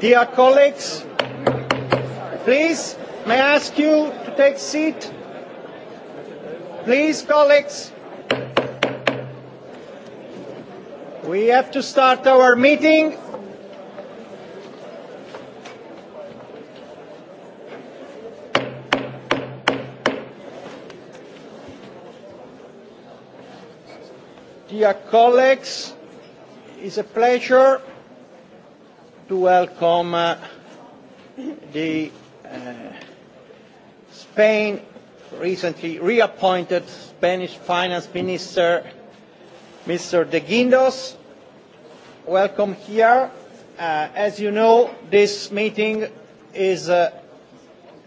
Dear colleagues, please, may I ask you to take a seat? Please, colleagues. We have to start our meeting. Dear colleagues, it's a pleasure to welcome uh, the uh, Spain recently reappointed Spanish Finance Minister, Mr. De Guindos. Welcome here. Uh, as you know, this meeting is, uh,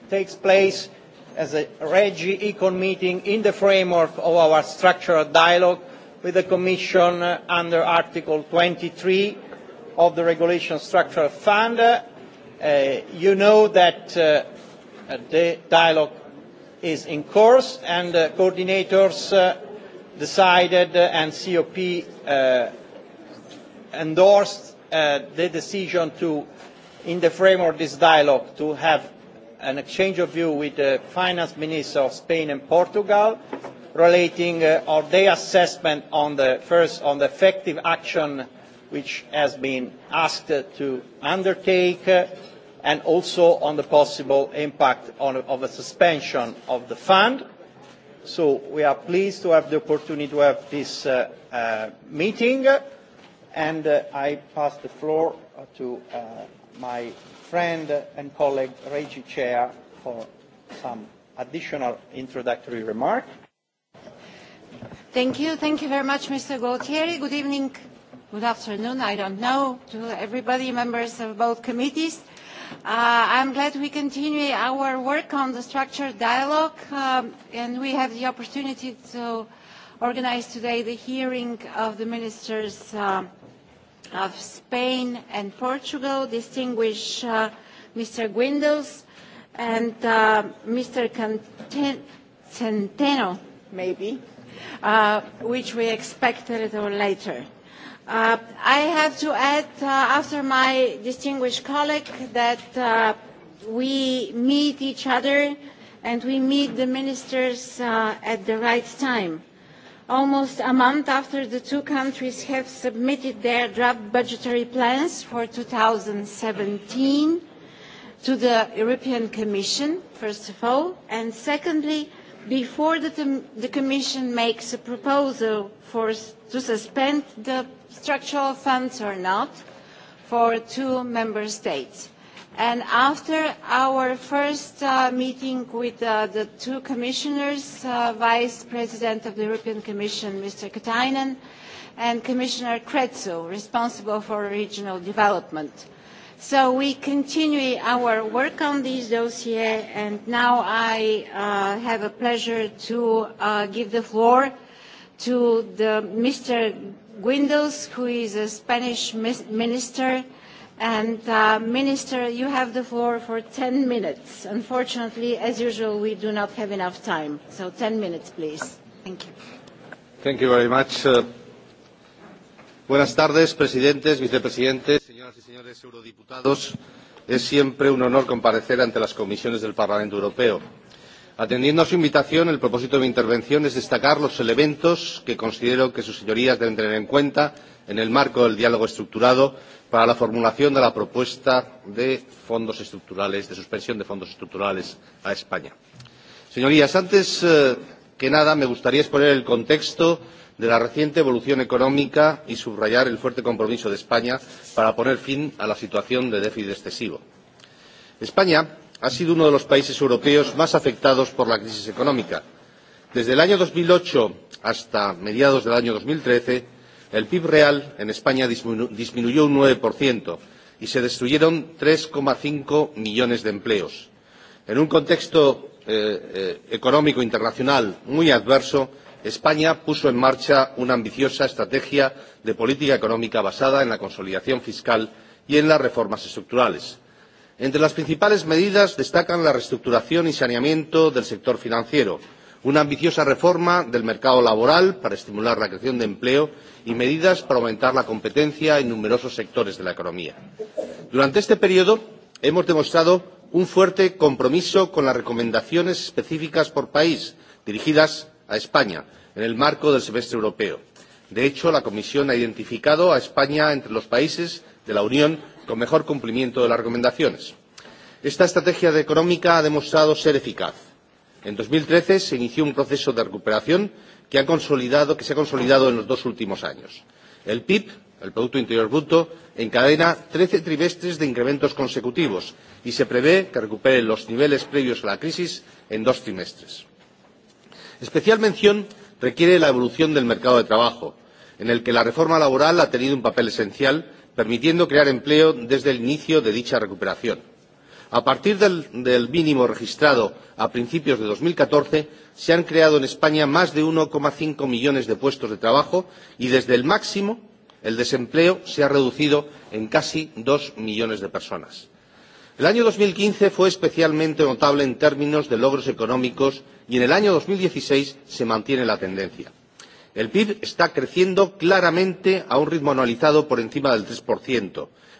takes place as a Regi Econ meeting in the framework of our structural dialogue with the Commission uh, under Article 23 of the Regulation Structural Fund. Uh, you know that uh, uh, the dialogue is in course and uh, coordinators uh, decided uh, and COP uh, endorsed uh, the decision to, in the framework of this dialogue, to have an exchange of view with the finance minister of Spain and Portugal relating uh, or their assessment on the first on the effective action which has been asked to undertake uh, and also on the possible impact on, of a suspension of the fund. So we are pleased to have the opportunity to have this uh, uh, meeting and uh, I pass the floor to uh, my friend and colleague Reggie Chair for some additional introductory remark. Thank you. Thank you very much, Mr. Gualtieri. Good evening, Good afternoon. I don't know to everybody, members of both committees. Uh, I'm glad we continue our work on the structured dialogue, um, and we have the opportunity to organize today the hearing of the ministers uh, of Spain and Portugal, distinguish uh, Mr. Guindos and uh, Mr. Centeno, maybe, uh, which we expect a little later. Uh, I have to add, uh, after my distinguished colleague, that uh, we meet each other and we meet the ministers uh, at the right time. Almost a month after the two countries have submitted their draft budgetary plans for 2017 to the European Commission, first of all, and secondly, before the, the Commission makes a proposal for, to suspend the structural funds or not for two member states. And after our first uh, meeting with uh, the two commissioners, uh, Vice President of the European Commission, Mr. Katainen, and Commissioner Kretsu, responsible for regional development, So we continue our work on this dossier, and now I uh, have a pleasure to uh, give the floor to the Mr. Guindos, who is a Spanish minister. And uh, Minister, you have the floor for 10 minutes. Unfortunately, as usual, we do not have enough time. So 10 minutes, please. Thank you. Thank you very much. Uh, buenas tardes, presidentes, vicepresidentes señoras y señores eurodiputados, es siempre un honor comparecer ante las comisiones del Parlamento Europeo. Atendiendo a su invitación, el propósito de mi intervención es destacar los elementos que considero que sus señorías deben tener en cuenta en el marco del diálogo estructurado para la formulación de la propuesta de fondos estructurales, de suspensión de fondos estructurales a España. Señorías, antes eh, que nada me gustaría exponer el contexto de la reciente evolución económica y subrayar el fuerte compromiso de España para poner fin a la situación de déficit excesivo. España ha sido uno de los países europeos más afectados por la crisis económica. Desde el año 2008 hasta mediados del año 2013, el PIB real en España disminu disminuyó un 9% y se destruyeron 3,5 millones de empleos. En un contexto eh, eh, económico internacional muy adverso, España puso en marcha una ambiciosa estrategia de política económica basada en la consolidación fiscal y en las reformas estructurales. Entre las principales medidas destacan la reestructuración y saneamiento del sector financiero, una ambiciosa reforma del mercado laboral para estimular la creación de empleo y medidas para aumentar la competencia en numerosos sectores de la economía. Durante este período hemos demostrado un fuerte compromiso con las recomendaciones específicas por país, dirigidas a España en el marco del semestre europeo. De hecho, la Comisión ha identificado a España entre los países de la Unión con mejor cumplimiento de las recomendaciones. Esta estrategia económica ha demostrado ser eficaz. En 2013 se inició un proceso de recuperación que, ha consolidado, que se ha consolidado en los dos últimos años. El PIB, el Producto Interior Bruto, encadena 13 trimestres de incrementos consecutivos y se prevé que recupere los niveles previos a la crisis en dos trimestres. Especial mención requiere la evolución del mercado de trabajo, en el que la reforma laboral ha tenido un papel esencial, permitiendo crear empleo desde el inicio de dicha recuperación. A partir del, del mínimo registrado a principios de 2014, se han creado en España más de 1,5 millones de puestos de trabajo y desde el máximo el desempleo se ha reducido en casi 2 millones de personas. El año dos mil quince fue especialmente notable en términos de logros económicos y en el año dos mil dieciseis se mantiene la tendencia. El PIB está creciendo claramente a un ritmo anualizado por encima del tres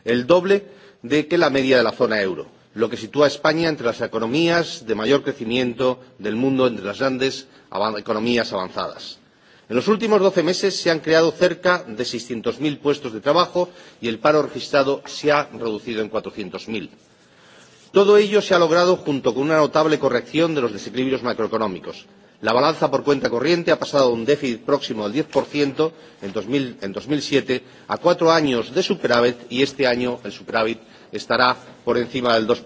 el doble de que la media de la zona euro, lo que sitúa a España entre las economías de mayor crecimiento del mundo, entre las grandes economías avanzadas. En los últimos doce meses se han creado cerca de seiscientos cero puestos de trabajo y el paro registrado se ha reducido en cuatrocientos cero. Todo ello se ha logrado junto con una notable corrección de los desequilibrios macroeconómicos. La balanza por cuenta corriente ha pasado de un déficit próximo al diez en, dos mil siete a cuatro años de superávit y este año el superávit estará por encima del dos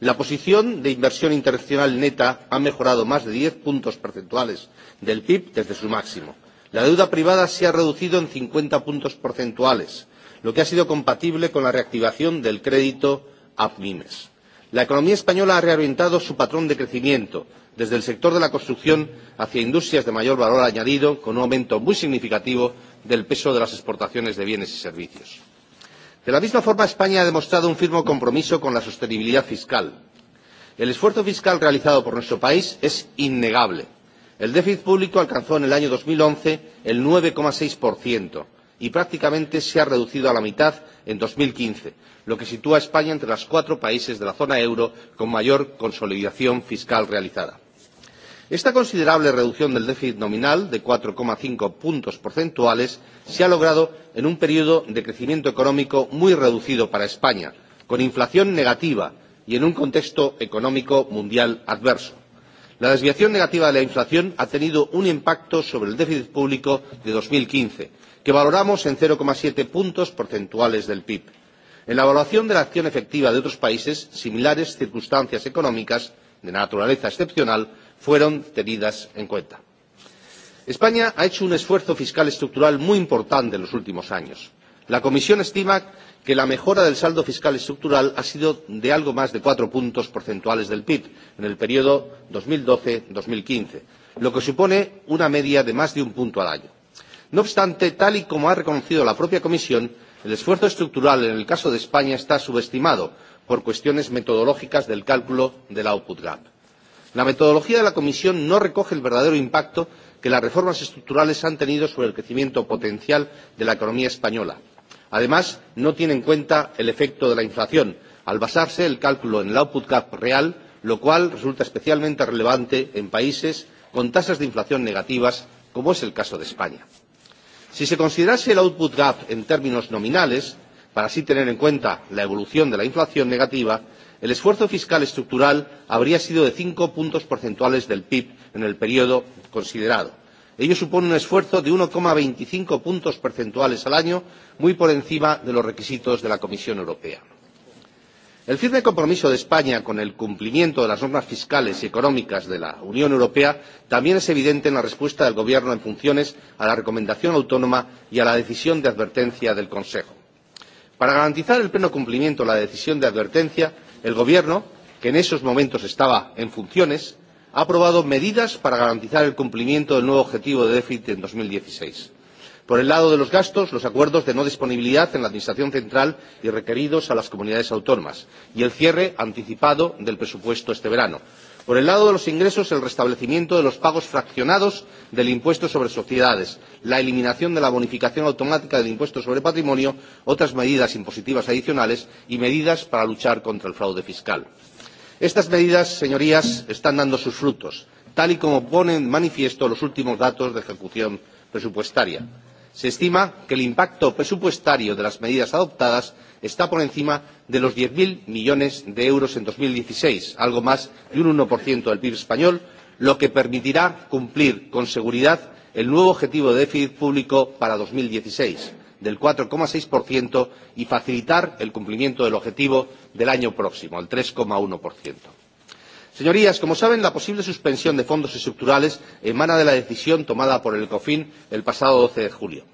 La posición de inversión internacional neta ha mejorado más de diez puntos porcentuales del PIB desde su máximo. La deuda privada se ha reducido en cincuenta puntos porcentuales, lo que ha sido compatible con la reactivación del crédito a pymes. La economía española ha reorientado su patrón de crecimiento desde el sector de la construcción hacia industrias de mayor valor añadido, con un aumento muy significativo del peso de las exportaciones de bienes y servicios. De la misma forma, España ha demostrado un firme compromiso con la sostenibilidad fiscal. El esfuerzo fiscal realizado por nuestro país es innegable. El déficit público alcanzó en el año 2011 el 9,6%, y prácticamente se ha reducido a la mitad en dos mil quince lo que sitúa a españa entre los cuatro países de la zona euro con mayor consolidación fiscal realizada. esta considerable reducción del déficit nominal de cuatro cinco puntos porcentuales se ha logrado en un periodo de crecimiento económico muy reducido para españa con inflación negativa y en un contexto económico mundial adverso. La desviación negativa de la inflación ha tenido un impacto sobre el déficit público de 2015, que valoramos en cero siete puntos porcentuales del pib. en la evaluación de la acción efectiva de otros países similares circunstancias económicas de naturaleza excepcional fueron tenidas en cuenta. españa ha hecho un esfuerzo fiscal estructural muy importante en los últimos años. la comisión estima que la mejora del saldo fiscal estructural ha sido de algo más de cuatro puntos porcentuales del pib en el periodo dos mil doce dos mil quince lo que supone una media de más de un punto al año. No obstante, tal y como ha reconocido la propia Comisión, el esfuerzo estructural en el caso de España está subestimado por cuestiones metodológicas del cálculo del output gap. La metodología de la Comisión no recoge el verdadero impacto que las reformas estructurales han tenido sobre el crecimiento potencial de la economía española. Además, no tiene en cuenta el efecto de la inflación, al basarse el cálculo en el output gap real, lo cual resulta especialmente relevante en países con tasas de inflación negativas, como es el caso de España. Si se considerase el output gap en términos nominales, para así tener en cuenta la evolución de la inflación negativa, el esfuerzo fiscal estructural habría sido de cinco puntos porcentuales del PIB en el periodo considerado. Ello supone un esfuerzo de 1,25 puntos porcentuales al año, muy por encima de los requisitos de la Comisión Europea. El firme compromiso de España con el cumplimiento de las normas fiscales y económicas de la Unión Europea también es evidente en la respuesta del Gobierno en funciones a la recomendación autónoma y a la decisión de advertencia del Consejo. Para garantizar el pleno cumplimiento de la decisión de advertencia, el Gobierno, que en esos momentos estaba en funciones, ha aprobado medidas para garantizar el cumplimiento del nuevo objetivo de déficit en dos mil dieciseis Por el lado de los gastos, los acuerdos de no disponibilidad en la Administración Central y requeridos a las comunidades autónomas y el cierre anticipado del presupuesto este verano. Por el lado de los ingresos, el restablecimiento de los pagos fraccionados del impuesto sobre sociedades, la eliminación de la bonificación automática del impuesto sobre patrimonio, otras medidas impositivas adicionales y medidas para luchar contra el fraude fiscal. Estas medidas, señorías, están dando sus frutos, tal y como ponen manifiesto los últimos datos de ejecución presupuestaria se estima que el impacto presupuestario de las medidas adoptadas está por encima de los diez cero millones de euros en dos mil dieciseis algo más de un uno del pib español lo que permitirá cumplir con seguridad el nuevo objetivo de déficit público para dos mil dieciseis del cuatro seis y facilitar el cumplimiento del objetivo del año próximo el tres uno Señorías, como saben, la posible suspensión de fondos estructurales emana de la decisión tomada por el Cofin el pasado 12 de julio.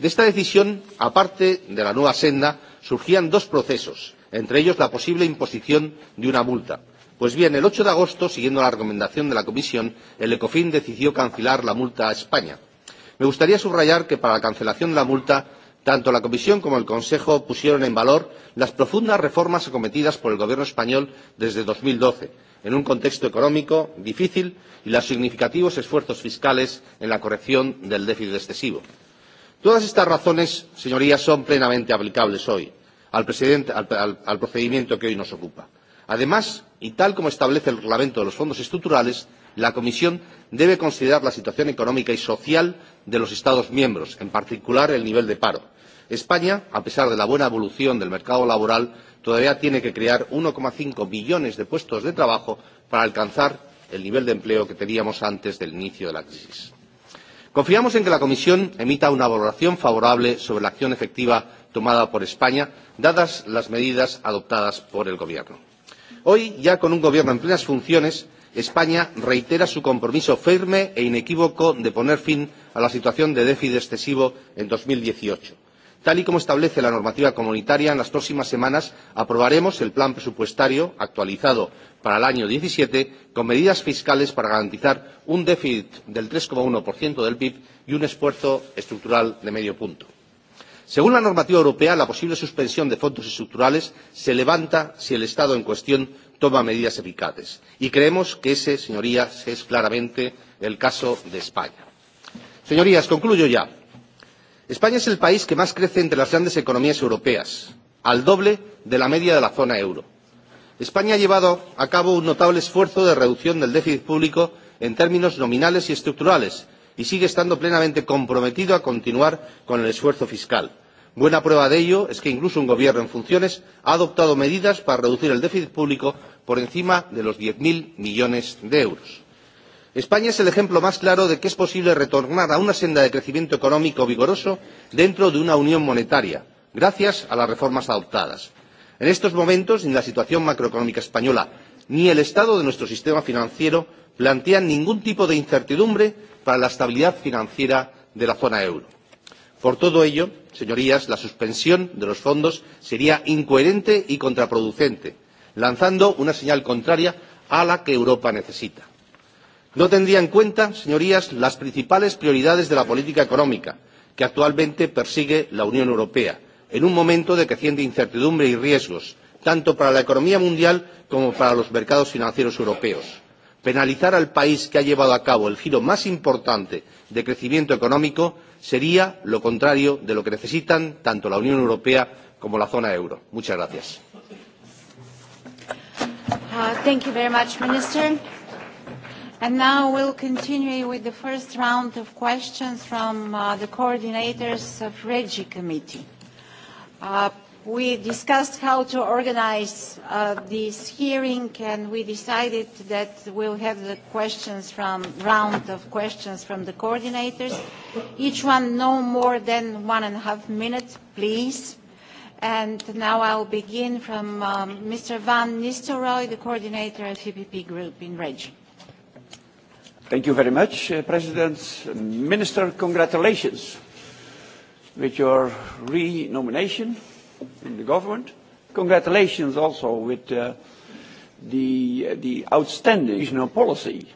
De esta decisión, aparte de la nueva senda, surgían dos procesos, entre ellos la posible imposición de una multa. Pues bien, el 8 de agosto, siguiendo la recomendación de la Comisión, el ECOFIN decidió cancelar la multa a España. Me gustaría subrayar que para la cancelación de la multa, tanto la Comisión como el Consejo pusieron en valor las profundas reformas acometidas por el Gobierno español desde 2012, en un contexto económico difícil y los significativos esfuerzos fiscales en la corrección del déficit excesivo. Todas estas razones, señorías, son plenamente aplicables hoy al, presidente, al, al, al procedimiento que hoy nos ocupa. Además, y tal como establece el reglamento de los fondos estructurales, la Comisión debe considerar la situación económica y social de los Estados miembros, en particular el nivel de paro. España, a pesar de la buena evolución del mercado laboral, todavía tiene que crear 1,5 billones de puestos de trabajo para alcanzar el nivel de empleo que teníamos antes del inicio de la crisis. Confiamos en que la Comisión emita una valoración favorable sobre la acción efectiva tomada por España, dadas las medidas adoptadas por el Gobierno. Hoy, ya con un Gobierno en plenas funciones, España reitera su compromiso firme e inequívoco de poner fin a la situación de déficit excesivo en 2018 Tal y como establece la normativa comunitaria, en las próximas semanas aprobaremos el plan presupuestario actualizado para el año 17 con medidas fiscales para garantizar un déficit del 3,1% del PIB y un esfuerzo estructural de medio punto. Según la normativa europea, la posible suspensión de fondos estructurales se levanta si el Estado en cuestión toma medidas eficaces. Y creemos que ese, señorías, es claramente el caso de España. Señorías, concluyo ya. España es el país que más crece entre las grandes economías europeas, al doble de la media de la zona euro. España ha llevado a cabo un notable esfuerzo de reducción del déficit público en términos nominales y estructurales y sigue estando plenamente comprometido a continuar con el esfuerzo fiscal. Buena prueba de ello es que incluso un gobierno en funciones ha adoptado medidas para reducir el déficit público por encima de los diez cero millones de euros. España es el ejemplo más claro de que es posible retornar a una senda de crecimiento económico vigoroso dentro de una unión monetaria, gracias a las reformas adoptadas. En estos momentos, ni la situación macroeconómica española ni el estado de nuestro sistema financiero plantean ningún tipo de incertidumbre para la estabilidad financiera de la zona euro. Por todo ello, señorías, la suspensión de los fondos sería incoherente y contraproducente, lanzando una señal contraria a la que Europa necesita no tendría en cuenta señorías las principales prioridades de la política económica que actualmente persigue la unión europea en un momento de creciente incertidumbre y riesgos tanto para la economía mundial como para los mercados financieros europeos. penalizar al país que ha llevado a cabo el giro más importante de crecimiento económico sería lo contrario de lo que necesitan tanto la unión europea como la zona euro. muchas gracias. Uh, And now we'll continue with the first round of questions from uh, the coordinators of REGI committee. Uh, we discussed how to organize uh, this hearing and we decided that we'll have the questions from round of questions from the coordinators. Each one no more than one and a half minutes, please. And now I'll begin from um, Mr. Van Nistelrooy, the coordinator of EPP Group in REGI. Thank you very much, uh, President. Minister, congratulations with your re-nomination in the government. Congratulations also with uh, the, uh, the outstanding regional policy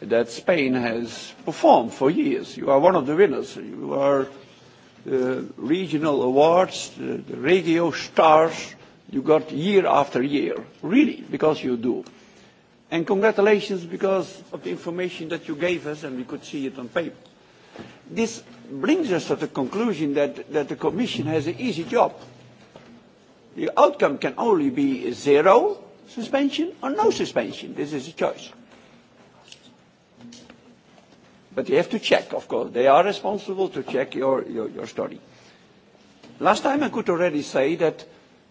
that Spain has performed for years. You are one of the winners. You are the uh, regional awards, the, the radio stars you got year after year. Really, because you do. And congratulations because of the information that you gave us, and we could see it on paper. This brings us to the conclusion that, that the Commission has an easy job. The outcome can only be zero suspension or no suspension. This is a choice. But you have to check, of course. They are responsible to check your, your, your story. Last time I could already say that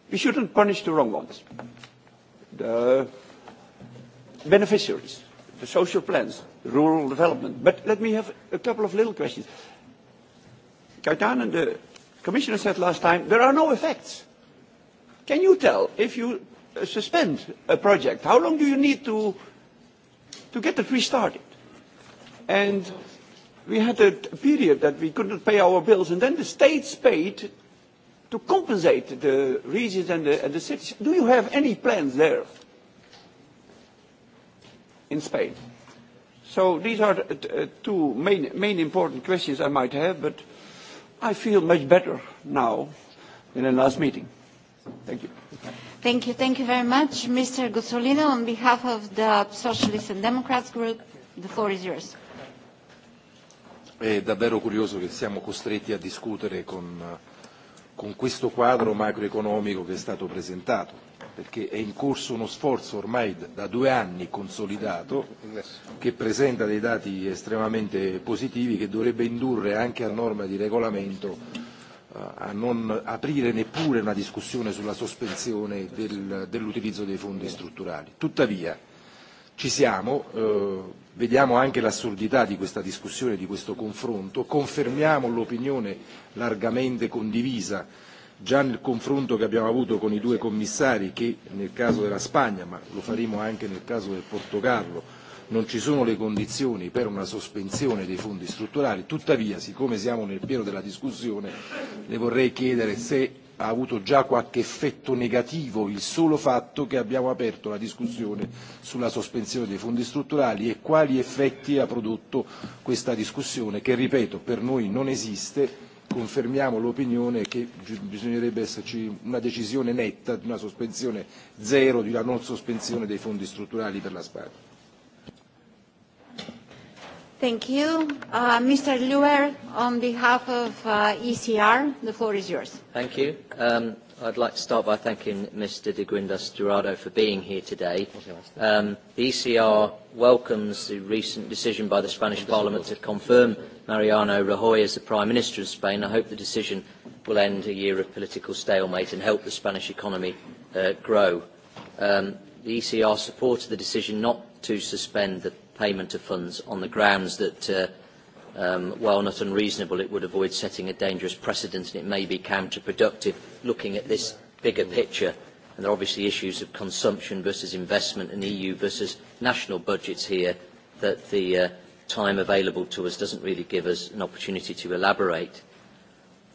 we shouldn't punish the wrong ones. The beneficiaries, the social plans, rural development. But let me have a couple of little questions. and the commissioner said last time, there are no effects. Can you tell if you uh, suspend a project, how long do you need to, to get it restarted? And we had a period that we couldn't pay our bills, and then the states paid to compensate the regions and the, and the cities. Do you have any plans there? in Spain. So these are uh, the uh, two main, main important questions I might have, but I feel much better now than in the last meeting. Thank you. Thank you. Thank you very much. Mr. Gussolino, on behalf of the Socialists and Democrats Group, the floor is yours. È davvero curioso che siamo costretti a discutere con, con questo quadro macroeconomico che è stato presentato perché è in corso uno sforzo ormai da due anni consolidato che presenta dei dati estremamente positivi che dovrebbe indurre anche a norma di regolamento eh, a non aprire neppure una discussione sulla sospensione del, dell'utilizzo dei fondi strutturali. Tuttavia ci siamo, eh, vediamo anche l'assurdità di questa discussione, di questo confronto, confermiamo l'opinione largamente condivisa già nel confronto che abbiamo avuto con i due commissari, che nel caso della Spagna, ma lo faremo anche nel caso del Portogallo, non ci sono le condizioni per una sospensione dei fondi strutturali, tuttavia, siccome siamo nel pieno della discussione, le vorrei chiedere se ha avuto già qualche effetto negativo il solo fatto che abbiamo aperto la discussione sulla sospensione dei fondi strutturali e quali effetti ha prodotto questa discussione che, ripeto, per noi non esiste confermiamo l'opinione che bisognerebbe esserci una decisione netta di una sospensione zero, di una non sospensione dei fondi strutturali per la Spagna. Thank you. Uh, Mr. Luer, on behalf of uh, ECR, the floor is yours. Thank you. Um, I'd like to start by thanking Mr de Guindos Durado for being here today. Um, the ECR welcomes the recent decision by the Spanish Parliament to confirm Mariano Rajoy as the Prime Minister of Spain. I hope the decision will end a year of political stalemate and help the Spanish economy uh, grow. Um, the ECR supported the decision not to suspend the payment of funds on the grounds that uh, um, while not unreasonable, it would avoid setting a dangerous precedent and it may be counterproductive looking at this bigger mm. picture. And there are obviously issues of consumption versus investment and EU versus national budgets here that the uh, time available to us doesn't really give us an opportunity to elaborate.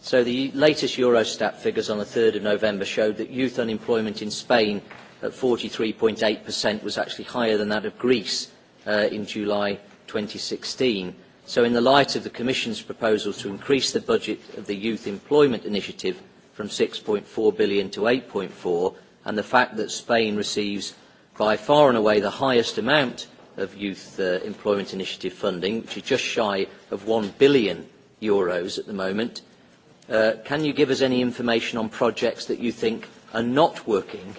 So the latest Eurostat figures on the 3rd of November showed that youth unemployment in Spain at 43.8% was actually higher than that of Greece uh, in July 2016 So in the light of the Commission's proposal to increase the budget of the Youth Employment Initiative from 6.4 billion to 8.4 and the fact that Spain receives by far and away the highest amount of Youth uh, Employment Initiative funding, which is just shy of 1 billion euros at the moment, uh, can you give us any information on projects that you think are not working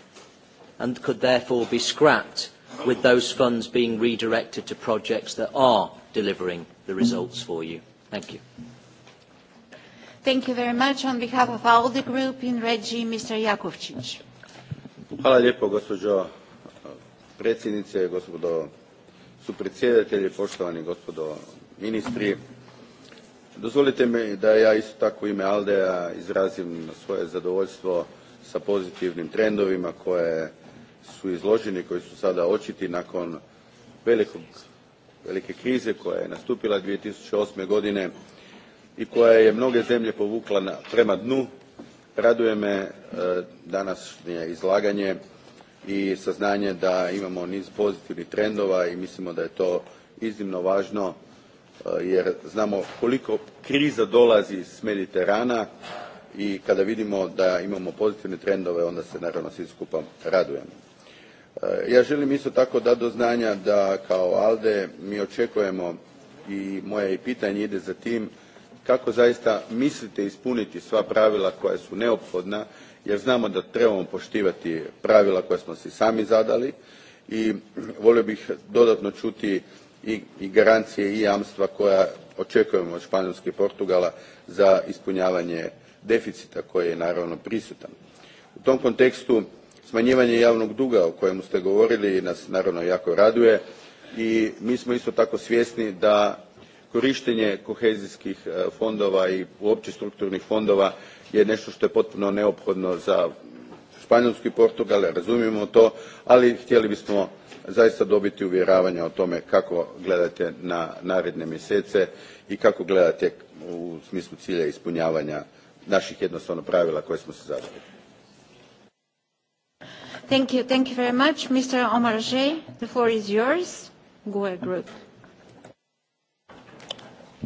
and could therefore be scrapped with those funds being redirected to projects that are delivering the results for you. Thank you. Thank you very much. On behalf of all the Group in Regi, Mr. Jakovčić. Hvala lijepo, gospođo uh, predsjednice, gospodo supredsjedatelji, poštovani gospodo ministri. Dozvolite mi da ja isto tako u ime alde izrazim svoje zadovoljstvo sa pozitivnim trendovima koje su izloženi, koji su sada očiti nakon velikog velike krize koja je nastupila. two thousand and eight godine i koja je mnoge zemlje povukla na, prema dnu raduje me e, današnje izlaganje i saznanje da imamo niz pozitivnih trendova i mislimo da je to iznimno važno e, jer znamo koliko kriza dolazi s mediterana i kada vidimo da imamo pozitivne trendove onda se naravno svi skupa radujemo. Eh, ja elim isto tako dati do znanja da kao ALDE mi oekujemo i moje pitanje ide za tim kako zaista mislite ispuniti sva pravila koja su neophodna jer znamo da trebamo potivati pravila koja smo si sami zadali i volio bih dodatno uti i garancije i jamstva koja oekujemo od panjolske i portugala za ispunjavanje deficita koji je naravno prisutan. u tom kontekstu smanjivanje javnog duga o kojemu ste govorili nas naravno jako raduje i mi smo isto tako svjesni da korištenje kohezijskih e, fondova i uopće strukturnih fondova je nešto što je potpuno neophodno za španjolsku i portugal razumijemo to ali htjeli bismo zaista dobiti uvjeravanje o tome kako gledate na naredne mjesece i kako gledate u smislu cilja ispunjavanja naših jednostavno pravila koje smo si zadali. Thank you. Thank you very much. Mr. Omarjee, the floor is yours. GUE Group.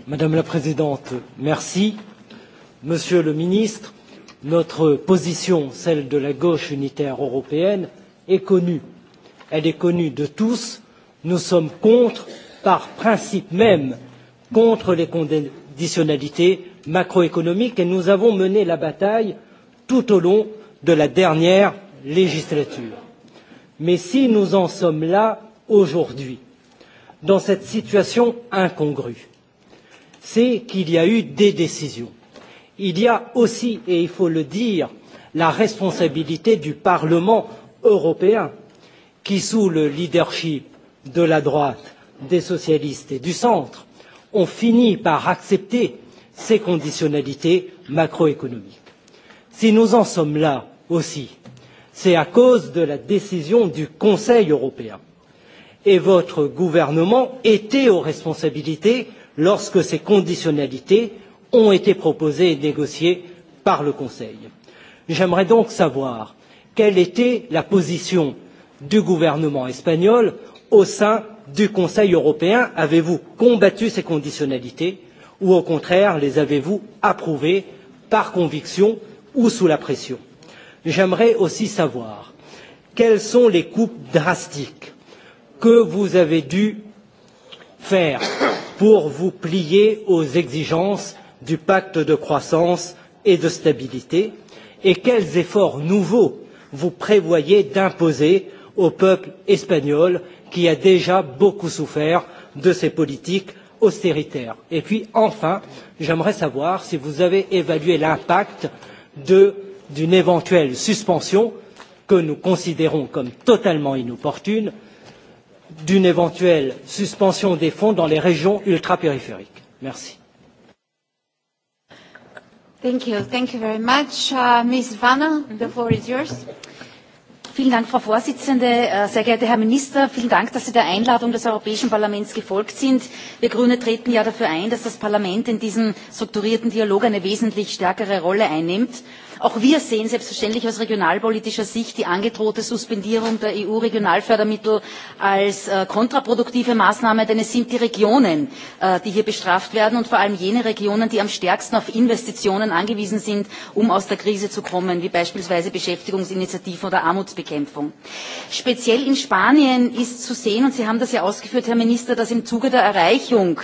Madame la Présidente, merci. Monsieur le Ministre, notre position, celle de la gauche unitaire européenne, est connue. Elle est connue de tous. Nous sommes contre, par principe même, contre les conditionnalités macroéconomiques et nous avons mené la bataille tout au long de la dernière législature. Mais si nous en sommes là aujourd'hui, dans cette situation incongrue, c'est qu'il y a eu des décisions. Il y a aussi, et il faut le dire, la responsabilité du Parlement européen qui, sous le leadership de la droite, des socialistes et du centre, ont fini par accepter ces conditionnalités macroéconomiques. Si nous en sommes là aussi, c'est à cause de la décision du Conseil européen. Et votre gouvernement était aux responsabilités lorsque ces conditionnalités ont été proposées et négociées par le Conseil. J'aimerais donc savoir quelle était la position du gouvernement espagnol au sein du Conseil européen. Avez-vous combattu ces conditionnalités ou au contraire les avez-vous approuvées par conviction ou sous la pression J'aimerais aussi savoir quelles sont les coupes drastiques que vous avez dû faire pour vous plier aux exigences du pacte de croissance et de stabilité et quels efforts nouveaux vous prévoyez d'imposer au peuple espagnol qui a déjà beaucoup souffert de ces politiques austéritaires. Et puis enfin, j'aimerais savoir si vous avez évalué l'impact de d'une éventuelle suspension que nous considérons comme totalement inopportune d'une éventuelle suspension des fonds dans les régions ultrapériphériques. Merci. Thank you. Thank you very much. Uh, Ms. Vanna, the floor is yours. Vielen Dank, Frau Vorsitzende. Äh, sehr geehrter Herr Minister, vielen Dank, dass Sie der Einladung des Europäischen Parlaments gefolgt sind. Wir Grüne treten ja dafür ein, dass das Parlament in diesem strukturierten Dialog eine wesentlich stärkere Rolle einnimmt Auch wir sehen selbstverständlich aus regionalpolitischer Sicht die angedrohte Suspendierung der EU-Regionalfördermittel als äh, kontraproduktive Maßnahme, denn es sind die Regionen, äh, die hier bestraft werden und vor allem jene Regionen, die am stärksten auf Investitionen angewiesen sind, um aus der Krise zu kommen, wie beispielsweise Beschäftigungsinitiativen oder Armutsbekämpfung. Speziell in Spanien ist zu sehen, und Sie haben das ja ausgeführt, Herr Minister, dass im Zuge der Erreichung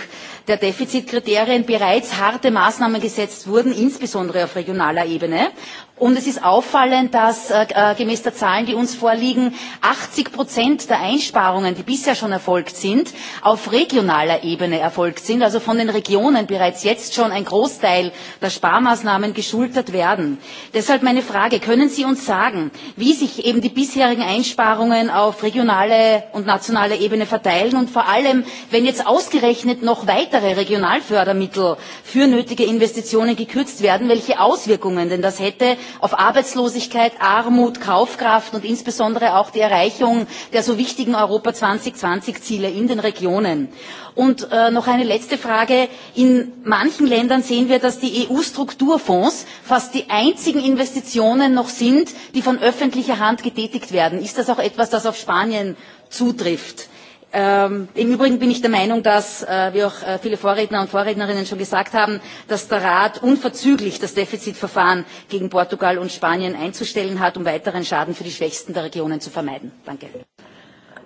der Defizitkriterien bereits harte Maßnahmen gesetzt wurden, insbesondere auf regionaler Ebene. Und es ist auffallend, dass äh, äh, gemäß der Zahlen, die uns vorliegen, 80 Prozent der Einsparungen, die bisher schon erfolgt sind, auf regionaler Ebene erfolgt sind, also von den Regionen bereits jetzt schon ein Großteil der Sparmaßnahmen geschultert werden. Deshalb meine Frage, können Sie uns sagen, wie sich eben die bisherigen Einsparungen auf regionale und nationale Ebene verteilen und vor allem, wenn jetzt ausgerechnet noch weitere Regionalfördermittel für nötige Investitionen gekürzt werden, welche Auswirkungen denn das hätte? effekte auf arbeitslosigkeit armut kaufkraft und insbesondere auch die erreichung der so wichtigen europa zweitausendzwanzig ziele in den regionen. und äh, noch eine letzte frage in manchen ländern sehen wir dass die eu strukturfonds fast die einzigen investitionen noch sind die von öffentlicher hand getätigt werden. ist das auch etwas das auf spanien zutrifft? Ähm, Im Übrigen bin ich der Meinung, dass, äh, wie auch äh, viele Vorredner und Vorrednerinnen schon gesagt haben, dass der Rat unverzüglich das Defizitverfahren gegen Portugal und Spanien einzustellen hat, um weiteren Schaden für die Schwächsten der Regionen zu vermeiden. Danke.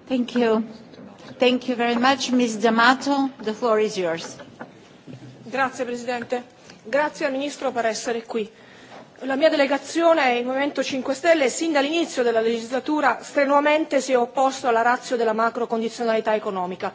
Thank you. Thank you very much. Ms. D'Amato, the floor is yours. Grazie, Presidente. Grazie al Ministro per essere qui La mia delegazione, il Movimento 5 Stelle, sin dall'inizio della legislatura strenuamente si è opposto alla razio della macrocondizionalità economica.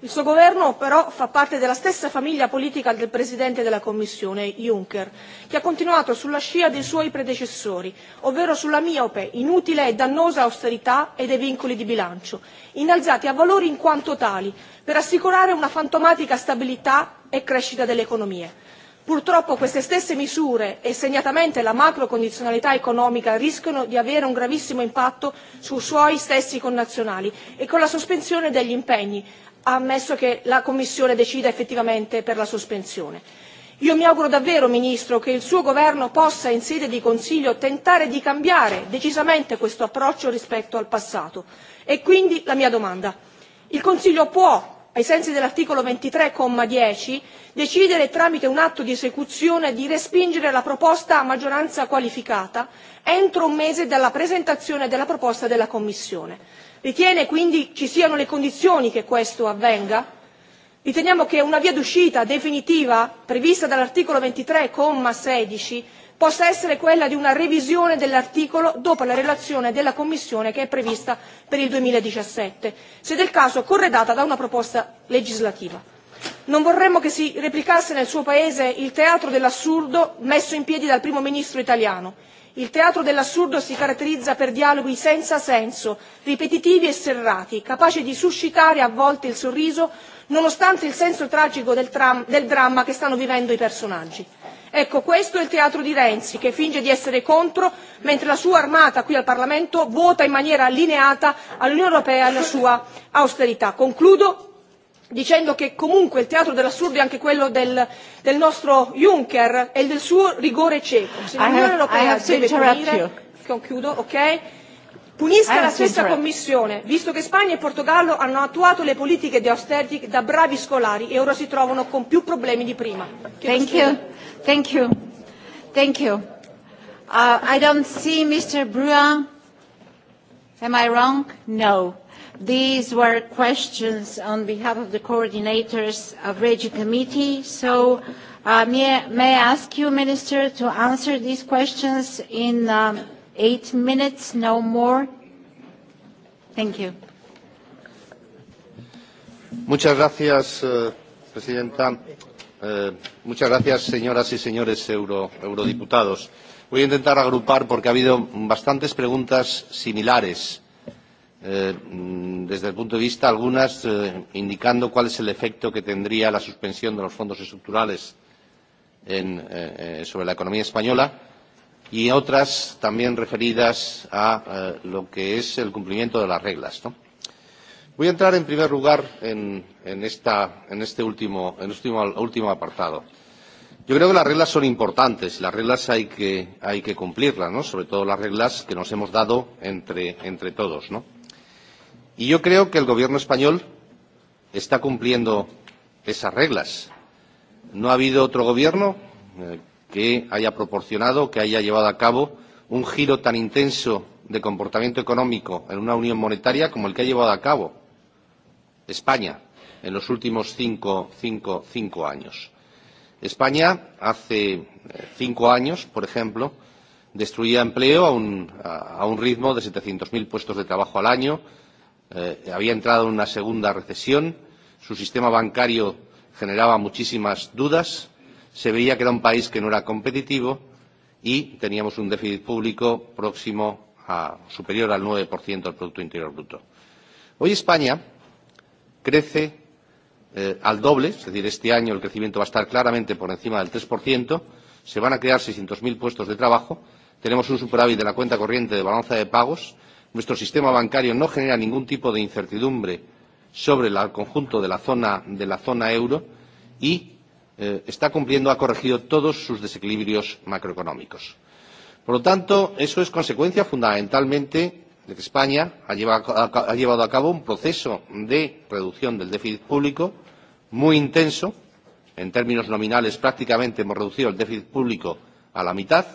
Il suo governo però fa parte della stessa famiglia politica del Presidente della Commissione, Juncker, che ha continuato sulla scia dei suoi predecessori, ovvero sulla miope, inutile e dannosa austerità e dei vincoli di bilancio, innalzati a valori in quanto tali, per assicurare una fantomatica stabilità e crescita delle economie Purtroppo queste stesse misure e segnatamente la macrocondizionalità economica rischiano di avere un gravissimo impatto sui suoi stessi connazionali e con la sospensione degli impegni, ammesso che la Commissione decida effettivamente per la sospensione. Io mi auguro davvero, Ministro, che il suo governo possa in sede di Consiglio tentare di cambiare decisamente questo approccio rispetto al passato. E quindi la mia domanda. Il Consiglio può ai sensi dell'articolo ventitré comma dieci decidere tramite un atto di esecuzione di respingere la proposta a maggioranza qualificata entro un mese dalla presentazione della proposta della commissione. ritiene quindi ci siano le condizioni che questo avvenga? riteniamo che una via d'uscita definitiva prevista dall'articolo ventitré comma sedici possa essere quella di una revisione dell'articolo dopo la relazione della Commissione che è prevista per il 2017, se del caso corredata da una proposta legislativa. Non vorremmo che si replicasse nel suo Paese il teatro dell'assurdo messo in piedi dal primo ministro italiano. Il teatro dell'assurdo si caratterizza per dialoghi senza senso, ripetitivi e serrati, capaci di suscitare a volte il sorriso nonostante il senso tragico del, tram, del dramma che stanno vivendo i personaggi ecco questo è il teatro di renzi che finge di essere contro mentre la sua armata qui al parlamento vota in maniera allineata all'unione europea e alla sua austerità. concludo dicendo che comunque il teatro dell'assurdo è anche quello del, del nostro juncker e del suo rigore cieco. se l'unione europea deve punire concludo ok? Punisca la stessa Commissione, visto che Spagna e Portogallo hanno attuato le politiche di austerity da bravi scolari e ora si trovano con più problemi di prima. Thank you. Thank you. Thank you. Uh, I don't see Mr. Bruin. Am I wrong? No. These were questions on behalf of the coordinators of Regi Committee. So uh, may, may I ask you, Minister, to answer these questions in um, eight minutes, no more. Thank you. Muchas gracias, eh, presidenta. Eh, muchas gracias, señoras y señores euro, eurodiputados. Voy a intentar agrupar porque ha habido bastantes preguntas similares. Eh, mm, desde el punto de vista, algunas eh, indicando cuál es el efecto que tendría la suspensión de los fondos estructurales en, eh, sobre la economía española y otras también referidas a eh, lo que es el cumplimiento de las reglas. ¿no? Voy a entrar en primer lugar en, en, esta, en este último, en último, último apartado. Yo creo que las reglas son importantes, las reglas hay que, hay que cumplirlas, ¿no? sobre todo las reglas que nos hemos dado entre, entre todos. ¿no? Y yo creo que el Gobierno español está cumpliendo esas reglas. No ha habido otro Gobierno eh, que haya proporcionado, que haya llevado a cabo un giro tan intenso de comportamiento económico en una unión monetaria como el que ha llevado a cabo España en los últimos cinco, cinco, cinco años. España hace eh, cinco años, por ejemplo, destruía empleo a un, a, un ritmo de 700.000 puestos de trabajo al año, eh, había entrado en una segunda recesión, su sistema bancario generaba muchísimas dudas, se veía que era un país que no era competitivo y teníamos un déficit público próximo a superior al 9% del Producto Interior Bruto. Hoy España crece eh, al doble, es decir, este año el crecimiento va a estar claramente por encima del 3%, se van a crear 600.000 puestos de trabajo, tenemos un superávit de la cuenta corriente de balanza de pagos, nuestro sistema bancario no genera ningún tipo de incertidumbre sobre el conjunto de la zona, de la zona euro y eh, está cumpliendo ha corregido todos sus desequilibrios macroeconómicos. Por lo tanto, eso es consecuencia fundamentalmente de que España ha llevado, ha llevado a cabo un proceso de reducción del déficit público muy intenso. En términos nominales, prácticamente hemos reducido el déficit público a la mitad,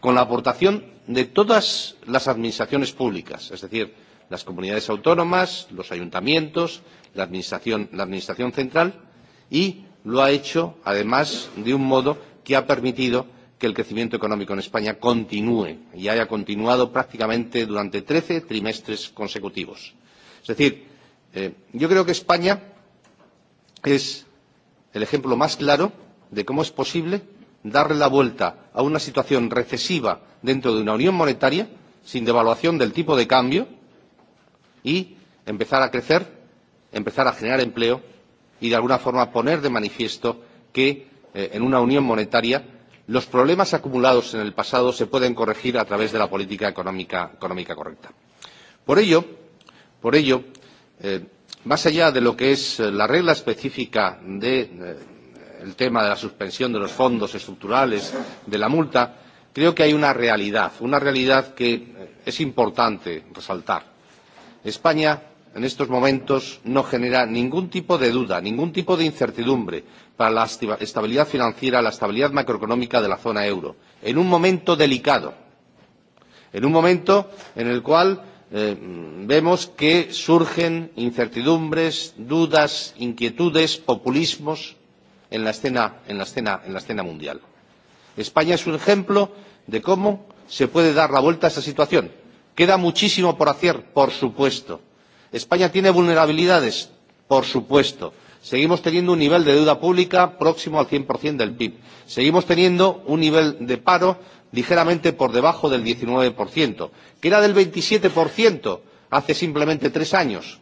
con la aportación de todas las administraciones públicas, es decir, las comunidades autónomas, los ayuntamientos, la administración, la administración central y lo ha hecho, además, de un modo que ha permitido que el crecimiento económico en España continúe y haya continuado prácticamente durante 13 trimestres consecutivos. Es decir, eh, yo creo que España es el ejemplo más claro de cómo es posible darle la vuelta a una situación recesiva dentro de una unión monetaria sin devaluación del tipo de cambio y empezar a crecer, empezar a generar empleo y, de alguna forma, poner de manifiesto que eh, en una unión monetaria los problemas acumulados en el pasado se pueden corregir a través de la política económica, económica correcta. Por ello, por ello eh, más allá de lo que es eh, la regla específica del de, eh, tema de la suspensión de los fondos estructurales, de la multa, creo que hay una realidad, una realidad que eh, es importante resaltar. España en estos momentos no genera ningún tipo de duda, ningún tipo de incertidumbre para la estabilidad financiera, la estabilidad macroeconómica de la zona euro, en un momento delicado, en un momento en el cual eh, vemos que surgen incertidumbres, dudas, inquietudes, populismos en la escena, en la escena, en la escena mundial. España es un ejemplo de cómo se puede dar la vuelta a esa situación. Queda muchísimo por hacer, por supuesto España tiene vulnerabilidades, por supuesto. Seguimos teniendo un nivel de deuda pública próximo al 100% del PIB. Seguimos teniendo un nivel de paro ligeramente por debajo del 19%, que era del 27% hace simplemente tres años,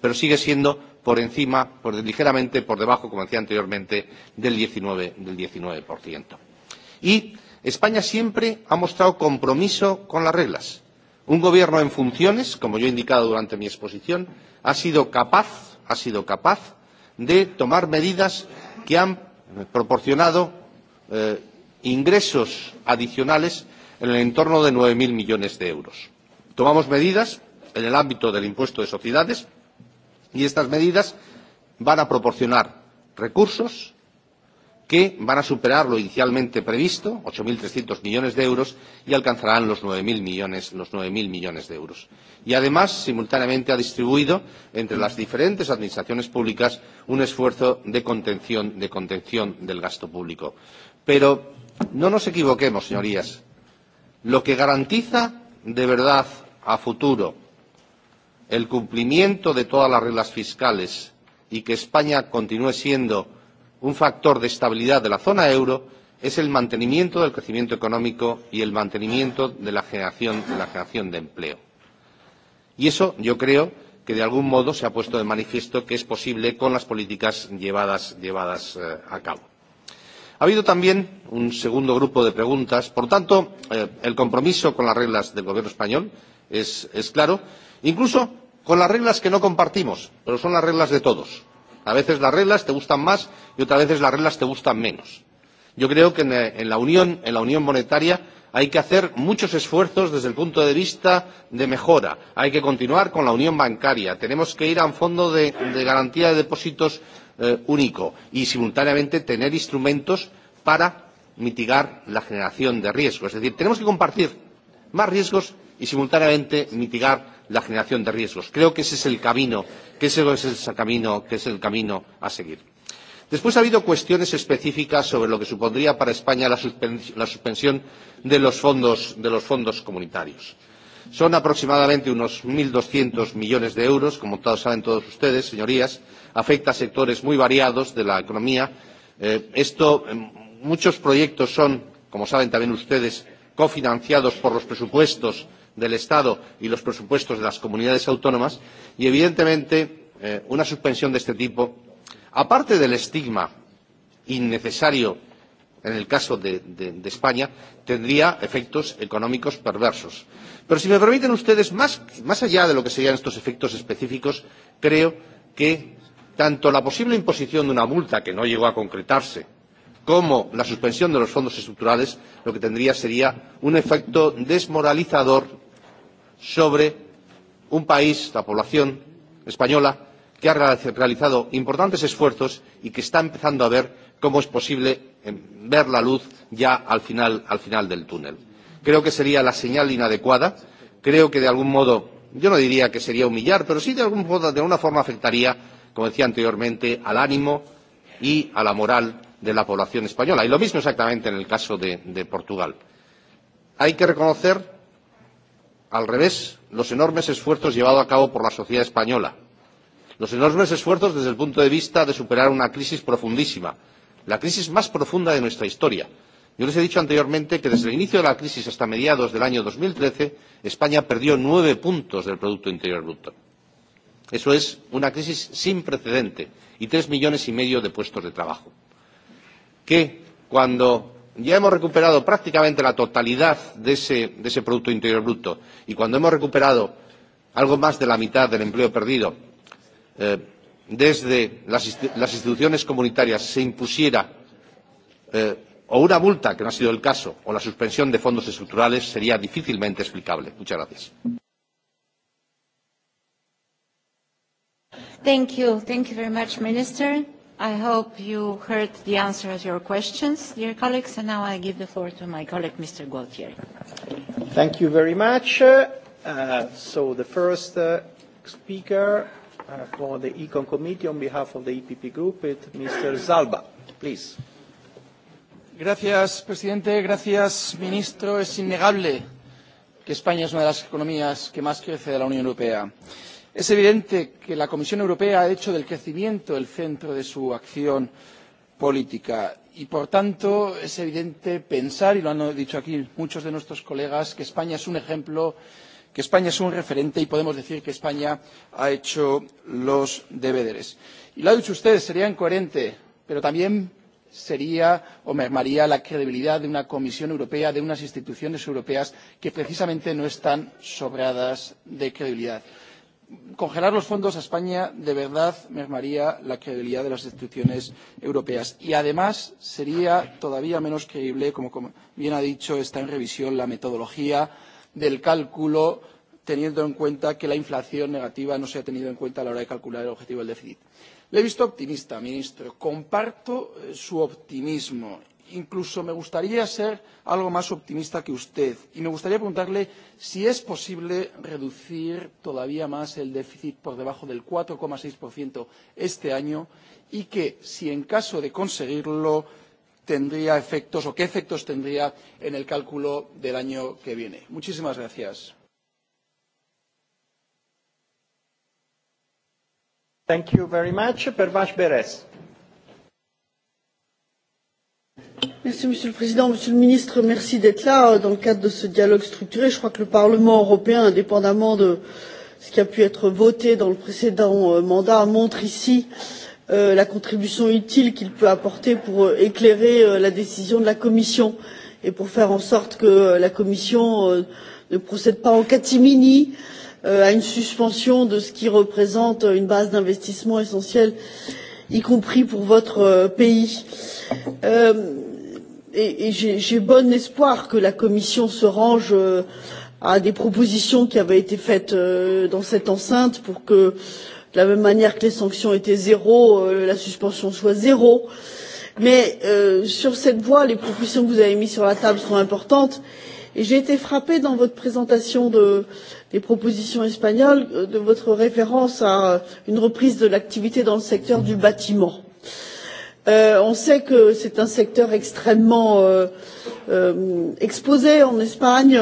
pero sigue siendo por encima, por, ligeramente por debajo, como decía anteriormente, del 19%. Del 19%. Y España siempre ha mostrado compromiso con las reglas Un gobierno en funciones, como yo he indicado durante mi exposición, ha sido capaz, ha sido capaz de tomar medidas que han proporcionado eh, ingresos adicionales en el entorno de 9.000 millones de euros. Tomamos medidas en el ámbito del impuesto de sociedades y estas medidas van a proporcionar recursos que van a superar lo inicialmente previsto, 8.300 millones de euros, y alcanzarán los 9.000 millones, millones de euros. Y además, simultáneamente ha distribuido entre las diferentes administraciones públicas un esfuerzo de contención, de contención del gasto público. Pero no nos equivoquemos, señorías. Lo que garantiza de verdad a futuro el cumplimiento de todas las reglas fiscales y que España continúe siendo un factor de estabilidad de la zona euro es el mantenimiento del crecimiento económico y el mantenimiento de la generación de, la generación de empleo. Y eso yo creo que de algún modo se ha puesto de manifiesto que es posible con las políticas llevadas, llevadas eh, a cabo. Ha habido también un segundo grupo de preguntas. Por tanto, eh, el compromiso con las reglas del Gobierno español es, es claro, incluso con las reglas que no compartimos, pero son las reglas de todos a veces las reglas te gustan más y otras veces las reglas te gustan menos. Yo creo que en la Unión, en la Unión Monetaria, hay que hacer muchos esfuerzos desde el punto de vista de mejora. Hay que continuar con la unión bancaria. Tenemos que ir a un fondo de, de garantía de depósitos eh, único y, simultáneamente, tener instrumentos para mitigar la generación de riesgos. Es decir, tenemos que compartir más riesgos y, simultáneamente, mitigar la generación de riesgos. Creo que ese es el camino, que ese es el camino, que es el camino a seguir. Después ha habido cuestiones específicas sobre lo que supondría para España la, la suspensión de los fondos, de los fondos comunitarios. Son aproximadamente unos 1.200 millones de euros, como todos saben todos ustedes, señorías. Afecta a sectores muy variados de la economía. Eh, esto, muchos proyectos son, como saben también ustedes, cofinanciados por los presupuestos del Estado y los presupuestos de las comunidades autónomas y, evidentemente, eh, una suspensión de este tipo, aparte del estigma innecesario en el caso de, de, de España, tendría efectos económicos perversos. Pero si me permiten ustedes, más, más allá de lo que serían estos efectos específicos, creo que tanto la posible imposición de una multa que no llegó a concretarse como la suspensión de los fondos estructurales, lo que tendría sería un efecto desmoralizador sobre un país, la población española, que ha realizado importantes esfuerzos y que está empezando a ver cómo es posible ver la luz ya al final, al final del túnel. Creo que sería la señal inadecuada. Creo que de algún modo, yo no diría que sería humillar, pero sí de, algún modo, de alguna forma afectaría, como decía anteriormente, al ánimo y a la moral de la población española. Y lo mismo exactamente en el caso de, de Portugal. Hay que reconocer, al revés, los enormes esfuerzos llevados a cabo por la sociedad española. Los enormes esfuerzos desde el punto de vista de superar una crisis profundísima, la crisis más profunda de nuestra historia. Yo les he dicho anteriormente que desde el inicio de la crisis hasta mediados del año 2013, España perdió nueve puntos del Producto Interior Bruto. Eso es una crisis sin precedente y tres millones y medio de puestos de trabajo que cuando ya hemos recuperado prácticamente la totalidad de ese, de ese Producto Interior Bruto y cuando hemos recuperado algo más de la mitad del empleo perdido, eh, desde las, las instituciones comunitarias se impusiera eh, o una multa, que no ha sido el caso, o la suspensión de fondos estructurales sería difícilmente explicable. Muchas gracias. Thank you. Thank you very much, Minister. I hope you heard the answer to your questions, dear colleagues, and now I give the floor to my colleague, Mr. Gualtieri. Thank you very much. Uh, so the first uh, speaker uh, for the Econ Committee on behalf of the EPP Group is Mr. Zalba. Please. Gracias, presidente. Gracias, ministro. Es innegable que España es una de las economías que más crece de la Unión Europea es evidente que la comisión europea ha hecho del crecimiento el centro de su acción política y por tanto es evidente pensar y lo han dicho aquí muchos de nuestros colegas que españa es un ejemplo que españa es un referente y podemos decir que españa ha hecho los deberes. y lo ha dicho usted sería incoherente pero también sería o mermaría la credibilidad de una comisión europea de unas instituciones europeas que precisamente no están sobradas de credibilidad congelar los fondos a España de verdad mermaría la credibilidad de las instituciones europeas y además sería todavía menos creíble, como, bien ha dicho, está en revisión la metodología del cálculo teniendo en cuenta que la inflación negativa no se ha tenido en cuenta a la hora de calcular el objetivo del déficit. Le he visto optimista, ministro. Comparto eh, su optimismo Incluso me gustaría ser algo más optimista que usted y me gustaría preguntarle si es posible reducir todavía más el déficit por debajo del 4,6% este año y que, si en caso de conseguirlo, tendría efectos o qué efectos tendría en el cálculo del año que viene. Muchísimas gracias. Thank you very much. Pervash Beres. Merci, monsieur le président monsieur le ministre merci d'être là euh, dans le cadre de ce dialogue structuré. je crois que le parlement européen indépendamment de ce qui a pu être voté dans le précédent euh, mandat montre ici euh, la contribution utile qu'il peut apporter pour euh, éclairer euh, la décision de la commission et pour faire en sorte que euh, la commission ne procède pas en catimini à une suspension de ce qui représente une base d'investissement essentielle y compris pour votre pays. Euh, et, j'ai bon espoir que la Commission se range euh, à des propositions qui avaient été faites euh, dans cette enceinte pour que, de la même manière que les sanctions étaient zéro, euh, la suspension soit zéro. Mais euh, sur cette voie, les propositions que vous avez mises sur la table sont importantes. Et j'ai été frappée dans votre présentation de, des propositions espagnoles de votre référence à une reprise de l'activité dans le secteur du bâtiment. Euh, Euh, on sait que c'est un secteur extrêmement euh, euh, exposé en Espagne,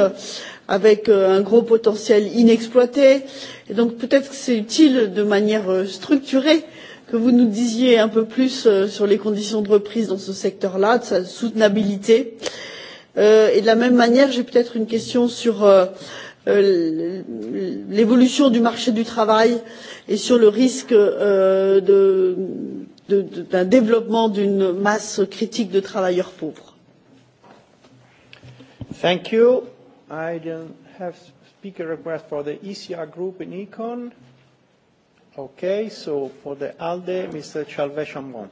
avec un gros potentiel inexploité. Et donc peut-être est c'est utile, de manière structurée, que vous nous disiez un peu plus sur les conditions de reprise dans ce secteur-là, sa soutenabilité. et de la même manière, j'ai peut-être une question sur l'évolution du marché du travail et sur le risque de d'un développement d'une masse critique de travailleurs pauvres. Thank you. I don't have speaker request for the ECR group in Econ. Okay, so for the ALDE, Mr. Chalvet Chambon.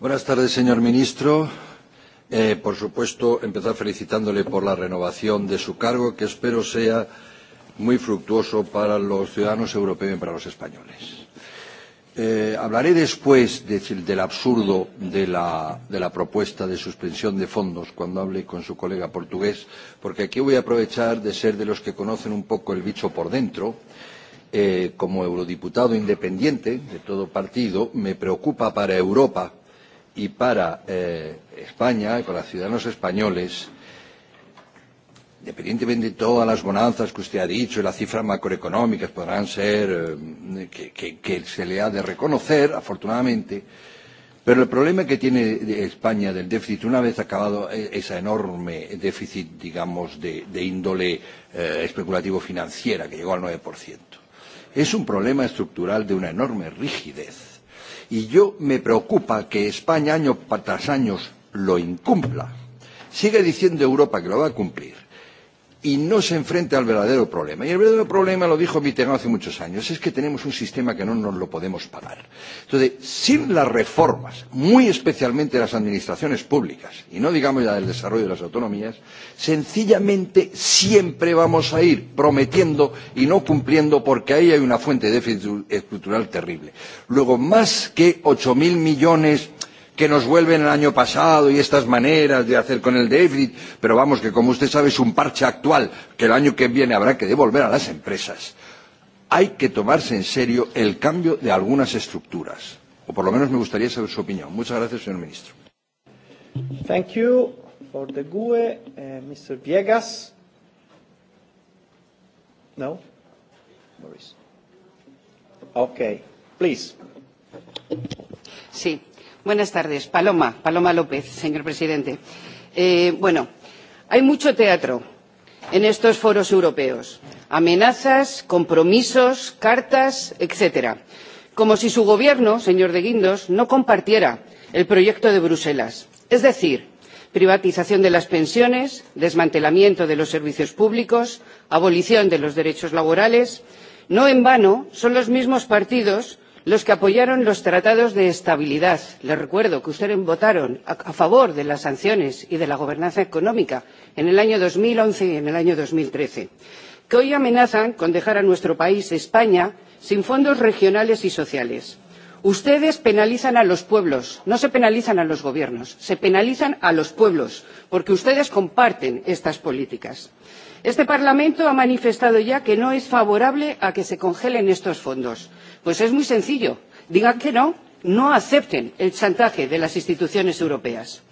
Buenas tardes, señor ministro. Eh, por supuesto, empezar felicitándole por la renovación de su cargo, que espero sea muy fructuoso para los ciudadanos europeos y para los españoles. Eh, hablaré después de, del absurdo de la, de la propuesta de suspensión de fondos cuando hable con su colega portugués, porque aquí voy a aprovechar de ser de los que conocen un poco el bicho por dentro. Eh, como eurodiputado independiente de todo partido, me preocupa para Europa y para eh, España, y para los ciudadanos españoles, independientemente de todas las bonanzas que usted ha dicho y las cifras macroeconómicas podrán ser eh, que, que, que se le ha de reconocer, afortunadamente, pero el problema que tiene España del déficit, una vez acabado eh, ese enorme déficit, digamos, de, de índole eh, especulativo financiera, que llegó al 9%, es un problema estructural de una enorme rigidez. Y yo me preocupa que España año tras año lo incumpla. Sigue diciendo Europa que lo va a cumplir y no se enfrenta al verdadero problema. Y el verdadero problema, lo dijo Mitterrand hace muchos años, es que tenemos un sistema que no nos lo podemos pagar. Entonces, sin las reformas, muy especialmente las administraciones públicas, y no digamos ya del desarrollo de las autonomías, sencillamente siempre vamos a ir prometiendo y no cumpliendo porque ahí hay una fuente de déficit estructural terrible. Luego, más que 8.000 millones que nos vuelven al año pasado y estas maneras de hacer con el déficit, pero vamos, que como usted sabe es un parche actual que el año que viene habrá que devolver a las empresas. Hay que tomarse en serio el cambio de algunas estructuras, o por lo menos me gustaría saber su opinión. Muchas gracias, señor ministro. Thank you for the GUE, uh, eh, Mr. Viegas. No? Maurice. Okay, please. Sí, Buenas tardes. Paloma, Paloma López, señor presidente. Eh, bueno, hay mucho teatro en estos foros europeos. Amenazas, compromisos, cartas, etcétera. Como si su gobierno, señor de Guindos, no compartiera el proyecto de Bruselas. Es decir, privatización de las pensiones, desmantelamiento de los servicios públicos, abolición de los derechos laborales. No en vano son los mismos partidos los que apoyaron los tratados de estabilidad les recuerdo que ustedes votaron a, favor de las sanciones y de la gobernanza económica en el año dos mil once y en el año dos mil trece que hoy amenazan con dejar a nuestro país españa sin fondos regionales y sociales. ustedes penalizan a los pueblos no se penalizan a los gobiernos se penalizan a los pueblos porque ustedes comparten estas políticas este parlamento ha manifestado ya que no es favorable a que se congelen estos fondos. pues es muy sencillo digan que no no acepten el chantaje de las instituciones europeas.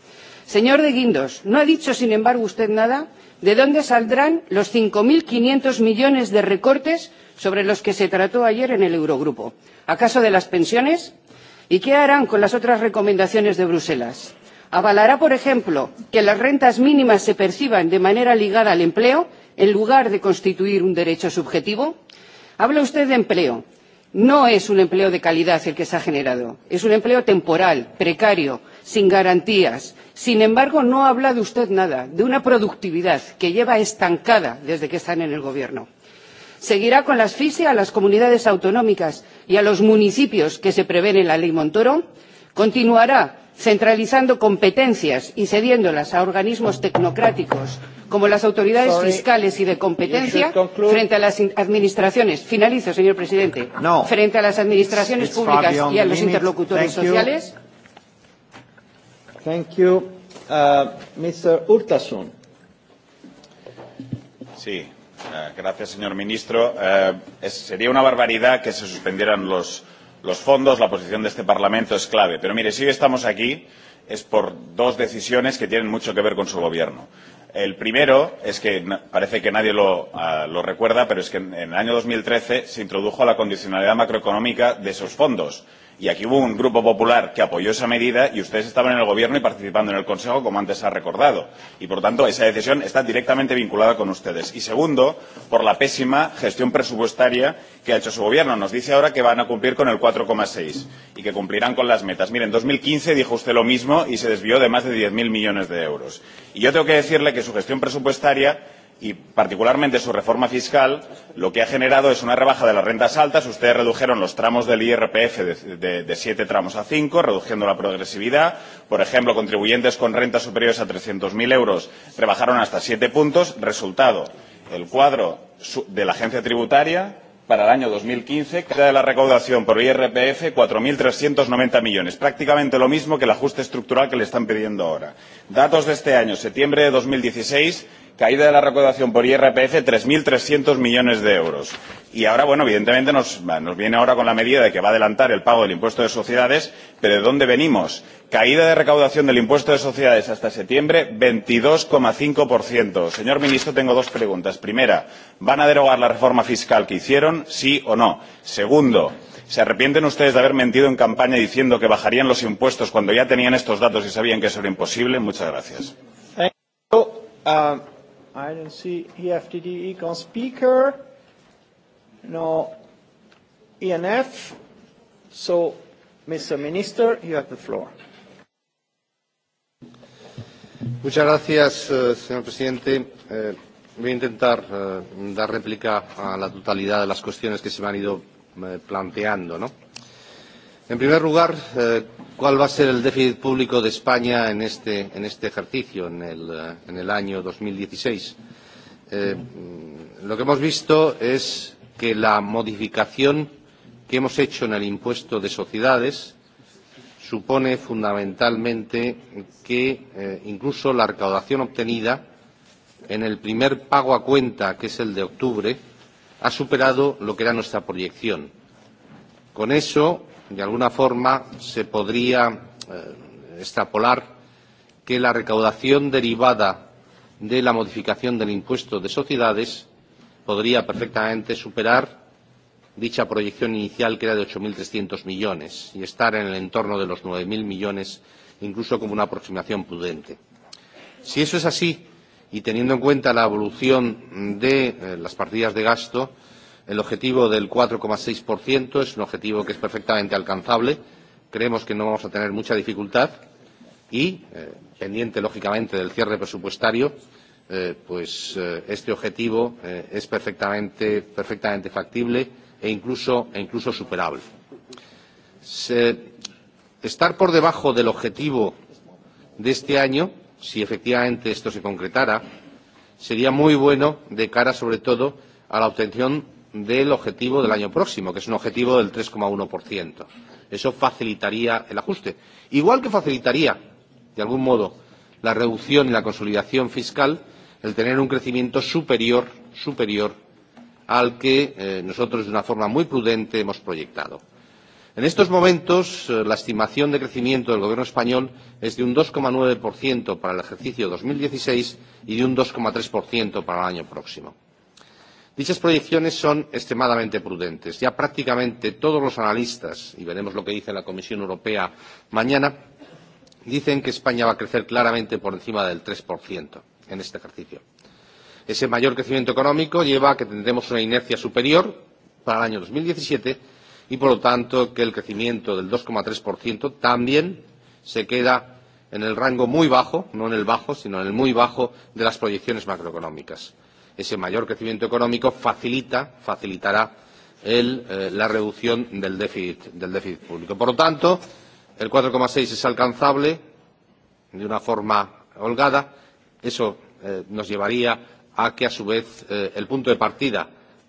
señor de guindos no ha dicho sin embargo usted nada de dónde saldrán los cinco quinientos millones de recortes sobre los que se trató ayer en el eurogrupo? acaso de las pensiones? y qué harán con las otras recomendaciones de bruselas? avalará por ejemplo que las rentas mínimas se perciban de manera ligada al empleo en lugar de constituir un derecho subjetivo? habla usted de empleo no es un empleo de calidad el que se ha generado es un empleo temporal precario sin garantías. sin embargo no ha hablado usted nada de una productividad que lleva estancada desde que están en el gobierno. seguirá con la asfixia a las comunidades autonómicas y a los municipios que se prevé en la ley montoro? continuará centralizando competencias y cediéndolas a organismos tecnocráticos como las autoridades Sorry. fiscales y de competencia frente a las administraciones finalizo señor presidente no. frente a las administraciones it's, it's públicas y a los interlocutores Thank sociales you. Thank you. Uh, Mr. Urtasun. Sí, uh, gracias, señor ministro. Uh, es, sería una barbaridad que se suspendieran los, uh, los fondos la posición de este parlamento es clave pero mire si hoy estamos aquí es por dos decisiones que tienen mucho que ver con su gobierno. El primero es que parece que nadie lo, uh, lo recuerda, pero es que en, en el año 2013 se introdujo la condicionalidad macroeconómica de esos fondos y aquí hubo un grupo popular que apoyó esa medida y ustedes estaban en el gobierno y participando en el consejo como antes ha recordado y por tanto esa decisión está directamente vinculada con ustedes y segundo por la pésima gestión presupuestaria que ha hecho su gobierno nos dice ahora que van a cumplir con el 4,6 y que cumplirán con las metas mire en 2015 dijo usted lo mismo y se desvió de más de 10.000 millones de euros y yo tengo que decirle que su gestión presupuestaria y particularmente su reforma fiscal lo que ha generado es una rebaja de las rentas altas. Ustedes redujeron los tramos del IRPF de, de, de siete tramos a cinco, reduciendo la progresividad. Por ejemplo, contribuyentes con rentas superiores a trescientos 300.000 euros rebajaron hasta siete puntos. Resultado, el cuadro de la agencia tributaria para el año 2015, caída de la recaudación por IRPF 4.390 millones, prácticamente lo mismo que el ajuste estructural que le están pidiendo ahora. Datos de este año, septiembre de 2016 caída de la recaudación por irpf tres trescientos millones de euros y ahora bueno evidentemente nos, nos viene ahora con la medida de que va a adelantar el pago del impuesto de sociedades pero de dónde venimos? caída de recaudación del impuesto de sociedades hasta septiembre veintidós cinco señor ministro tengo dos preguntas primera van a derogar la reforma fiscal que hicieron sí o no? segundo se arrepienten ustedes de haber mentido en campaña diciendo que bajarían los impuestos cuando ya tenían estos datos y sabían que eso era imposible? muchas gracias. Uh, I don't see EFTD econ speaker. No ENF. So, Mr. Minister, you have the floor. Muchas gracias, eh, señor presidente. Eh, voy a intentar eh, dar réplica a la totalidad de las cuestiones que se me han ido eh, planteando, ¿no? En primer lugar, eh, ¿cuál va a ser el déficit público de España en este, en este ejercicio, en el, eh, en el año 2016? Eh, lo que hemos visto es que la modificación que hemos hecho en el impuesto de sociedades supone fundamentalmente que eh, incluso la recaudación obtenida en el primer pago a cuenta, que es el de octubre, ha superado lo que era nuestra proyección. Con eso de alguna forma se podría eh, extrapolar que la recaudación derivada de la modificación del impuesto de sociedades podría perfectamente superar dicha proyección inicial que era de 8.300 millones y estar en el entorno de los 9.000 millones incluso como una aproximación prudente. Si eso es así y teniendo en cuenta la evolución de eh, las partidas de gasto, eh, el objetivo del 4,6% es un objetivo que es perfectamente alcanzable. Creemos que no vamos a tener mucha dificultad y, eh, pendiente lógicamente del cierre presupuestario, eh, pues eh, este objetivo eh, es perfectamente, perfectamente factible e incluso, e incluso superable. Se, estar por debajo del objetivo de este año, si efectivamente esto se concretara, sería muy bueno de cara sobre todo a la obtención del objetivo del año próximo, que es un objetivo del 3,1%. Eso facilitaría el ajuste. Igual que facilitaría, de algún modo, la reducción y la consolidación fiscal, el tener un crecimiento superior, superior al que eh, nosotros, de una forma muy prudente, hemos proyectado. En estos momentos, eh, la estimación de crecimiento del Gobierno español es de un 2,9% para el ejercicio 2016 y de un 2,3% para el año próximo. Dichas proyecciones son extremadamente prudentes. Ya prácticamente todos los analistas, y veremos lo que dice la Comisión Europea mañana, dicen que España va a crecer claramente por encima del 3% en este ejercicio. Ese mayor crecimiento económico lleva a que tendremos una inercia superior para el año 2017 y, por lo tanto, que el crecimiento del 2,3% también se queda en el rango muy bajo, no en el bajo, sino en el muy bajo de las proyecciones macroeconómicas ese mayor crecimiento económico facilita, facilitará el, eh, la reducción del déficit, del déficit público. Por lo tanto, el 4,6 es alcanzable de una forma holgada. Eso eh, nos llevaría a que, a su vez, eh, el punto de partida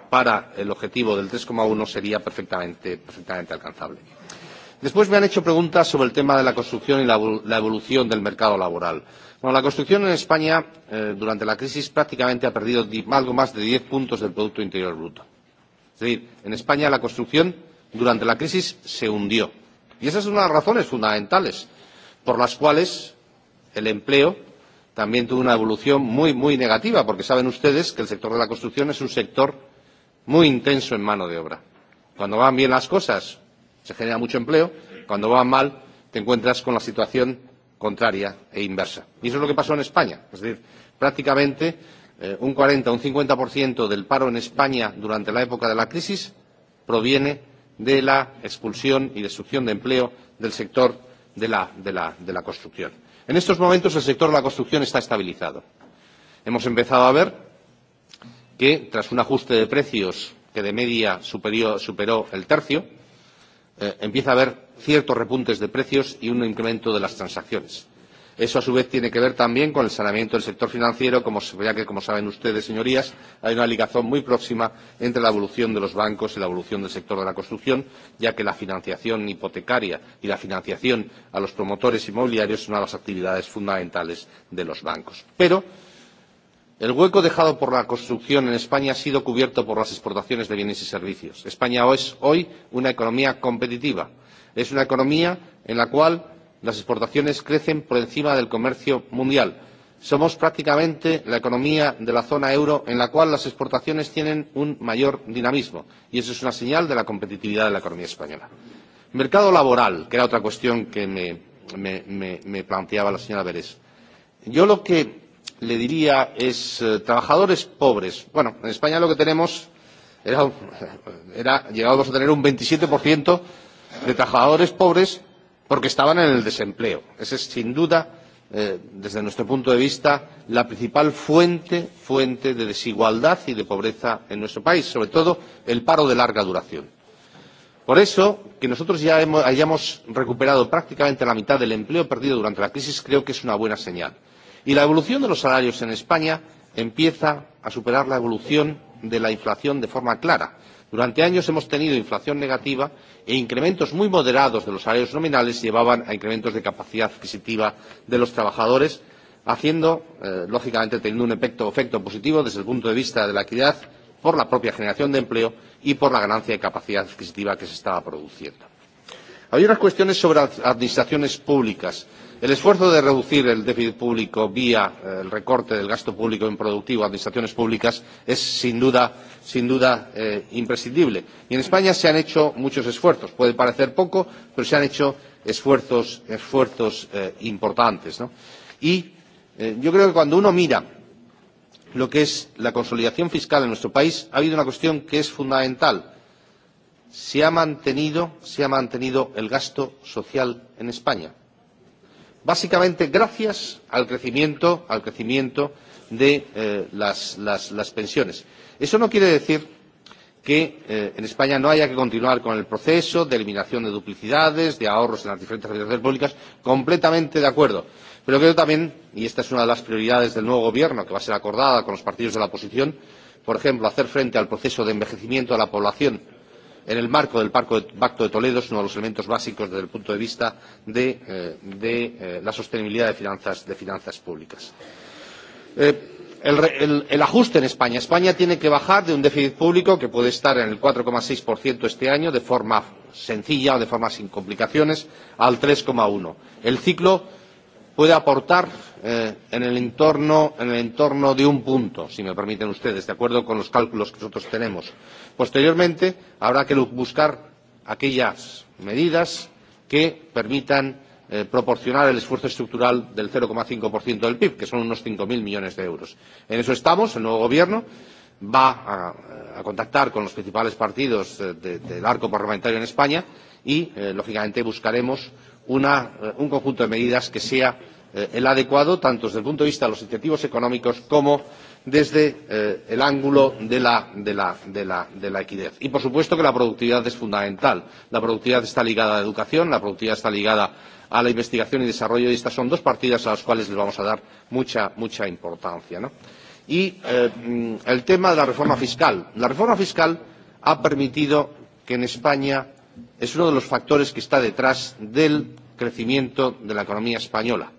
para el objetivo del 3,1 sería perfectamente, perfectamente alcanzable. Después me han hecho preguntas sobre el tema de la construcción y la, la evolución del mercado laboral. Bueno, la construcción en España eh, durante la crisis prácticamente ha perdido algo más de 10 puntos del Producto Interior Bruto. Es decir, en España la construcción durante la crisis se hundió. Y esas son las razones fundamentales por las cuales el empleo también tuvo una evolución muy, muy negativa, porque saben ustedes que el sector de la construcción es un sector muy intenso en mano de obra. Cuando van bien las cosas, se genera mucho empleo. Cuando van mal, te encuentras con la situación contraria e inversa. Y eso es lo que pasó en España. Es decir, prácticamente eh, un 40 o un 50% del paro en España durante la época de la crisis proviene de la expulsión y destrucción de empleo del sector de la, de la, de la construcción. En estos momentos el sector de la construcción está estabilizado. Hemos empezado a ver que, tras un ajuste de precios que de media superió, superó el tercio, eh, empieza a haber ciertos repuntes de precios y un incremento de las transacciones. Eso, a su vez, tiene que ver también con el saneamiento del sector financiero, como, ya que, como saben ustedes, señorías, hay una ligación muy próxima entre la evolución de los bancos y la evolución del sector de la construcción, ya que la financiación hipotecaria y la financiación a los promotores inmobiliarios son una de las actividades fundamentales de los bancos. Pero el hueco dejado por la construcción en España ha sido cubierto por las exportaciones de bienes y servicios. España es hoy una economía competitiva Es una economía en la cual las exportaciones crecen por encima del comercio mundial. Somos prácticamente la economía de la zona euro en la cual las exportaciones tienen un mayor dinamismo y eso es una señal de la competitividad de la economía española. Mercado laboral, que era otra cuestión que me, me, me, me planteaba la señora Beres. Yo lo que le diría es eh, trabajadores pobres. Bueno, en España lo que tenemos era, era llegábamos a tener un 27% de trabajadores pobres porque estaban en el desempleo. Esa es, sin duda, eh, desde nuestro punto de vista, la principal fuente, fuente de desigualdad y de pobreza en nuestro país, sobre todo el paro de larga duración. Por eso, que nosotros ya hemos, hayamos recuperado prácticamente la mitad del empleo perdido durante la crisis creo que es una buena señal. Y la evolución de los salarios en España empieza a superar la evolución de la inflación de forma clara Durante años hemos tenido inflación negativa e incrementos muy moderados de los salarios nominales llevaban a incrementos de capacidad adquisitiva de los trabajadores, haciendo, eh, lógicamente, teniendo un efecto, efecto positivo desde el punto de vista de la equidad por la propia generación de empleo y por la ganancia de capacidad adquisitiva que se estaba produciendo. Había unas cuestiones sobre administraciones públicas el esfuerzo de reducir el déficit público vía eh, el recorte del gasto público improductivo a administraciones públicas es sin duda, sin duda eh, imprescindible. Y en España se han hecho muchos esfuerzos. Puede parecer poco, pero se han hecho esfuerzos, esfuerzos eh, importantes. ¿no? Y eh, yo creo que cuando uno mira lo que es la consolidación fiscal en nuestro país, ha habido una cuestión que es fundamental. Se ha mantenido, se ha mantenido el gasto social en España básicamente gracias al crecimiento, al crecimiento de eh, las, las, las pensiones. Eso no quiere decir que eh, en España no haya que continuar con el proceso de eliminación de duplicidades, de ahorros en las diferentes administraciones públicas, completamente de acuerdo. Pero creo también, y esta es una de las prioridades del nuevo gobierno que va a ser acordada con los partidos de la oposición, por ejemplo, hacer frente al proceso de envejecimiento de la población en el marco del Pacto de Toledo es uno de los elementos básicos desde el punto de vista de, eh, de eh, la sostenibilidad de finanzas, de finanzas públicas. Eh, el, el, el ajuste en España. España tiene que bajar de un déficit público que puede estar en el 4,6% este año de forma sencilla o de forma sin complicaciones al 3,1%. El ciclo puede aportar eh, en, el entorno, en el entorno de un punto, si me permiten ustedes, de acuerdo con los cálculos que nosotros tenemos. Posteriormente, habrá que buscar aquellas medidas que permitan eh, proporcionar el esfuerzo estructural del 0,5% del PIB, que son unos 5.000 millones de euros. En eso estamos, el nuevo Gobierno va a, a contactar con los principales partidos de, eh, de, del arco parlamentario en España y, eh, lógicamente, buscaremos eh, una, eh, un conjunto de medidas que sea eh, el adecuado, tanto desde el punto de vista de los incentivos económicos como desde eh, el ángulo de la, de, la, de, la, de la equidad. Y, por supuesto, que la productividad es fundamental. La productividad está ligada a la educación, la productividad está ligada a la investigación y desarrollo, y estas son dos partidas a las cuales les vamos a dar mucha, mucha importancia. ¿no? Y eh, el tema de la reforma fiscal. La reforma fiscal ha permitido que en España es uno de los factores que está detrás del crecimiento de la economía española.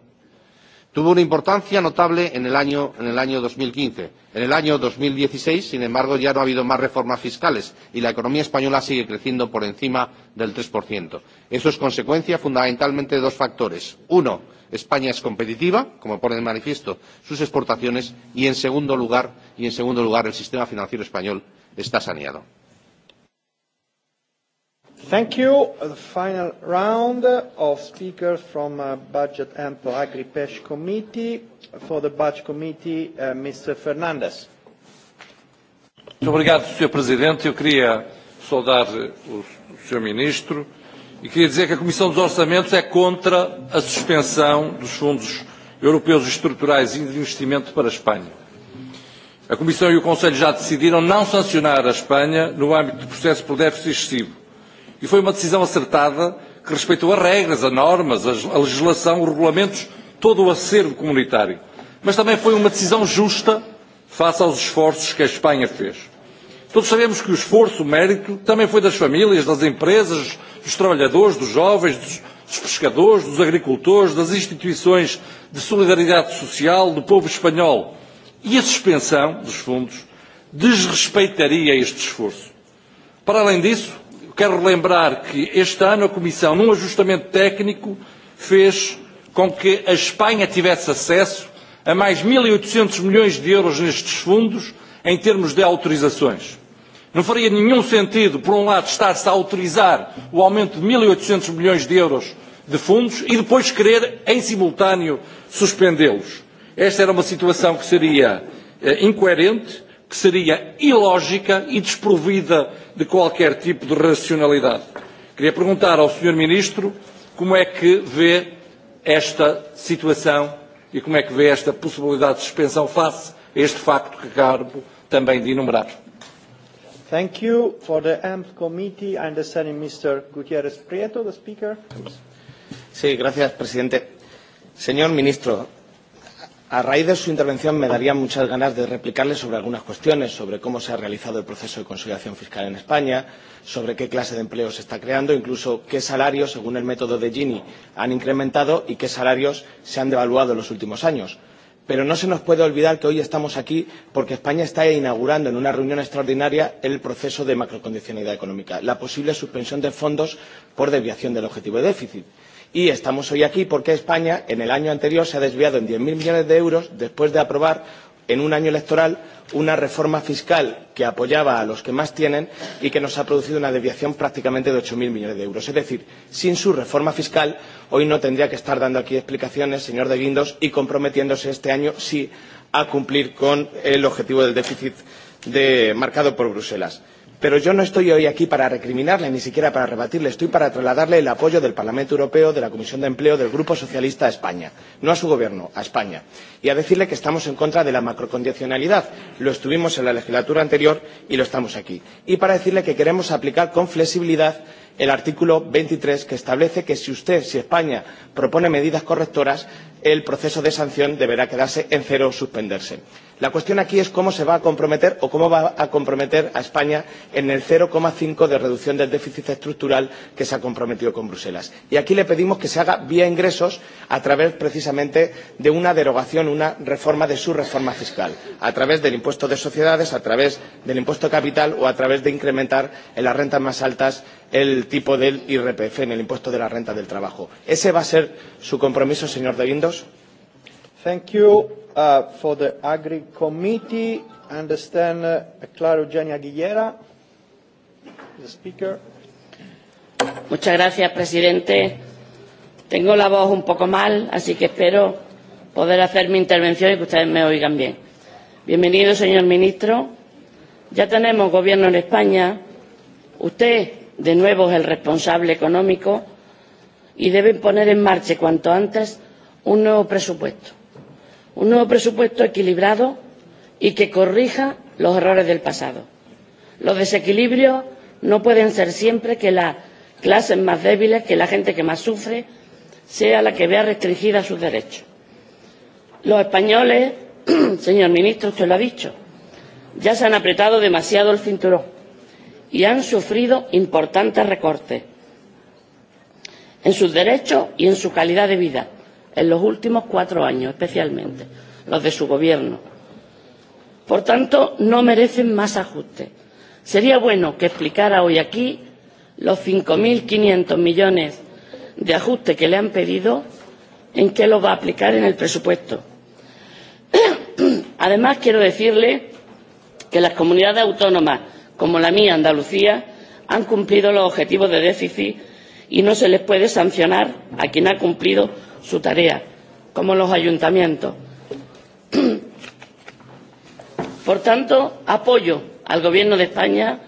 Tuvo una importancia notable en el año, en el año 2015. En el año 2016, sin embargo, ya no ha habido más reformas fiscales y la economía española sigue creciendo por encima del 3%. Eso es consecuencia fundamentalmente de dos factores. Uno, España es competitiva, como pone de manifiesto sus exportaciones, y en segundo lugar, y en segundo lugar el sistema financiero español está saneado. Thank you. The final round of speakers from uh, Budget and Agri-Pesh Committee. For the Budget Committee, uh, Mr. Fernandes. Muito obrigado, Sr. Presidente. Eu queria saudar uh, o Sr. Ministro e queria dizer que a Comissão dos Orçamentos é contra a suspensão dos fundos europeus estruturais e de investimento para a Espanha. A Comissão e o Conselho já decidiram não sancionar a Espanha no âmbito do processo por déficit excessivo E foi uma decisão acertada que respeitou as regras, as normas, a legislação, os regulamentos, todo o acervo comunitário. Mas também foi uma decisão justa face aos esforços que a Espanha fez. Todos sabemos que o esforço, o mérito, também foi das famílias, das empresas, dos trabalhadores, dos jovens, dos, dos pescadores, dos agricultores, das instituições de solidariedade social, do povo espanhol. E a suspensão dos fundos desrespeitaria este esforço. Para além disso, Quero relembrar que este ano a Comissão, num ajustamento técnico, fez com que a Espanha tivesse acesso a mais 1.800 e milhões de euros nestes fundos em termos de autorizações. Não faria nenhum sentido, por um lado, estar-se a autorizar o aumento de 1.800 e milhões de euros de fundos e depois querer, em simultâneo, suspendê-los. Esta era uma situação que seria eh, incoerente que seria ilógica e desprovida de qualquer tipo de racionalidade. Queria perguntar ao Sr. Ministro como é que vê esta situação e como é que vê esta possibilidade de suspensão face a este facto que acabo também de enumerar. Thank you for the AMP committee. I understand Mr. Gutierrez Prieto, the speaker. Sí, gracias, presidente. Señor ministro, a raíz de su intervención me daría muchas ganas de replicarle sobre algunas cuestiones, sobre cómo se ha realizado el proceso de consolidación fiscal en España, sobre qué clase de empleo se está creando, incluso qué salarios, según el método de Gini, han incrementado y qué salarios se han devaluado en los últimos años. Pero no se nos puede olvidar que hoy estamos aquí porque España está inaugurando en una reunión extraordinaria el proceso de macrocondicionalidad económica, la posible suspensión de fondos por desviación del objetivo de déficit. Y estamos hoy aquí porque España en el año anterior se ha desviado en 10.000 millones de euros después de aprobar en un año electoral una reforma fiscal que apoyaba a los que más tienen y que nos ha producido una desviación prácticamente de 8.000 millones de euros. Es decir, sin su reforma fiscal, hoy no tendría que estar dando aquí explicaciones, señor de Guindos, y comprometiéndose este año sí a cumplir con el objetivo del déficit de, marcado por Bruselas. Pero yo no estoy hoy aquí para recriminarle, ni siquiera para rebatirle, estoy para trasladarle el apoyo del Parlamento Europeo, de la Comisión de Empleo, del Grupo Socialista a España, no a su gobierno, a España, y a decirle que estamos en contra de la macrocondicionalidad. Lo estuvimos en la legislatura anterior y lo estamos aquí. Y para decirle que queremos aplicar con flexibilidad el artículo 23 que establece que si usted, si España propone medidas correctoras, el proceso de sanción deberá quedarse en cero o suspenderse. La cuestión aquí es cómo se va a comprometer o cómo va a comprometer a España en el 0,5 de reducción del déficit estructural que se ha comprometido con Bruselas. Y aquí le pedimos que se haga vía ingresos a través precisamente de una derogación, una reforma de su reforma fiscal, a través del impuesto de sociedades, a través del impuesto de capital o a través de incrementar en las rentas más altas el tipo del IRPF en el impuesto de la renta del trabajo. ¿Ese va a ser su compromiso, señor De Guindos? Thank you uh, for the Agri Committee. understand uh, claro, Eugenia Guillera, the speaker. Muchas gracias, presidente. Tengo la voz un poco mal, así que espero poder hacer mi intervención y que ustedes me oigan bien. Bienvenido, señor ministro. Ya tenemos gobierno en España. Usted de nuevo es el responsable económico y deben poner en marcha cuanto antes un nuevo presupuesto un nuevo presupuesto equilibrado y que corrija los errores del pasado. los desequilibrios no pueden ser siempre que las clases más débiles que la gente que más sufre sea la que vea restringidos sus derechos. los españoles señor ministro usted lo ha dicho ya se han apretado demasiado el cinturón y han sufrido importantes recortes en sus derechos y en su calidad de vida en los últimos cuatro años especialmente los de su gobierno. Por tanto, no merecen más ajustes. Sería bueno que explicara hoy aquí los 5.500 millones de ajuste que le han pedido, en qué los va a aplicar en el presupuesto. Además, quiero decirle que las comunidades autónomas como la mía Andalucía han cumplido los objetivos de déficit y no se les puede sancionar a quien ha cumplido su tarea, como los ayuntamientos. Por tanto, apoyo al Gobierno de España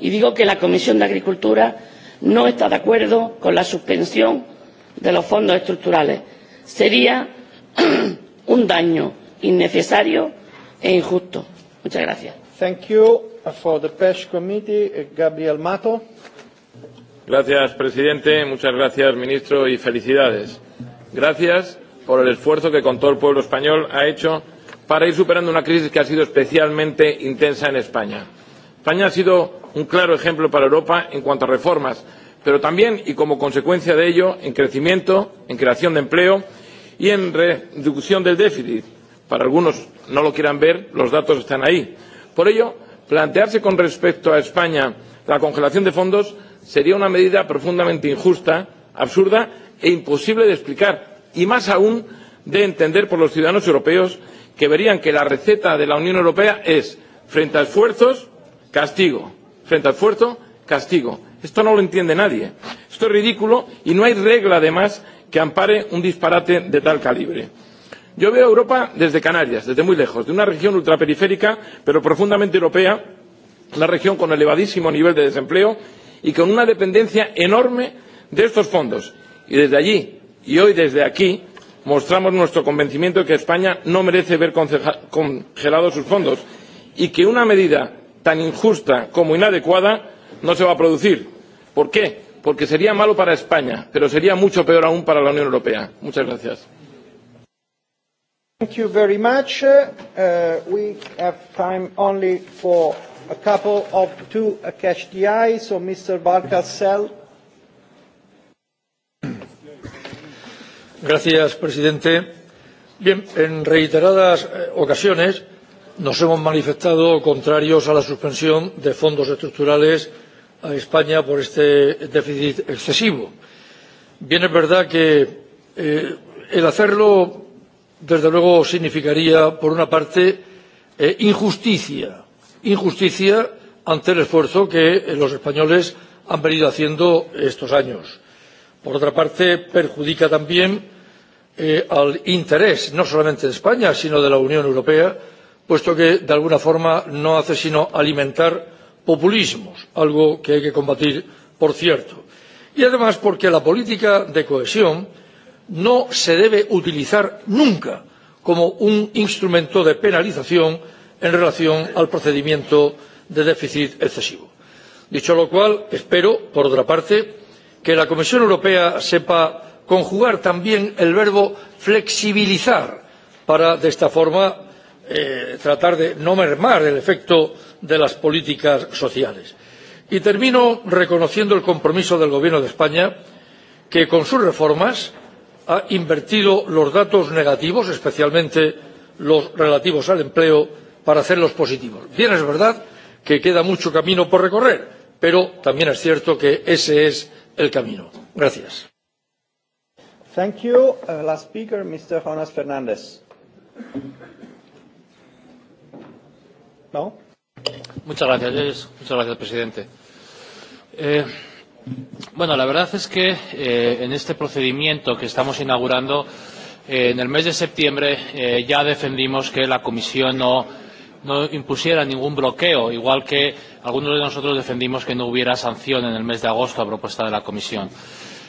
y digo que la Comisión de Agricultura no está de acuerdo con la suspensión de los fondos estructurales. Sería un daño innecesario e injusto. Muchas gracias. Thank you for the PESH committee, uh, Gabriel Mato. Gracias, presidente. Muchas gracias, ministro, y felicidades. Gracias por el esfuerzo que con todo el pueblo español ha hecho para ir superando una crisis que ha sido especialmente intensa en España. España ha sido un claro ejemplo para Europa en cuanto a reformas, pero también y como consecuencia de ello en crecimiento, en creación de empleo y en reducción del déficit. Para algunos no lo quieran ver, los datos están ahí Por ello, plantearse con respecto a España la congelación de fondos sería una medida profundamente injusta, absurda e imposible de explicar, y más aún de entender por los ciudadanos europeos que verían que la receta de la Unión Europea es frente a esfuerzos, castigo, frente a esfuerzo, castigo. Esto no lo entiende nadie. Esto es ridículo y no hay regla, además, que ampare un disparate de tal calibre. Yo veo Europa desde Canarias, desde muy lejos, de una región ultraperiférica, pero profundamente europea, una región con elevadísimo nivel de desempleo y con una dependencia enorme de estos fondos. Y desde allí, y hoy desde aquí, mostramos nuestro convencimiento de que España no merece ver congelados sus fondos y que una medida tan injusta como inadecuada no se va a producir. ¿Por qué? Porque sería malo para España, pero sería mucho peor aún para la Unión Europea. Muchas gracias. Thank you very much. Uh, uh, we have time only for a couple of two uh, cash DI, so Mr. Barcasel. Gracias, presidente. Bien, en reiteradas eh, ocasiones nos hemos manifestado contrarios a la suspensión de fondos estructurales a España por este déficit excesivo. Bien, es verdad que eh, el hacerlo desde luego significaría, por una parte, eh, injusticia, injusticia ante el esfuerzo que eh, los españoles han venido haciendo estos años. Por otra parte, perjudica también eh, al interés, no solamente de España, sino de la Unión Europea, puesto que, de alguna forma, no hace sino alimentar populismos, algo que hay que combatir, por cierto. Y además, porque la política de cohesión, no se debe utilizar nunca como un instrumento de penalización en relación al procedimiento de déficit excesivo. dicho lo cual espero por otra parte que la comisión europea sepa conjugar también el verbo flexibilizar para de esta forma eh, tratar de no mermar el efecto de las políticas sociales. y termino reconociendo el compromiso del gobierno de españa que con sus reformas ha invertido los datos negativos especialmente los relativos al empleo para hacerlos positivos. bien es verdad que queda mucho camino por recorrer pero también es cierto que ese es el camino. gracias. Uh, muchas gracias, muchas presidente. Eh, Bueno, la verdad es que eh, en este procedimiento que estamos inaugurando, eh, en el mes de septiembre eh, ya defendimos que la Comisión no, no impusiera ningún bloqueo, igual que algunos de nosotros defendimos que no hubiera sanción en el mes de agosto a propuesta de la Comisión.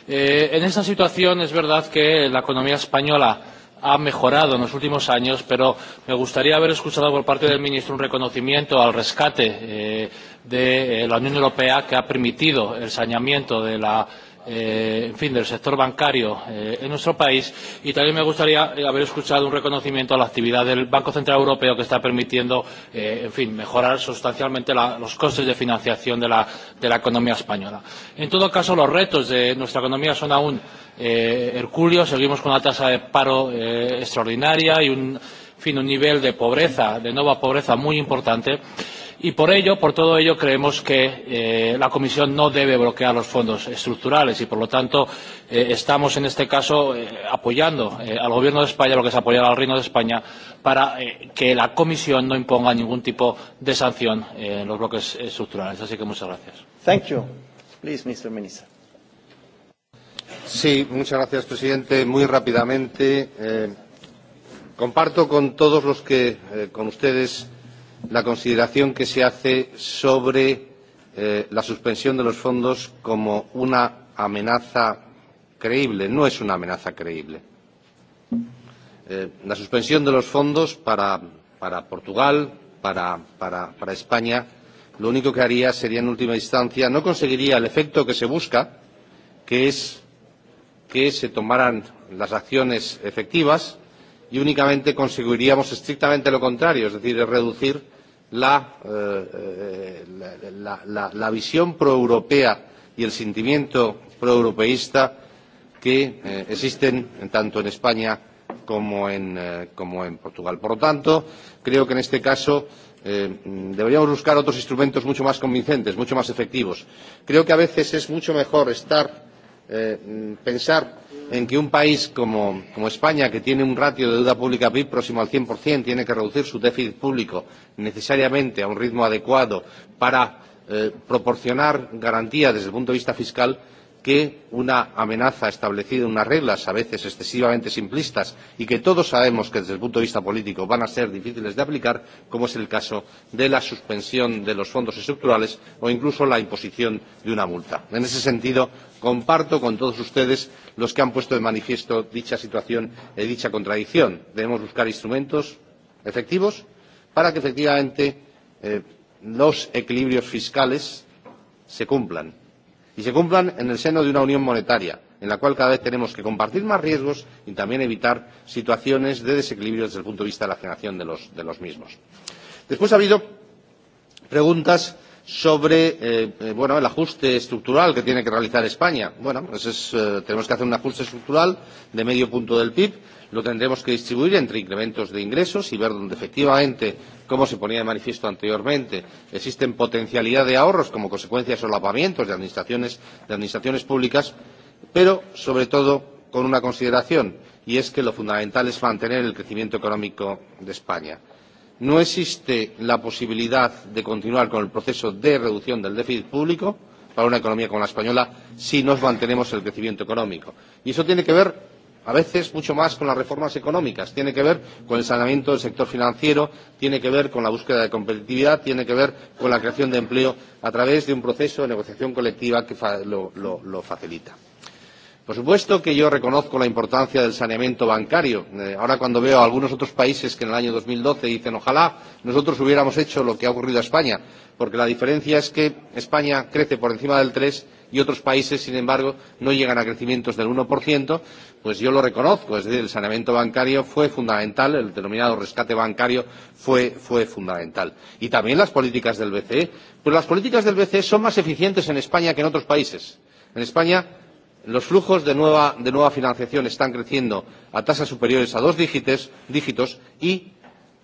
Eh, en esta situación es verdad que la economía española ha mejorado en los últimos años, pero me gustaría haber escuchado por parte del ministro un reconocimiento al rescate. Eh, de eh, la Unión Europea que ha permitido el saneamiento de la eh, en fin, del sector bancario eh, en nuestro país. Y también me gustaría eh, haber escuchado un reconocimiento a la actividad del Banco Central Europeo que está permitiendo, eh, en fin, mejorar sustancialmente la, los costes de financiación de la, de la economía española. En todo caso, los retos de nuestra economía son aún eh, hercúleos. Seguimos con una tasa de paro eh, extraordinaria y un fin, un nivel de pobreza, de nueva pobreza muy importante. Y por ello, por todo ello, creemos que eh, la Comisión no debe bloquear los fondos estructurales y, por lo tanto, eh, estamos en este caso eh, apoyando eh, al Gobierno de España, lo que es apoyar al Reino de España, para eh, que la Comisión no imponga ningún tipo de sanción eh, en los bloques estructurales. Así que muchas gracias. Thank you. Please, Mr. Minister. Sí, muchas gracias, presidente. Muy rápidamente. Eh comparto con todos los que eh, con ustedes la consideración que se hace sobre eh, la suspensión de los fondos como una amenaza creíble. No es una amenaza creíble. Eh, la suspensión de los fondos para, para Portugal, para, para, para España, lo único que haría sería, en última instancia, no conseguiría el efecto que se busca, que es que se tomaran las acciones efectivas y únicamente conseguiríamos estrictamente lo contrario, es decir, reducir la, eh, eh la, la, la visión proeuropea y el sentimiento proeuropeísta que eh, existen tanto en España como en, eh, como en Portugal. Por lo tanto, creo que en este caso eh, deberíamos buscar otros instrumentos mucho más convincentes, mucho más efectivos. Creo que a veces es mucho mejor estar, eh, pensar en que un país como, como España, que tiene un ratio de deuda pública PIB próximo al 100%, tiene que reducir su déficit público necesariamente a un ritmo adecuado para eh, proporcionar garantías desde el punto de vista fiscal, que una amenaza establecida en unas reglas a veces excesivamente simplistas y que todos sabemos que desde el punto de vista político van a ser difíciles de aplicar, como es el caso de la suspensión de los fondos estructurales o incluso la imposición de una multa. En ese sentido, comparto con todos ustedes los que han puesto de manifiesto dicha situación y dicha contradicción. Debemos buscar instrumentos efectivos para que efectivamente eh, los equilibrios fiscales se cumplan y se cumplan en el seno de una unión monetaria, en la cual cada vez tenemos que compartir más riesgos y también evitar situaciones de desequilibrio desde el punto de vista de la generación de los, de los mismos. Después ha habido preguntas sobre eh, eh, bueno, el ajuste estructural que tiene que realizar España. Bueno, pues es, eh, tenemos que hacer un ajuste estructural de medio punto del PIB. Lo tendremos que distribuir entre incrementos de ingresos y ver dónde efectivamente, como se ponía de manifiesto anteriormente, existen potencialidad de ahorros como consecuencia de solapamientos de administraciones, de administraciones públicas, pero sobre todo con una consideración y es que lo fundamental es mantener el crecimiento económico de España no existe la posibilidad de continuar con el proceso de reducción del déficit público para una economía como la española si no mantenemos el crecimiento económico. Y eso tiene que ver a veces mucho más con las reformas económicas, tiene que ver con el saneamiento del sector financiero, tiene que ver con la búsqueda de competitividad, tiene que ver con la creación de empleo a través de un proceso de negociación colectiva que fa lo, lo, lo facilita. Por supuesto que yo reconozco la importancia del saneamiento bancario. Eh, ahora cuando veo a algunos otros países que en el año 2012 dicen ojalá nosotros hubiéramos hecho lo que ha ocurrido a España, porque la diferencia es que España crece por encima del 3 y otros países, sin embargo, no llegan a crecimientos del 1%, pues yo lo reconozco. Es decir, el saneamiento bancario fue fundamental, el denominado rescate bancario fue, fue fundamental. Y también las políticas del BCE. Pues las políticas del BCE son más eficientes en España que en otros países. En España Los flujos de nueva, de nueva financiación están creciendo a tasas superiores a dos dígites, dígitos y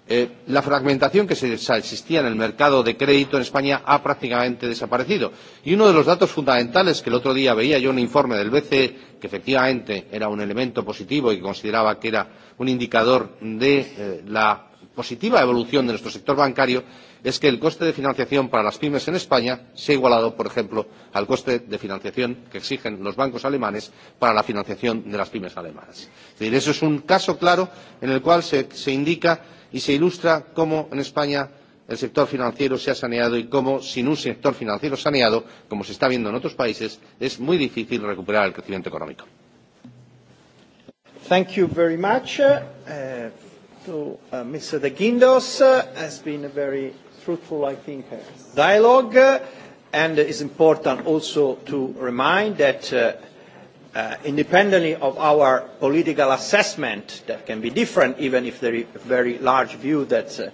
eh, la fragmentación que se, se existía en el mercado de crédito en España ha prácticamente desaparecido. Y uno de los datos fundamentales que el otro día veía yo en un informe del BCE, que efectivamente era un elemento positivo y que consideraba que era un indicador de eh, la positiva evolución de nuestro sector bancario, es que el coste de financiación para las pymes en España se ha igualado, por ejemplo, al coste de financiación que exigen los bancos alemanes para la financiación de las pymes alemanas. Es decir, eso es un caso claro en el cual se, se indica y se ilustra cómo en España el sector financiero se ha saneado y cómo sin un sector financiero saneado, como se está viendo en otros países, es muy difícil recuperar el crecimiento económico. Thank you very much uh, to uh, Mr. De Guindos. Uh, has been a very fruitful, I think, uh, dialogue. Uh, and it's important also to remind that uh, uh, independently of our political assessment that can be different, even if there is a very large view that uh,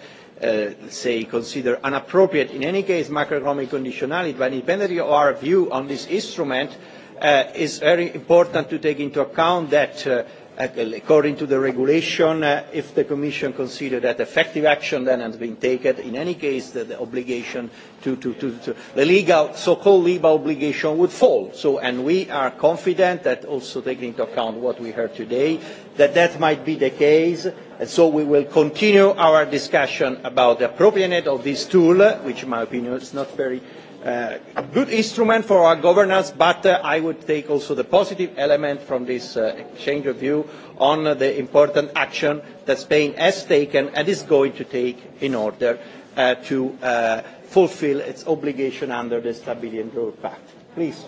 Uh, say, consider inappropriate, in any case, macroeconomic conditionality, but independently of our view on this instrument, uh, is very important to take into account that uh, according to the regulation, uh, if the Commission considers that effective action then has been taken, in any case, the, the obligation to, to, to, to the legal, so-called legal obligation would fall. So, and we are confident that also taking into account what we heard today, that that might be the case. And so we will continue our discussion about the appropriateness of this tool, which in my opinion is not very Uh, good instrument for our governance, but uh, I would take also the positive element from this uh, exchange of view on uh, the important action that Spain has taken and is going to take in order uh, to uh, fulfill its obligation under the Stability and Growth Pact. Please,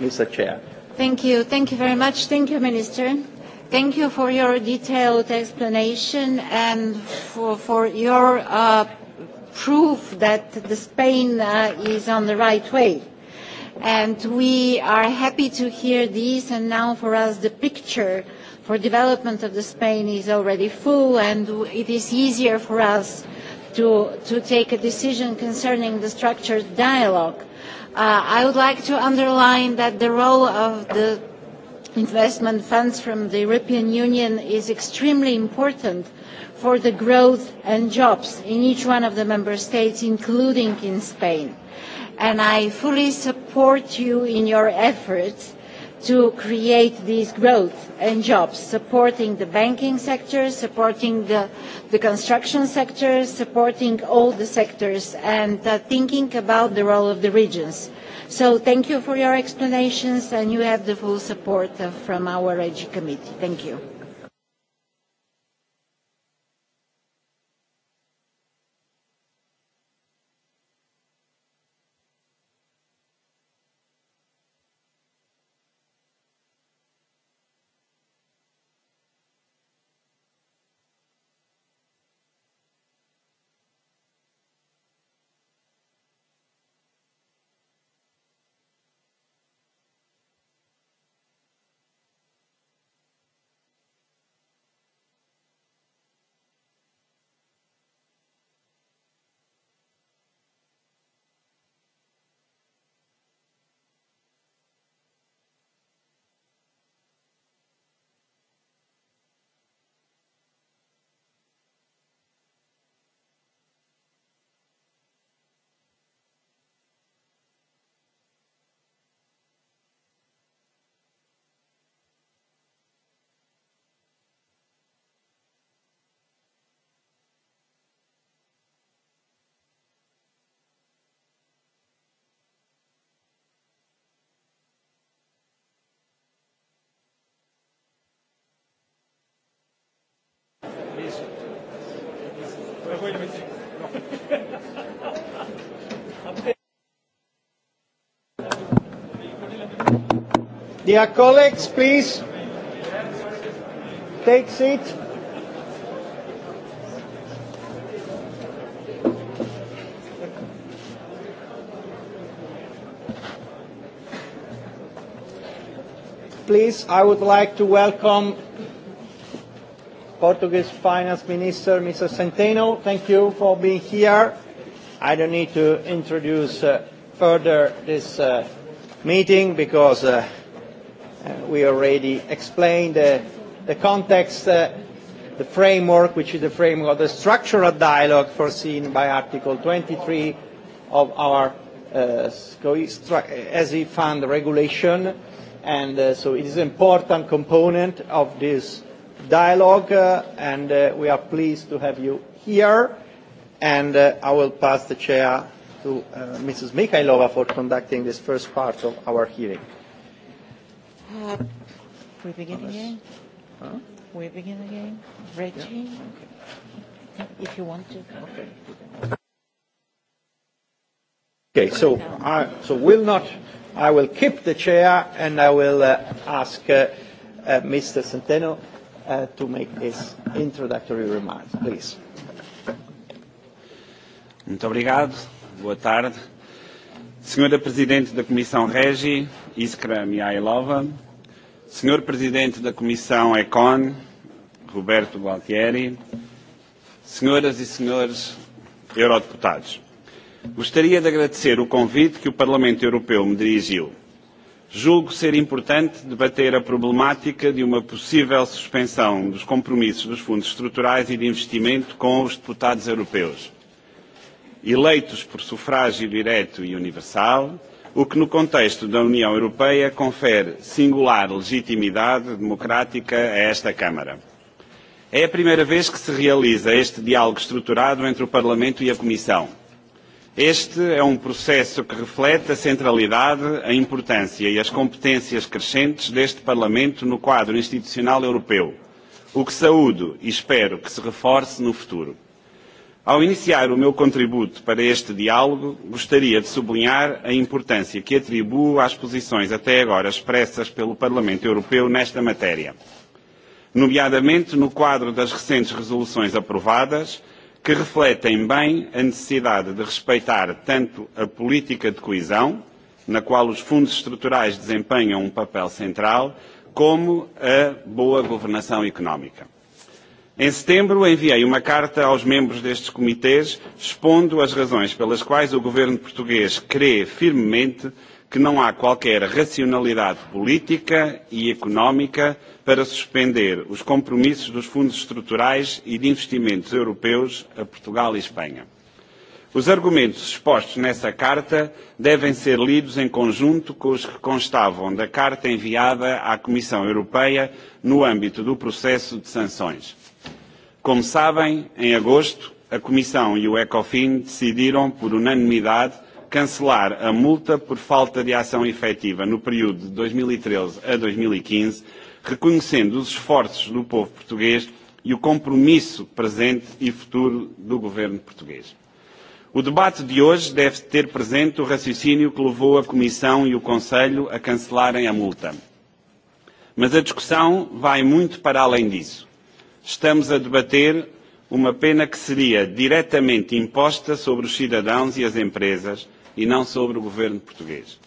Mr. Chair. Thank you. Thank you very much. Thank you, Minister. Thank you for your detailed explanation and for, for your uh, proof that the Spain uh, is on the right way. And we are happy to hear these, and now for us the picture for development of the Spain is already full, and it is easier for us to, to take a decision concerning the structured dialogue. Uh, I would like to underline that the role of the investment funds from the European Union is extremely important for the growth and jobs in each one of the member states, including in Spain. And I fully support you in your efforts to create this growth and jobs, supporting the banking sector, supporting the, the construction sector, supporting all the sectors, and uh, thinking about the role of the regions. So thank you for your explanations, and you have the full support uh, from our REGI committee. Thank you. Dear colleagues, please take seat. Please, I would like to welcome Portuguese Finance Minister, Mr. Centeno. Thank you for being here. I don't need to introduce uh, further this uh, meeting because uh, Uh, we already explained uh, the context, uh, the framework, which is the framework of the structural dialogue foreseen by Article 23 of our uh, fund regulation. And uh, so it is an important component of this dialogue, uh, and uh, we are pleased to have you here. And uh, I will pass the chair to uh, Mrs. Mikhailova for conducting this first part of our hearing. Uh, we begin again? Huh? We begin again? Reggie? Yeah. Okay. If you want to. Okay. Okay, so, I, so will not, I will keep the chair and I will uh, ask uh, uh, Mr. Centeno uh, to make his introductory remarks, please. Muito obrigado. Boa tarde. Senhora Presidente da Comissão Regi, Iskra Mihailova, Senhor Presidente da Comissão Econ, Roberto Gualtieri, Senhoras e senhores eurodeputados, gostaria de agradecer o convite que o Parlamento Europeu me dirigiu. Julgo ser importante debater a problemática de uma possível suspensão dos compromissos dos fundos estruturais e de investimento com os deputados europeus eleitos por sufrágio direto e universal, o que no contexto da União Europeia confere singular legitimidade democrática a esta Câmara. É a primeira vez que se realiza este diálogo estruturado entre o Parlamento e a Comissão. Este é um processo que reflete a centralidade, a importância e as competências crescentes deste Parlamento no quadro institucional europeu, o que saúdo e espero que se reforce no futuro. Ao iniciar o meu contributo para este diálogo, gostaria de sublinhar a importância que atribuo às posições até agora expressas pelo Parlamento Europeu nesta matéria, nomeadamente no quadro das recentes resoluções aprovadas, que refletem bem a necessidade de respeitar tanto a política de coesão, na qual os fundos estruturais desempenham um papel central, como a boa governação económica. Em setembro, enviei uma carta aos membros destes comitês expondo as razões pelas quais o governo português crê firmemente que não há qualquer racionalidade política e económica para suspender os compromissos dos fundos estruturais e de investimentos europeus a Portugal e Espanha. Os argumentos expostos nessa carta devem ser lidos em conjunto com os que constavam da carta enviada à Comissão Europeia no âmbito do processo de sanções. Como sabem, em agosto, a Comissão e o Ecofin decidiram, por unanimidade, cancelar a multa por falta de ação efetiva no período de 2013 e a 2015, e reconhecendo os esforços do povo português e o compromisso presente e futuro do governo português. O debate de hoje deve ter presente o raciocínio que levou a Comissão e o Conselho a cancelarem a multa. Mas a discussão vai muito para além disso estamos a debater uma pena que seria diretamente imposta sobre os cidadãos e as empresas e não sobre o governo português.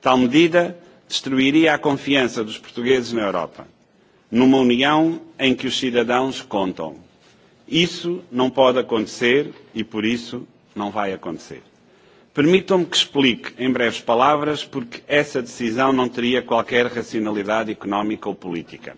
Tal medida destruiria a confiança dos portugueses na Europa, numa União em que os cidadãos contam. Isso não pode acontecer e, por isso, não vai acontecer. Permitam-me que explique em breves palavras porque essa decisão não teria qualquer racionalidade económica ou política.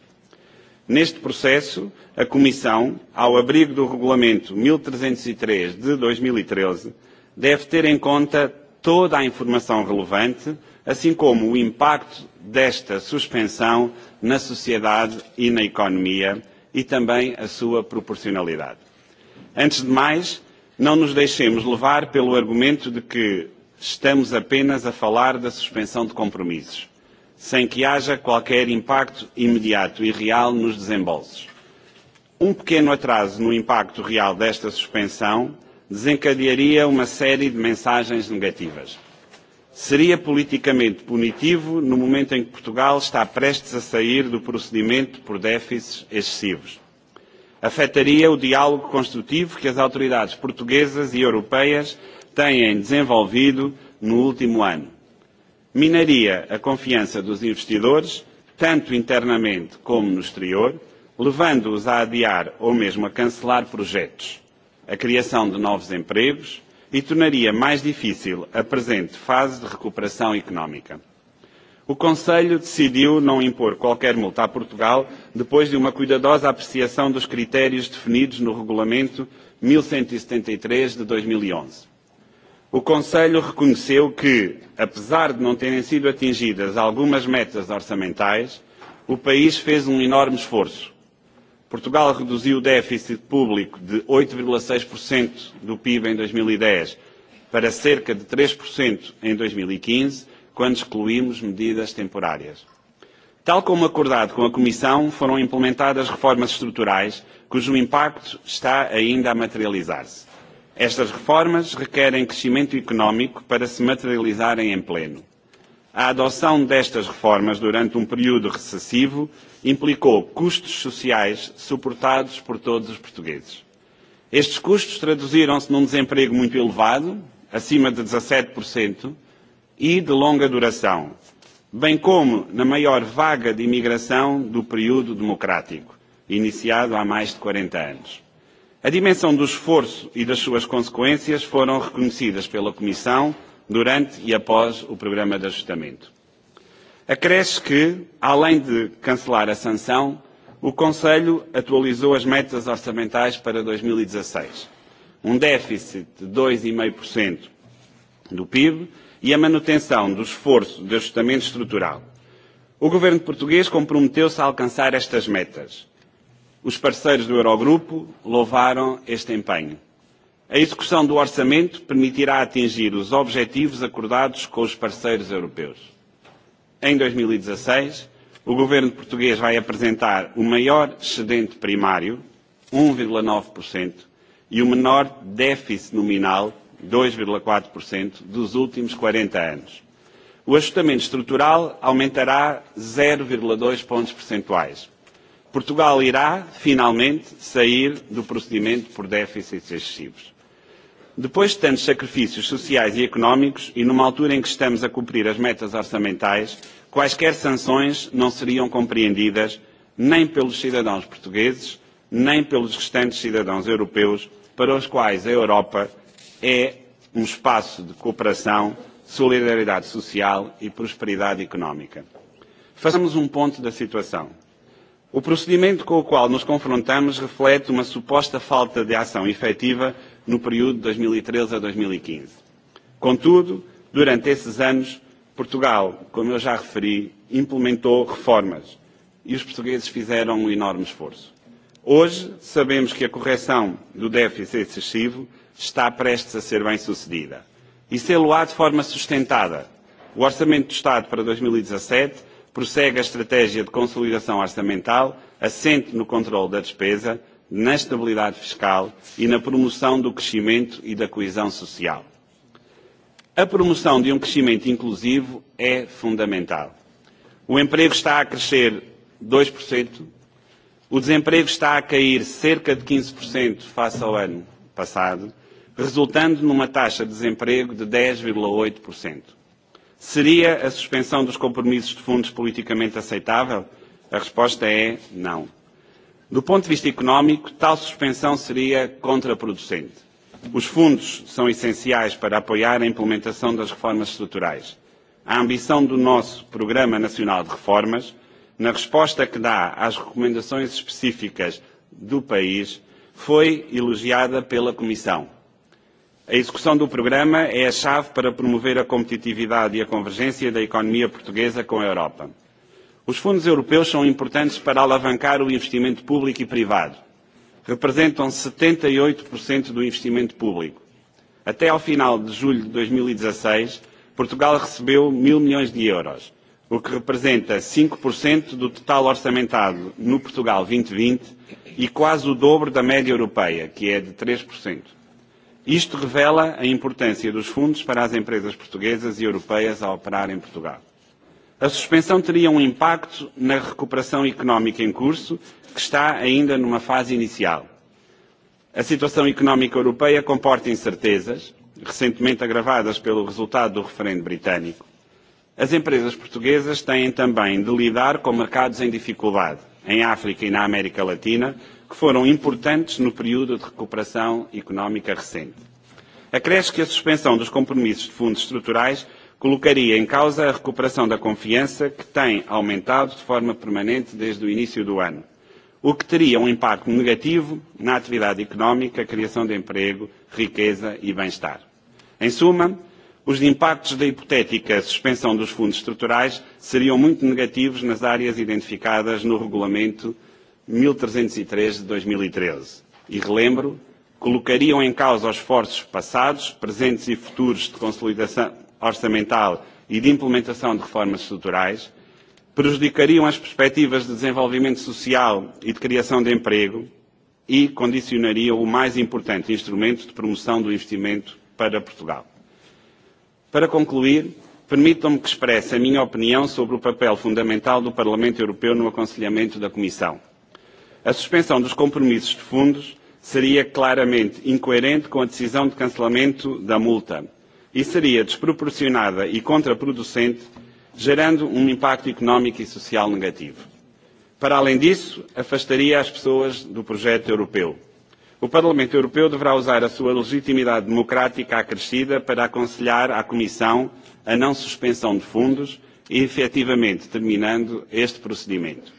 Neste processo, a Comissão, ao abrigo do Regulamento 1303 e de 2013, e deve ter em conta toda a informação relevante, assim como o impacto desta suspensão na sociedade e na economia e também a sua proporcionalidade. Antes de mais, não nos deixemos levar pelo argumento de que estamos apenas a falar da suspensão de compromissos sem que haja qualquer impacto imediato e real nos desembolsos. Um pequeno atraso no impacto real desta suspensão desencadearia uma série de mensagens negativas. Seria politicamente punitivo no momento em que Portugal está prestes a sair do procedimento por déficits excessivos. Afetaria o diálogo construtivo que as autoridades portuguesas e europeias têm desenvolvido no último ano minaria a confiança dos investidores, tanto internamente como no exterior, levando-os a adiar ou mesmo a cancelar projetos, a criação de novos empregos e tornaria mais difícil a presente fase de recuperação económica. O Conselho decidiu não impor qualquer multa a Portugal depois de uma cuidadosa apreciação dos critérios definidos no Regulamento 1173 e e de 2011 o Conselho reconheceu que, apesar de não terem sido atingidas algumas metas orçamentais, o país fez um enorme esforço. Portugal reduziu o déficit público de 8,6% do PIB em 2010 e para cerca de 3% em 2015, e quando excluímos medidas temporárias. Tal como acordado com a Comissão, foram implementadas reformas estruturais cujo impacto está ainda a materializar-se. Estas reformas requerem crescimento económico para se materializarem em pleno. A adoção destas reformas durante um período recessivo implicou custos sociais suportados por todos os portugueses. Estes custos traduziram-se num desemprego muito elevado, acima de 17%, e de longa duração, bem como na maior vaga de imigração do período democrático, iniciado há mais de 40 anos. A dimensão do esforço e das suas consequências foram reconhecidas pela Comissão durante e após o programa de ajustamento. Acresce que, além de cancelar a sanção, o Conselho atualizou as metas orçamentais para 2016. E um déficit de 2,5% do PIB e a manutenção do esforço de ajustamento estrutural. O governo português comprometeu-se a alcançar estas metas os parceiros do Eurogrupo louvaram este empenho. A execução do orçamento permitirá atingir os objetivos acordados com os parceiros europeus. Em 2016, e o governo português vai apresentar o maior excedente primário, 1,9%, um e o menor déficit nominal, 2,4%, dos últimos 40 anos. O ajustamento estrutural aumentará 0,2 pontos percentuais Portugal irá, finalmente, sair do procedimento por déficits excessivos. Depois de tantos sacrifícios sociais e económicos, e numa altura em que estamos a cumprir as metas orçamentais, quaisquer sanções não seriam compreendidas nem pelos cidadãos portugueses, nem pelos restantes cidadãos europeus, para os quais a Europa é um espaço de cooperação, solidariedade social e prosperidade económica. Façamos um ponto da situação. O procedimento com o qual nos confrontamos reflete uma suposta falta de ação efetiva no período de 2013 e a 2015. E Contudo, durante esses anos, Portugal, como eu já referi, implementou reformas e os portugueses fizeram um enorme esforço. Hoje, sabemos que a correção do déficit excessivo está prestes a ser bem sucedida. E se lo de forma sustentada. O Orçamento do Estado para 2017 prossegue a estratégia de consolidação orçamental assente no controle da despesa, na estabilidade fiscal e na promoção do crescimento e da coesão social. A promoção de um crescimento inclusivo é fundamental. O emprego está a crescer 2%, o desemprego está a cair cerca de 15% face ao ano passado, resultando numa taxa de desemprego de 10,8%. Seria a suspensão dos compromissos de fundos politicamente aceitável? A resposta é não. Do ponto de vista económico, tal suspensão seria contraproducente. Os fundos são essenciais para apoiar a implementação das reformas estruturais. A ambição do nosso Programa Nacional de Reformas, na resposta que dá às recomendações específicas do país, foi elogiada pela Comissão a execução do programa é a chave para promover a competitividade e a convergência da economia portuguesa com a Europa. Os fundos europeus são importantes para alavancar o investimento público e privado. Representam 78% e do investimento público. Até ao final de julho de 2016, e Portugal recebeu mil milhões de euros, o que representa 5% do total orçamentado no Portugal 2020 e quase o dobro da média europeia, que é de 3%. Isto revela a importância dos fundos para as empresas portuguesas e europeias a operar em Portugal. A suspensão teria um impacto na recuperação económica em curso, que está ainda numa fase inicial. A situação económica europeia comporta incertezas, recentemente agravadas pelo resultado do referendo britânico. As empresas portuguesas têm também de lidar com mercados em dificuldade, em África e na América Latina, que foram importantes no período de recuperação económica recente. Acresce que a suspensão dos compromissos de fundos estruturais colocaria em causa a recuperação da confiança que tem aumentado de forma permanente desde o início do ano, o que teria um impacto negativo na atividade económica, criação de emprego, riqueza e bem-estar. Em suma, os impactos da hipotética suspensão dos fundos estruturais seriam muito negativos nas áreas identificadas no regulamento 1303 e de 2013 e, e relembro colocariam em causa os esforços passados, presentes e futuros de consolidação orçamental e de implementação de reformas estruturais, prejudicariam as perspectivas de desenvolvimento social e de criação de emprego e condicionariam o mais importante instrumento de promoção do investimento para Portugal. Para concluir, permitam-me que expresse a minha opinião sobre o papel fundamental do Parlamento Europeu no aconselhamento da Comissão a suspensão dos compromissos de fundos seria claramente incoerente com a decisão de cancelamento da multa e seria desproporcionada e contraproducente, gerando um impacto económico e social negativo. Para além disso, afastaria as pessoas do projeto europeu. O Parlamento Europeu deverá usar a sua legitimidade democrática acrescida para aconselhar à Comissão a não suspensão de fundos e efetivamente terminando este procedimento.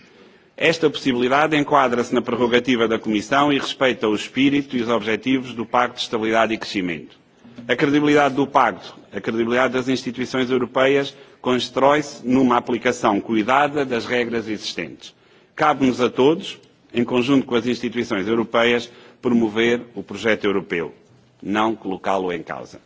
Esta possibilidade enquadra-se na prerrogativa da Comissão e respeita o espírito e os objetivos do Pacto de Estabilidade e Crescimento. A credibilidade do Pacto, a credibilidade das instituições europeias, constrói-se numa aplicação cuidada das regras existentes. Cabe-nos a todos, em conjunto com as instituições europeias, promover o projeto europeu, não colocá-lo em causa.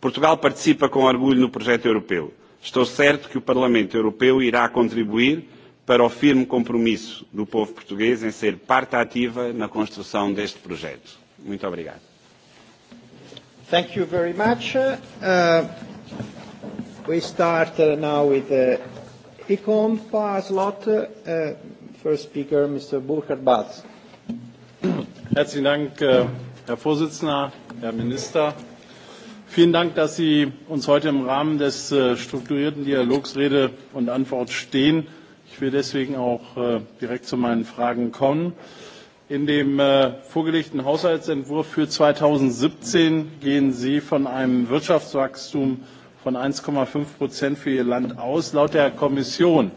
Portugal participa com orgulho no projeto europeu. Estou certo que o Parlamento Europeu irá contribuir para o firme compromisso do povo português em ser parte ativa na construção deste projeto. Muito obrigado. Thank you very much. Uh, we start uh, now with the uh, ECOM slot. Uh, first speaker, Mr. Burkhard Balz. Herzlichen Dank, äh, Herr Vorsitzender, Herr Minister. Vielen Dank, dass Sie uns heute im Rahmen des äh, strukturierten Dialogs Rede und Antwort stehen Ich will deswegen auch äh, direkt zu meinen Fragen kommen. In dem äh, vorgelegten Haushaltsentwurf für 2017 gehen Sie von einem Wirtschaftswachstum von 1,5 Prozent für Ihr Land aus. Laut der Kommission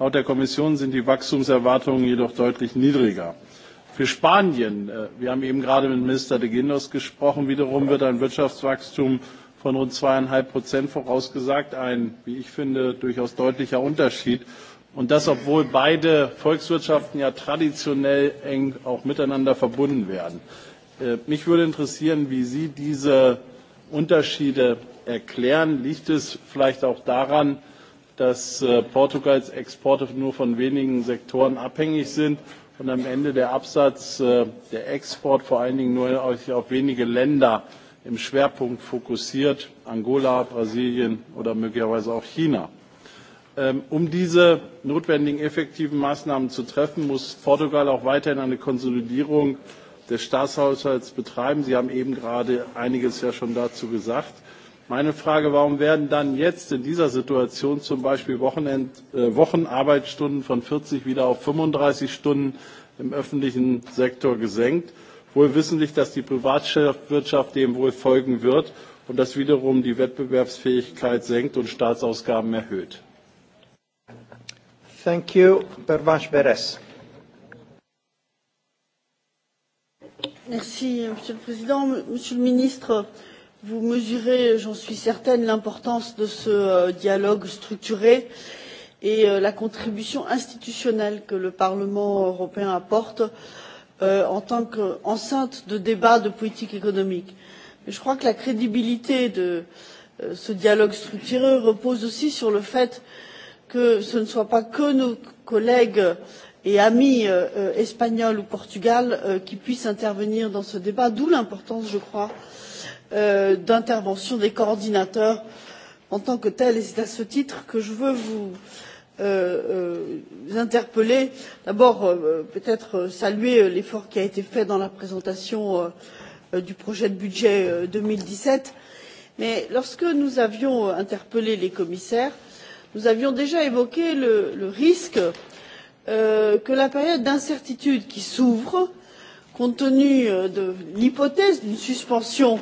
Laut der Kommission sind die Wachstumserwartungen jedoch deutlich niedriger. Für Spanien, äh, wir haben eben gerade mit Minister de Guindos gesprochen, wiederum wird ein Wirtschaftswachstum von rund zweieinhalb Prozent vorausgesagt. Ein, wie ich finde, durchaus deutlicher Unterschied. Und das, obwohl beide Volkswirtschaften ja traditionell eng auch miteinander verbunden werden. Äh, mich würde interessieren, wie Sie diese Unterschiede erklären. Liegt es vielleicht auch daran, dass äh, Portugals Exporte nur von wenigen Sektoren abhängig sind und am Ende der Absatz, äh, der Export vor allen Dingen nur auf wenige Länder im Schwerpunkt fokussiert, Angola, Brasilien oder möglicherweise auch China. Ähm, um diese notwendigen effektiven Maßnahmen zu treffen, muss Portugal auch weiterhin eine Konsolidierung des Staatshaushalts betreiben. Sie haben eben gerade einiges ja schon dazu gesagt. Meine Frage, warum werden dann jetzt in dieser Situation zum Beispiel Wochenend, äh, Wochenarbeitsstunden von 40 wieder auf 35 Stunden im öffentlichen Sektor gesenkt? wohl wissentlich, dass die Privatwirtschaft dem wohl folgen wird und das wiederum die Wettbewerbsfähigkeit senkt und Staatsausgaben erhöht. Thank you, Pervash Beres. Merci, Monsieur le Président. Monsieur le Ministre, vous mesurez, j'en suis certaine, l'importance de ce euh, dialogue structuré et euh, la contribution institutionnelle que le Parlement européen apporte euh, Euh, en tant qu'enceinte de débat de politique économique. Mais je crois que la crédibilité de euh, ce dialogue structuré repose aussi sur le fait que ce ne soit pas que nos collègues et amis euh, espagnols ou portugais euh, qui puissent intervenir dans ce débat, d'où l'importance, je crois, euh, d'intervention des coordinateurs en tant que tels. Et c'est à ce titre que je veux vous euh, vous euh, euh, interpeller d'abord euh, peut être saluer l'effort qui a été fait dans la présentation du projet de budget deux mille dix sept mais lorsque nous avions interpellé les commissaires nous avions déjà évoqué le risque que la période d'incertitude qui s'ouvre compte tenu de l'hypothèse d'une suspension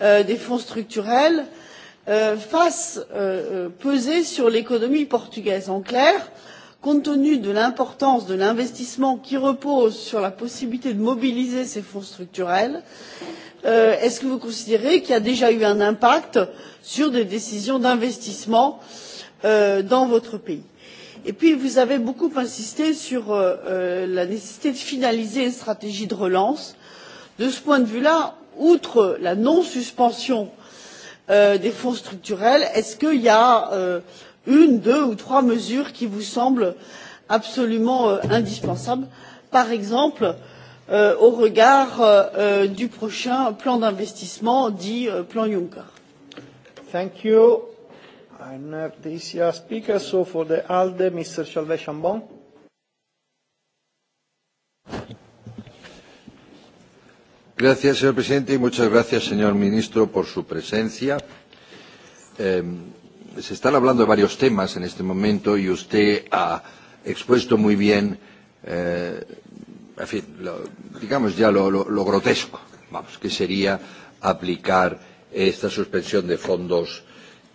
des fonds structurels Euh, fasse euh, euh, peser sur l'économie portugaise. en clair compte tenu de l'importance de l'investissement qui repose sur la possibilité de mobiliser ces fonds structurels est ce que vous considérez qu'il y a déjà eu un impact sur des décisions d'investissement dans votre pays? et puis vous avez beaucoup insisté sur la nécessité de finaliser une stratégie de relance. de ce point de vue là outre la non suspension Euh, des fonds structurels est ce qu'il y a euh, une deux ou trois mesures qui vous semblent absolument euh, indispensables par exemple au regard du prochain plan d'investissement dit plan juncker? Thank you. I'm not this year speaker, so for the ALDE, Mr. Salvation Bond señor presidente, y muchas gracias, señor ministro, por su presencia. se están hablando de varios temas en este momento y usted ha expuesto muy bien, eh, en fin, lo, digamos ya lo, lo, lo grotesco, vamos, que sería aplicar esta suspensión de fondos.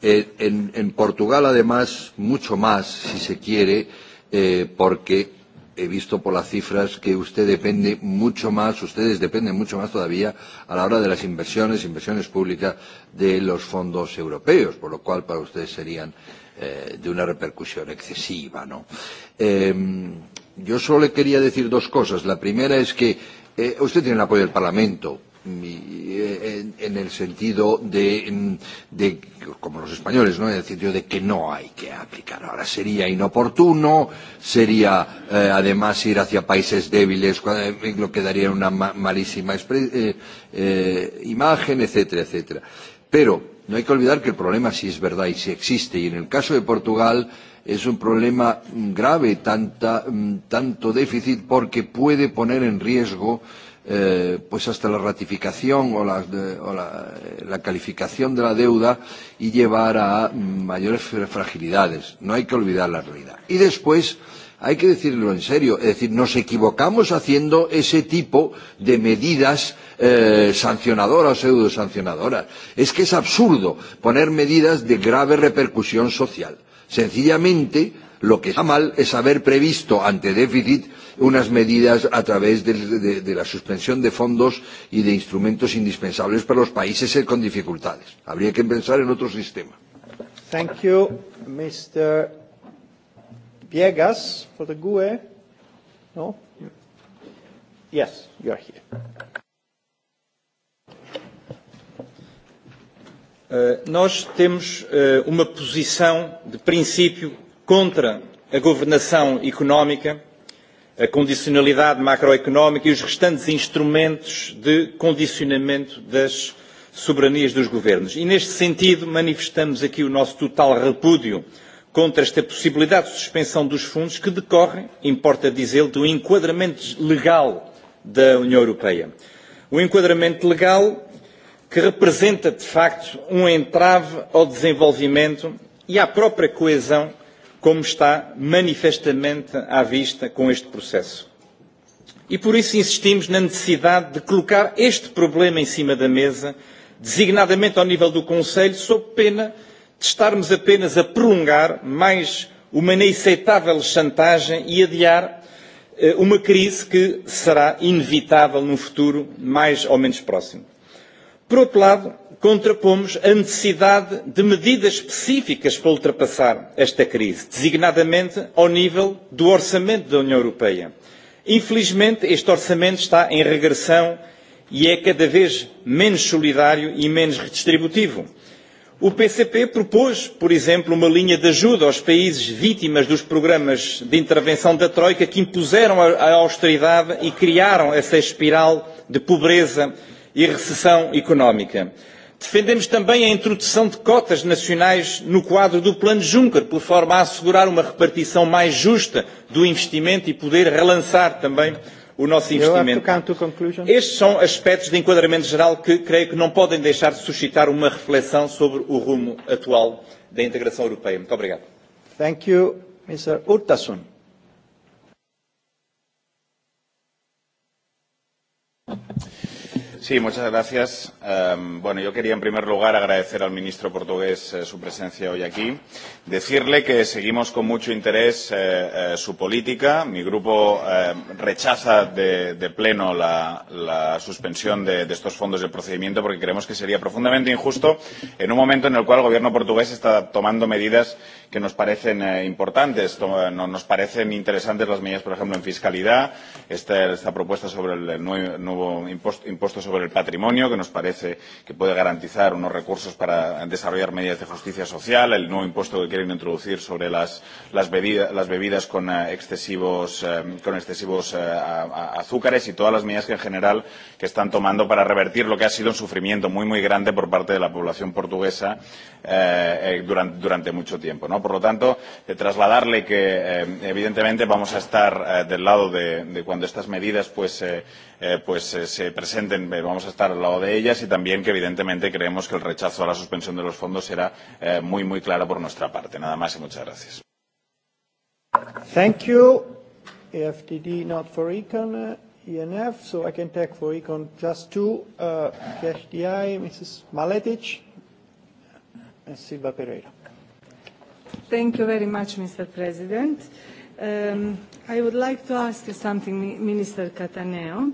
Eh, en, en Portugal, además, mucho más, si se quiere, eh, porque he visto por las cifras que usted depende mucho más, ustedes dependen mucho más todavía a la hora de las inversiones, inversiones públicas de los fondos europeos, por lo cual para ustedes serían eh, de una repercusión excesiva, ¿no? Eh, yo solo le quería decir dos cosas. La primera es que eh, usted tiene el apoyo del Parlamento Eh, en, el sentido de, mm, de, como los españoles, ¿no? en el sentido de que no hay que aplicar. Ahora sería inoportuno, sería eh, además ir hacia países débiles, eh, lo que daría una ma malísima eh, eh, imagen, etcétera, etcétera. Pero no hay que olvidar que el problema sí es verdad y sí existe. Y en el caso de Portugal es un problema grave tanta, mm, tanto déficit porque puede poner en riesgo eh, eh, pues hasta la ratificación o, la, o la, la calificación de la deuda y llevar a mayores fragilidades. No hay que olvidar la realidad. Y después, hay que decirlo en serio, es decir, nos equivocamos haciendo ese tipo de medidas eh, sancionadoras o pseudosancionadoras. Es que es absurdo poner medidas de grave repercusión social. Sencillamente, lo que está mal es haber previsto ante déficit unas medidas a través de, de, de la suspensión de fondos y de instrumentos indispensables para los países eh, con dificultades. Habría que pensar en otro sistema. Thank you, Mr. Viegas, for the GUE. No? Yes, you are here. Eh, nós temos eh, uma posição de princípio contra a governação económica a condicionalidade macroeconómica e os restantes instrumentos de condicionamento das soberanias dos governos. E, neste sentido, manifestamos aqui o nosso total repúdio contra esta possibilidade de suspensão dos fundos que decorrem, importa dizer, do enquadramento legal da União Europeia. O enquadramento legal que representa, de facto, um entrave ao desenvolvimento e à própria coesão como está manifestamente à vista com este processo. E por isso insistimos na necessidade de colocar este problema em cima da mesa, designadamente ao nível do Conselho, sob pena de estarmos apenas a prolongar mais uma inaceitável chantagem e adiar eh, uma crise que será inevitável num futuro mais ou menos próximo. Por outro lado, contrapomos a necessidade de medidas específicas para ultrapassar esta crise, designadamente ao nível do orçamento da União Europeia. Infelizmente, este orçamento está em regressão e é cada vez menos solidário e menos redistributivo. O PCP propôs, por exemplo, uma linha de ajuda aos países vítimas dos programas de intervenção da Troika que impuseram a austeridade e criaram essa espiral de pobreza e recessão económica. Defendemos também a introdução de cotas nacionais no quadro do Plano Juncker, por forma a assegurar uma repartição mais justa do investimento e poder relançar também o nosso investimento. Estes são aspectos de enquadramento geral que creio que não podem deixar de suscitar uma reflexão sobre o rumo atual da integração europeia. Muito obrigado. Thank you, Mr. Urtasun. Sí, muchas gracias. Um, bueno, yo quería en primer lugar agradecer al ministro portugués eh, su presencia hoy aquí. Decirle que seguimos con mucho interés eh, eh, su política. Mi grupo eh, rechaza de, de pleno la, la suspensión de, de estos fondos del procedimiento porque creemos que sería profundamente injusto en un momento en el cual el gobierno portugués está tomando medidas que nos parecen eh, importantes. No, nos parecen interesantes las medidas, por ejemplo, en fiscalidad, esta, esta propuesta sobre el nuevo, nuevo impuesto, impuesto sobre el patrimonio, que nos parece que puede garantizar unos recursos para desarrollar medidas de justicia social, el nuevo impuesto que quieren introducir sobre las, las, bebida, las bebidas con eh, excesivos, eh, con excesivos eh, a, a, azúcares y todas las medidas que en general que están tomando para revertir lo que ha sido un sufrimiento muy, muy grande por parte de la población portuguesa eh, eh durante, durante mucho tiempo. ¿no? Por lo tanto, de trasladarle que, eh, evidentemente, vamos a estar eh, del lado de, de cuando estas medidas pues, eh, pues, se presenten, vamos a estar al lado de ellas y también que, evidentemente, creemos que el rechazo a la suspensión de los fondos será muy, muy claro por nuestra parte. Nada más y muchas gracias. Thank you. E not for econ, uh, ENF, so I can take for econ just two, uh, Mrs. Maletic and Silva Pereira. Thank you very much, Mr. President. Um, I would like to ask you something, Minister Cataneo.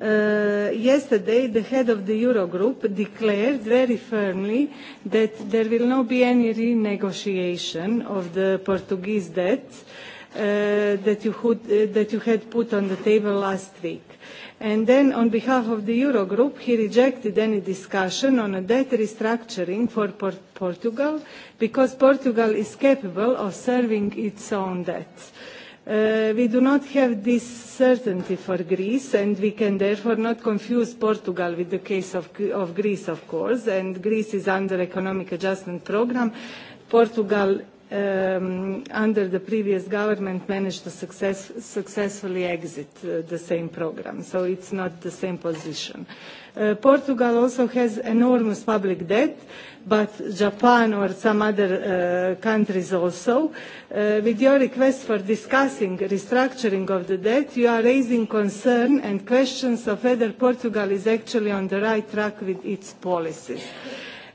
Uh, yesterday, the head of the Eurogroup declared very firmly that there will not be any renegotiation of the Portuguese debt uh, that, you would, uh, that you had put on the table last week. And then on behalf of the Eurogroup, he rejected any discussion on a debt restructuring for por Portugal because Portugal is capable of serving its own debt. Uh, we do not have this certainty for Greece, and we can therefore not confuse Portugal with the case of, of Greece, of course, and Greece is under economic adjustment program. Portugal um, under the previous government managed to success, successfully exit uh, the same program. So it's not the same position. Uh, Portugal also has enormous public debt, but Japan or some other uh, countries also. Uh, with your request for discussing restructuring of the debt, you are raising concern and questions of whether Portugal is actually on the right track with its policies.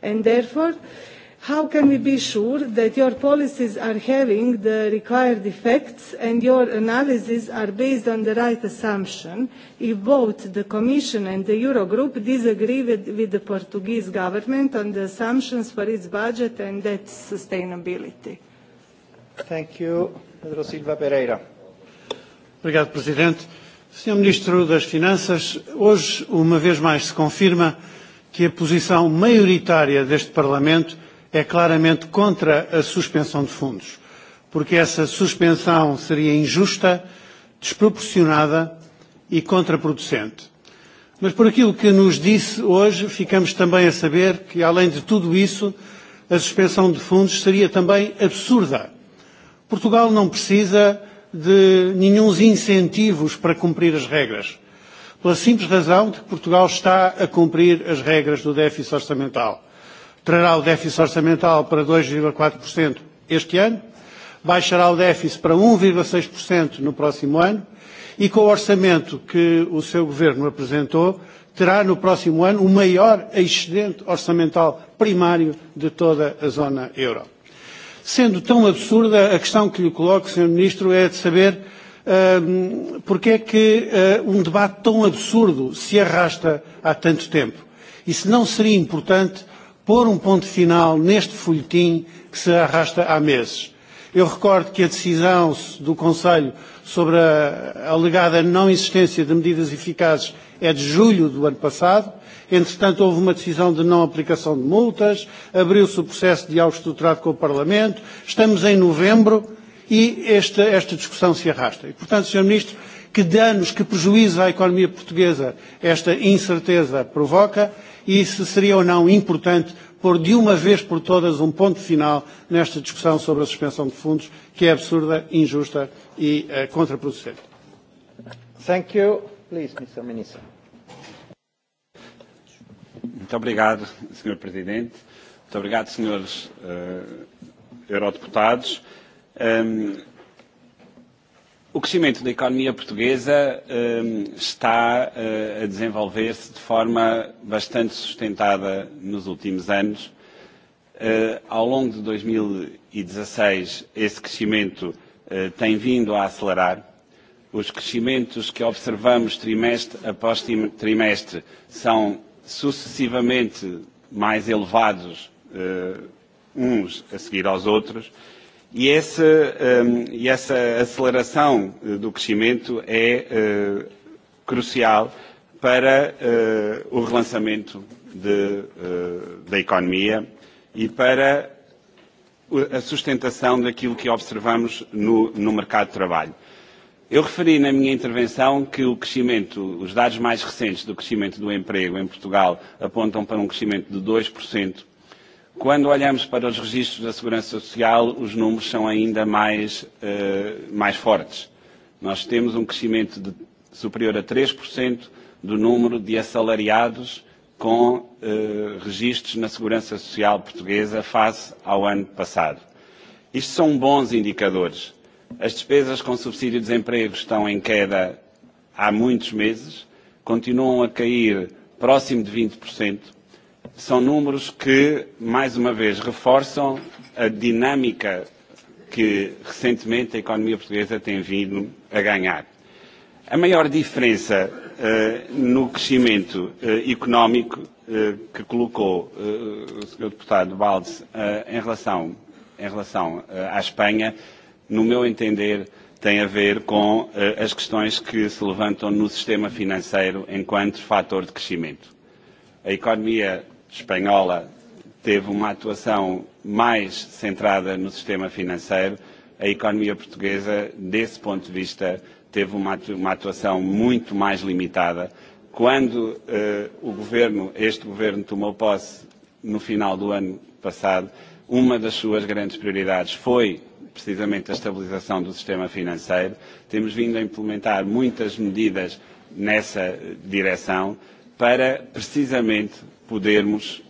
And therefore, how can we be sure that your policies are having the required effects and your analyses are based on the right assumption if both the Commission and the Eurogroup disagree with, with the Portuguese government on the assumptions for its budget and debt sustainability? Thank you. Pedro Silva Pereira. Obrigado, Presidente. Minister Ministro das Finanças, hoje, uma vez mais, se confirma que a posição maioritária deste Parlamento é claramente contra a suspensão de fundos, porque essa suspensão seria injusta, desproporcionada e contraproducente. Mas por aquilo que nos disse hoje, ficamos também a saber que, além de tudo isso, a suspensão de fundos seria também absurda. Portugal não precisa de nenhum incentivos para cumprir as regras, pela simples razão de que Portugal está a cumprir as regras do déficit orçamental trará o déficit orçamental para 2,4% este ano, baixará o déficit para 1,6% um no próximo ano e com o orçamento que o seu governo apresentou, terá no próximo ano o maior excedente orçamental primário de toda a zona euro. Sendo tão absurda, a questão que lhe coloco, Sr. Ministro, é de saber uh, porque é que uh, um debate tão absurdo se arrasta há tanto tempo. E se não seria importante uh, pôr um ponto final neste folhetim que se arrasta há meses. Eu recordo que a decisão do Conselho sobre a alegada não existência de medidas eficazes é de julho do ano passado. Entretanto, houve uma decisão de não aplicação de multas, abriu-se o processo de diálogo estruturado com o Parlamento, estamos em novembro e esta, esta discussão se arrasta. E, portanto, Sr. Ministro, que danos, que prejuízo à economia portuguesa esta incerteza provoca e se seria ou não importante pôr de uma vez por todas um ponto final nesta discussão sobre a suspensão de fundos, que é absurda, injusta e uh, contraproducente. Thank you. Please, Mr. Minister. Muito obrigado, Sr. Presidente. Muito obrigado, Srs. Uh, eh, Eurodeputados. Um, O crescimento da economia portuguesa está eh, a desenvolver-se de forma bastante sustentada nos últimos anos. Eh, ao longo de 2016, e esse crescimento eh, tem vindo a acelerar. Os crescimentos que observamos trimestre após trimestre são sucessivamente mais elevados, uns a seguir aos outros E essa, um, ehm, e essa aceleração eh, do crescimento é uh, crucial para uh, o relançamento de, uh, da economia e para a sustentação daquilo que observamos no, no mercado de trabalho. Eu referi na minha intervenção que o crescimento, os dados mais recentes do crescimento do emprego em Portugal apontam para um crescimento de 2% Quando olhamos para os registros da Segurança Social, os números são ainda mais, uh, mais fortes. Nós temos um crescimento de, superior a 3% do número de assalariados com uh, registros na Segurança Social Portuguesa face ao ano passado. Isto são bons indicadores. As despesas com subsídio de desemprego estão em queda há muitos meses, continuam a cair próximo de são números que, mais uma vez, reforçam a dinâmica que recentemente a economia portuguesa tem vindo a ganhar. A maior diferença uh, no crescimento uh, económico uh, que colocou uh, o Sr. Deputado Baldes uh, em relação, em relação uh, à Espanha, no meu entender, tem a ver com uh, as questões que se levantam no sistema financeiro enquanto fator de crescimento. A economia espanhola teve uma atuação mais centrada no sistema financeiro, a economia portuguesa, desse ponto de vista, teve uma, atuação muito mais limitada. Quando uh, o governo, este governo tomou posse no final do ano passado, uma das suas grandes prioridades foi precisamente a estabilização do sistema financeiro. Temos vindo a implementar muitas medidas nessa eh, direção para precisamente podermos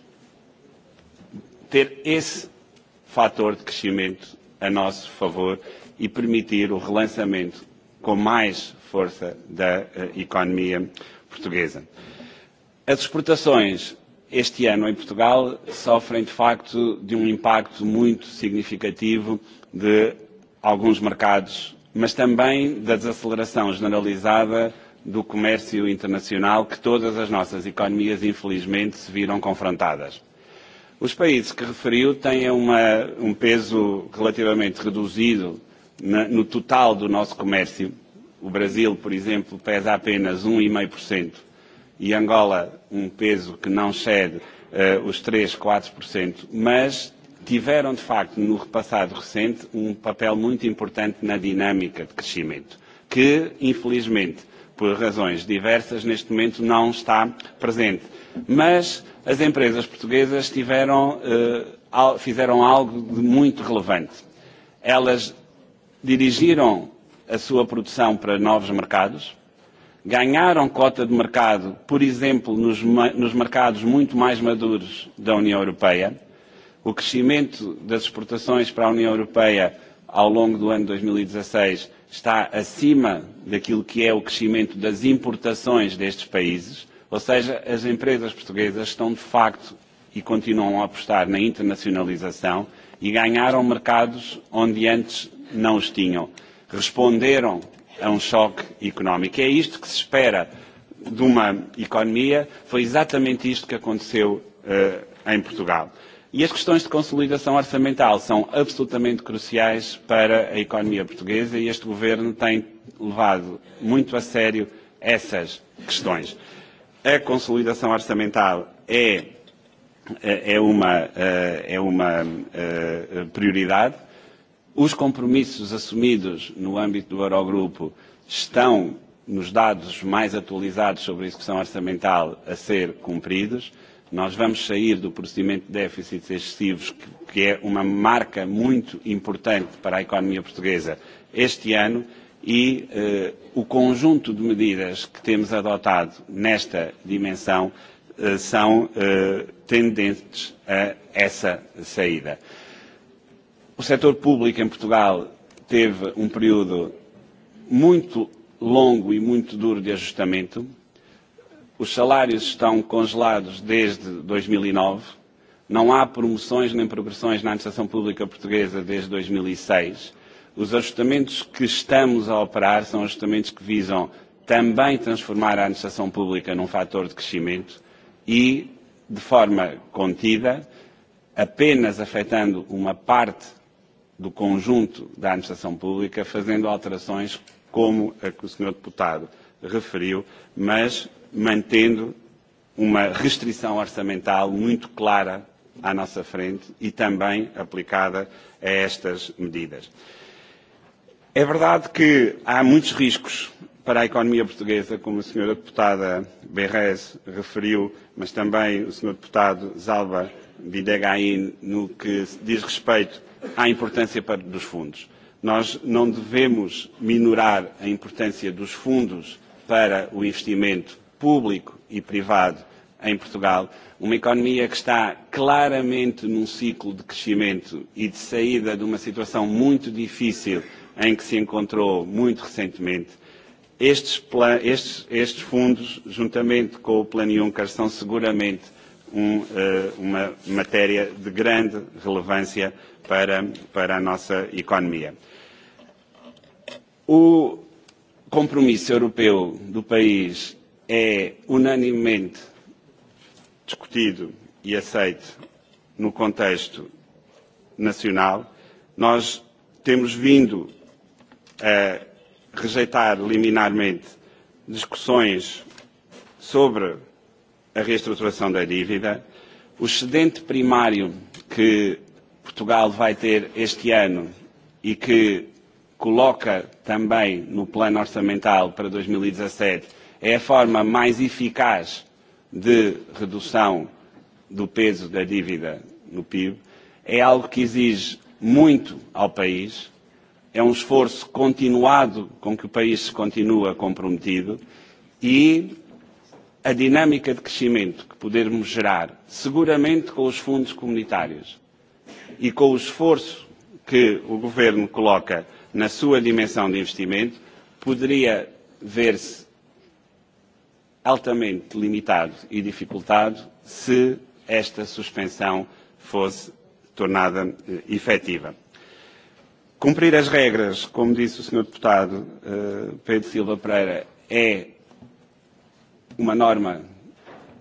ter esse fator de crescimento a nosso favor e permitir o relançamento com mais força da eh, economia portuguesa. As exportações este ano em Portugal sofrem de facto de um impacto muito significativo de alguns mercados, mas também da desaceleração generalizada do comércio internacional que todas as nossas economias, infelizmente, se viram confrontadas. Os países que referiu têm uma, um peso relativamente reduzido na, no total do nosso comércio. O Brasil, por exemplo, pesa apenas 1,5% um e, e Angola um peso que não cede uh, os 3, 4%, mas tiveram, de facto, no passado recente, um papel muito importante na dinâmica de crescimento, que, infelizmente, por razões diversas, neste momento não está presente. Mas as empresas portuguesas tiveram, eh, fizeram algo de muito relevante. Elas dirigiram a sua produção para novos mercados, ganharam cota de mercado, por exemplo, nos, nos mercados muito mais maduros da União Europeia. O crescimento das exportações para a União Europeia ao longo do ano 2016 e está acima daquilo que é o crescimento das importações destes países, ou seja, as empresas portuguesas estão de facto e continuam a apostar na internacionalização e ganharam mercados onde antes não os tinham. Responderam a um choque económico. E é isto que se espera de uma economia, foi exatamente isto que aconteceu uh, em Portugal. E as questões de consolidação orçamental são absolutamente cruciais para a economia portuguesa e este governo tem levado muito a sério essas questões. A consolidação orçamental é, é uma, é uma eh, eh, prioridade. Os compromissos assumidos no âmbito do Eurogrupo estão nos dados mais atualizados sobre a execução orçamental a ser cumpridos. Nós vamos sair do procedimento de déficits excessivos, que é uma marca muito importante para a economia portuguesa este ano, e eh, o conjunto de medidas que temos adotado nesta dimensão eh, são eh, tendentes a essa saída. O setor público em Portugal teve um período muito longo e muito duro de ajustamento os salários estão congelados desde 2009, e não há promoções nem progressões na administração pública portuguesa desde 2006. E os ajustamentos que estamos a operar são ajustamentos que visam também transformar a administração pública num fator de crescimento e, de forma contida, apenas afetando uma parte do conjunto da administração pública, fazendo alterações como a que o senhor Deputado referiu, mas mantendo uma restrição orçamental muito clara à nossa frente e também aplicada a estas medidas. É verdade que há muitos riscos para a economia portuguesa, como a senhora deputada Berrez referiu, mas também o senhor deputado Zalba Videgain, no que diz respeito à importância dos fundos. Nós não devemos minorar a importância dos fundos para o investimento público e privado em Portugal, uma economia que está claramente num ciclo de crescimento e de saída de uma situação muito difícil em que se encontrou muito recentemente. Estes, plan, estes, estes fundos, juntamente com o Plano Juncker, são seguramente um, uh, uma matéria de grande relevância para, para a nossa economia. O, compromisso europeu do país é unanimemente discutido e aceito no contexto nacional, nós temos vindo a rejeitar liminarmente discussões sobre a reestruturação da dívida. O excedente primário que Portugal vai ter este ano e que coloca também no plano orçamental para 2017, e é a forma mais eficaz de redução do peso da dívida no PIB, é algo que exige muito ao país, é um esforço continuado com que o país se continua comprometido e a dinâmica de crescimento que podermos gerar, seguramente com os fundos comunitários e com o esforço que o Governo coloca na sua dimensão de investimento, poderia ver-se altamente limitado e dificultado se esta suspensão fosse tornada eh, efetiva. Cumprir as regras, como disse o Sr. Deputado eh, Pedro Silva Pereira, é uma norma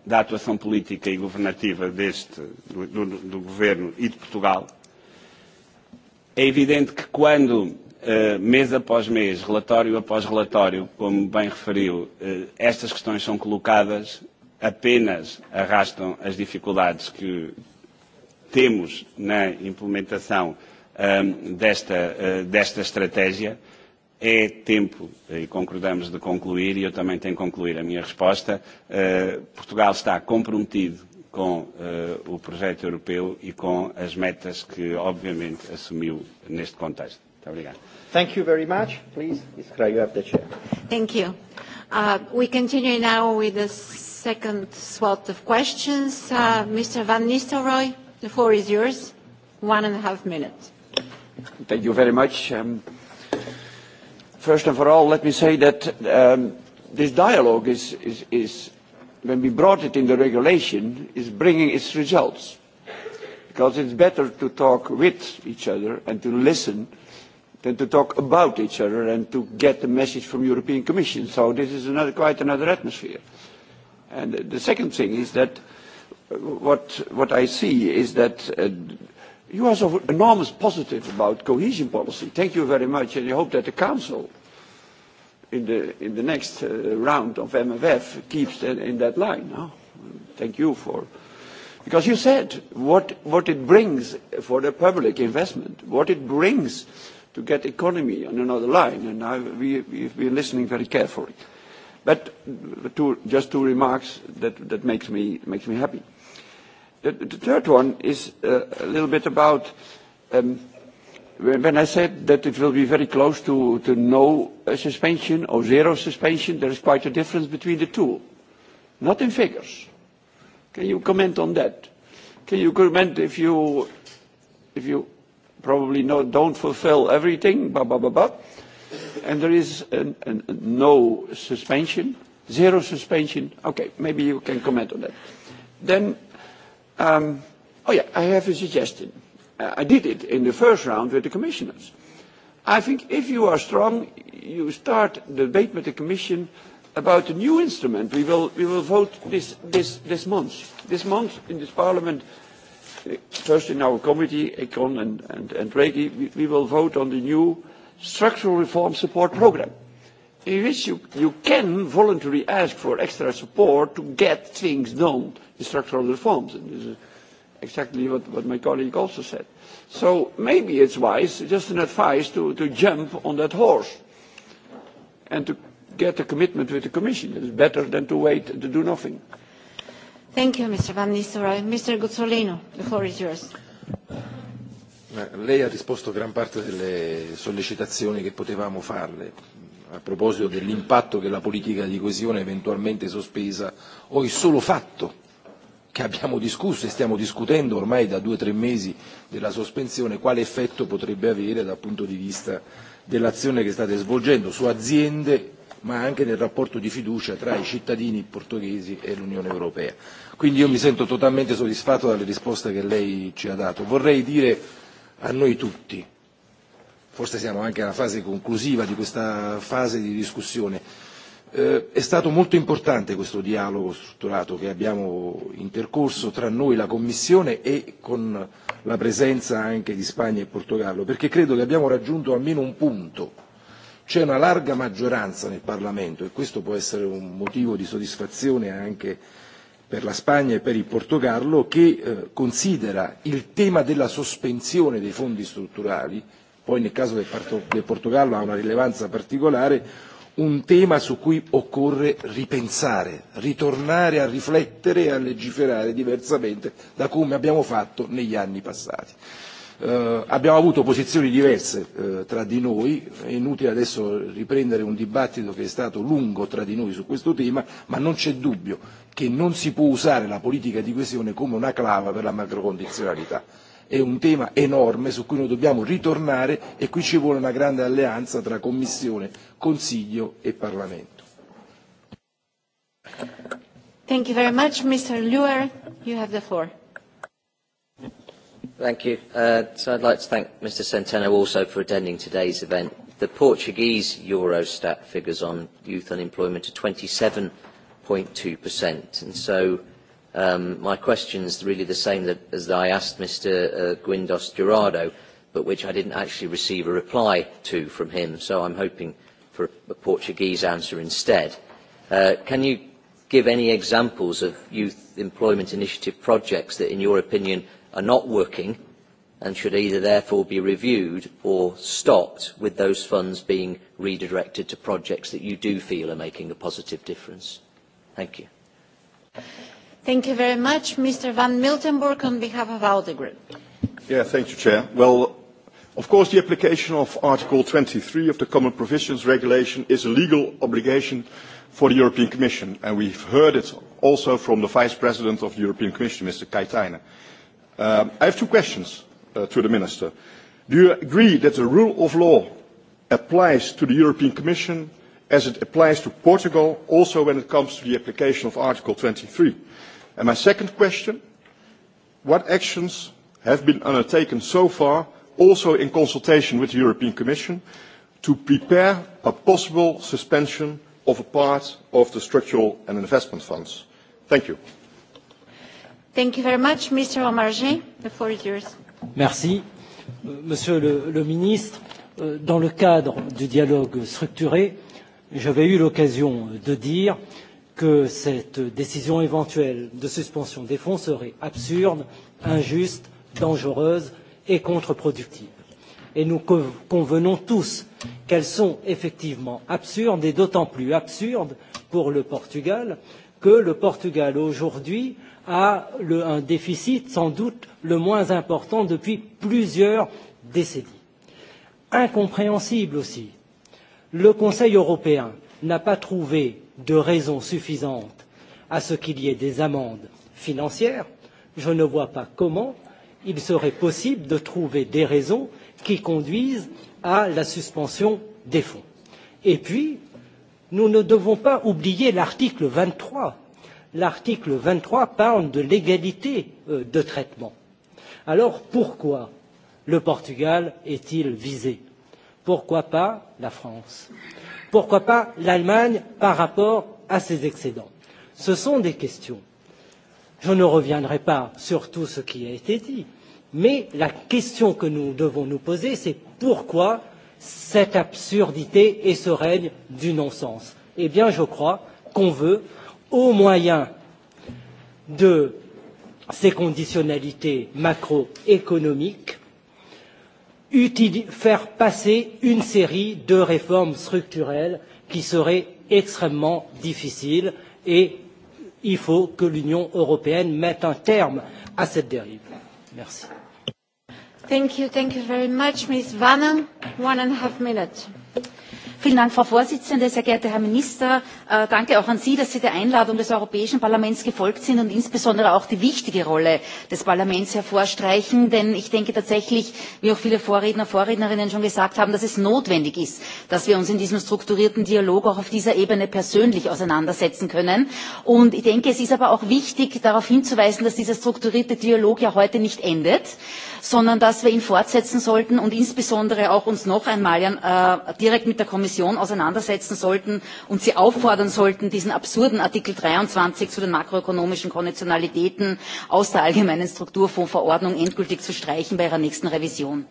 da atuação política e governativa deste, do, do, do Governo e de Portugal. É evidente que quando Eh, mês após mês, relatório após relatório, como bem referiu, uh, estas questões são colocadas, apenas arrastam as dificuldades que temos na implementação ehm, desta, uh, desta estratégia. É tempo, e concordamos de concluir, e eu também tenho que concluir a minha resposta, uh, Portugal está comprometido com uh, o projeto europeu e com as metas que, obviamente, assumiu neste contexto. Obrigado. Thank you very much. Please, Ms. Craig, you have the chair. Thank you. Uh, we continue now with the second slot of questions. Uh, Mr. Van Nistelrooy, the floor is yours. One and a half minutes. Thank you very much. Um, first and for all, let me say that um, this dialogue is, is, is, when we brought it in the regulation, is bringing its results. Because it's better to talk with each other and to listen than to talk about each other and to get the message from European Commission. So this is another, quite another atmosphere. And the second thing is that uh, what, what I see is that uh, you are so enormous positive about cohesion policy. Thank you very much, and I hope that the Council in the, in the next uh, round of MFF keeps that, in that line. No? Thank you for... Because you said what, what it brings for the public investment, what it brings to get economy on another line, and I, we, we've been listening very carefully. But two, just two remarks that, that makes, me, makes me happy. The, the third one is uh, a little bit about um, when I said that it will be very close to, to no uh, suspension or zero suspension, there is quite a difference between the two, not in figures. Can you comment on that? Can you comment if you, if you probably no, don't fulfill everything, blah, blah, blah, blah. And there is an, an, no suspension, zero suspension. Okay, maybe you can comment on that. Then, um, oh yeah, I have a suggestion. I did it in the first round with the commissioners. I think if you are strong, you start the debate with the Commission about a new instrument. We will, we will vote this, this, this month. This month in this Parliament first in our committee, Econ and, and, and Regi, we, we will vote on the new structural reform support Programme, in which you, you can voluntarily ask for extra support to get things done, the structural reforms. And this is exactly what, what my colleague also said. So maybe it's wise, just an advice, to, to jump on that horse and to get a commitment with the Commission. It is better than to wait to do nothing. Eh, lei ha risposto a gran parte delle sollecitazioni che potevamo farle a proposito dell'impatto che la politica di coesione eventualmente sospesa o il solo fatto che abbiamo discusso e stiamo discutendo ormai da due o tre mesi della sospensione, quale effetto potrebbe avere dal punto di vista dell'azione che state svolgendo su aziende ma anche nel rapporto di fiducia tra i cittadini portoghesi e l'Unione Europea Quindi io mi sento totalmente soddisfatto dalle risposte che lei ci ha dato. Vorrei dire a noi tutti, forse siamo anche alla fase conclusiva di questa fase di discussione, eh, è stato molto importante questo dialogo strutturato che abbiamo intercorso tra noi, la Commissione e con la presenza anche di Spagna e Portogallo, perché credo che abbiamo raggiunto almeno un punto c'è una larga maggioranza nel Parlamento e questo può essere un motivo di soddisfazione anche per la Spagna e per il Portogallo che eh, considera il tema della sospensione dei fondi strutturali, poi nel caso del, del Portogallo ha una rilevanza particolare, un tema su cui occorre ripensare, ritornare a riflettere e a legiferare diversamente da come abbiamo fatto negli anni passati. Eh, abbiamo avuto posizioni diverse eh, tra di noi, è inutile adesso riprendere un dibattito che è stato lungo tra di noi su questo tema, ma non c'è dubbio che non si può usare la politica di coesione come una clava per la macrocondizionalità. È un tema enorme su cui noi dobbiamo ritornare e qui ci vuole una grande alleanza tra Commissione, Consiglio e Parlamento. Thank you very much. Mr. Luer, you have the floor. Thank you. Uh, so I'd like to thank Mr Centeno also for attending today's event. The Portuguese Eurostat figures on youth unemployment are 27.2%. And so um, my question is really the same that, as that I asked Mr uh, Guindos Durado, but which I didn't actually receive a reply to from him. So I'm hoping for a Portuguese answer instead. Uh, can you give any examples of youth employment initiative projects that, in your opinion, are not working and should either therefore be reviewed or stopped with those funds being redirected to projects that you do feel are making a positive difference? Thank you. Thank you very much. Mr. Van Miltenburg on behalf of ALDE Group. Yeah, thank you, Chair. Well, of course, the application of Article 23 of the Common Provisions Regulation is a legal obligation for the European Commission, and we've heard it also from the Vice President of the European Commission, Mr. Kaitainen. Um, I have two questions uh, to the Minister. Do you agree that the rule of law applies to the European Commission as it applies to Portugal, also when it comes to the application of Article 23? And my second question, what actions have been undertaken so far, also in consultation with the European Commission, to prepare a possible suspension of a part of the structural and investment funds. Thank you. Thank you very much. Mr. Omarjee, the floor is yours. Merci. Monsieur le, le ministre, euh, dans le cadre du dialogue structuré, j'avais eu l'occasion de dire que cette décision éventuelle de suspension des fonds serait absurde, injuste, dangereuse et contre-productive et nous convenons tous qu'elles sont effectivement absurdes et d'autant plus absurdes pour le Portugal que le Portugal aujourd'hui a le, un déficit sans doute le moins important depuis plusieurs décennies. Incompréhensible aussi, le Conseil européen n'a pas trouvé de raison suffisante à ce qu'il y ait des amendes financières. Je ne vois pas comment il serait possible de trouver des raisons qui conduisent à la suspension des fonds. Et puis, nous ne devons pas oublier l'article 23. L'article 23 parle de l'égalité euh, de traitement. Alors pourquoi le Portugal est-il visé Pourquoi pas la France Pourquoi pas l'Allemagne par rapport à ses excédents Ce sont des questions. Je ne reviendrai pas sur tout ce qui a été dit Mais la question que nous devons nous poser, c'est pourquoi cette absurdité et ce règne du non-sens Eh bien, je crois qu'on veut, au moyen de ces conditionnalités macroéconomiques, faire passer une série de réformes structurelles qui seraient extrêmement difficiles et il faut que l'Union européenne mette un terme à cette dérive. Merci. Thank you, thank you very much, Ms. Vanna. One and a half minutes. Vielen Dank, Frau Vorsitzende, sehr geehrter Herr Minister. Äh, danke auch an Sie, dass Sie der Einladung des Europäischen Parlaments gefolgt sind und insbesondere auch die wichtige Rolle des Parlaments hervorstreichen. Denn ich denke tatsächlich, wie auch viele Vorredner, und Vorrednerinnen schon gesagt haben, dass es notwendig ist, dass wir uns in diesem strukturierten Dialog auch auf dieser Ebene persönlich auseinandersetzen können. Und ich denke, es ist aber auch wichtig, darauf hinzuweisen, dass dieser strukturierte Dialog ja heute nicht endet sondern dass wir ihn fortsetzen sollten und insbesondere auch uns noch einmal äh, direkt mit der Kommission auseinandersetzen sollten und sie auffordern sollten, diesen absurden Artikel 23 zu den makroökonomischen Konditionalitäten aus der allgemeinen Strukturfondsverordnung endgültig zu streichen bei ihrer nächsten Revision.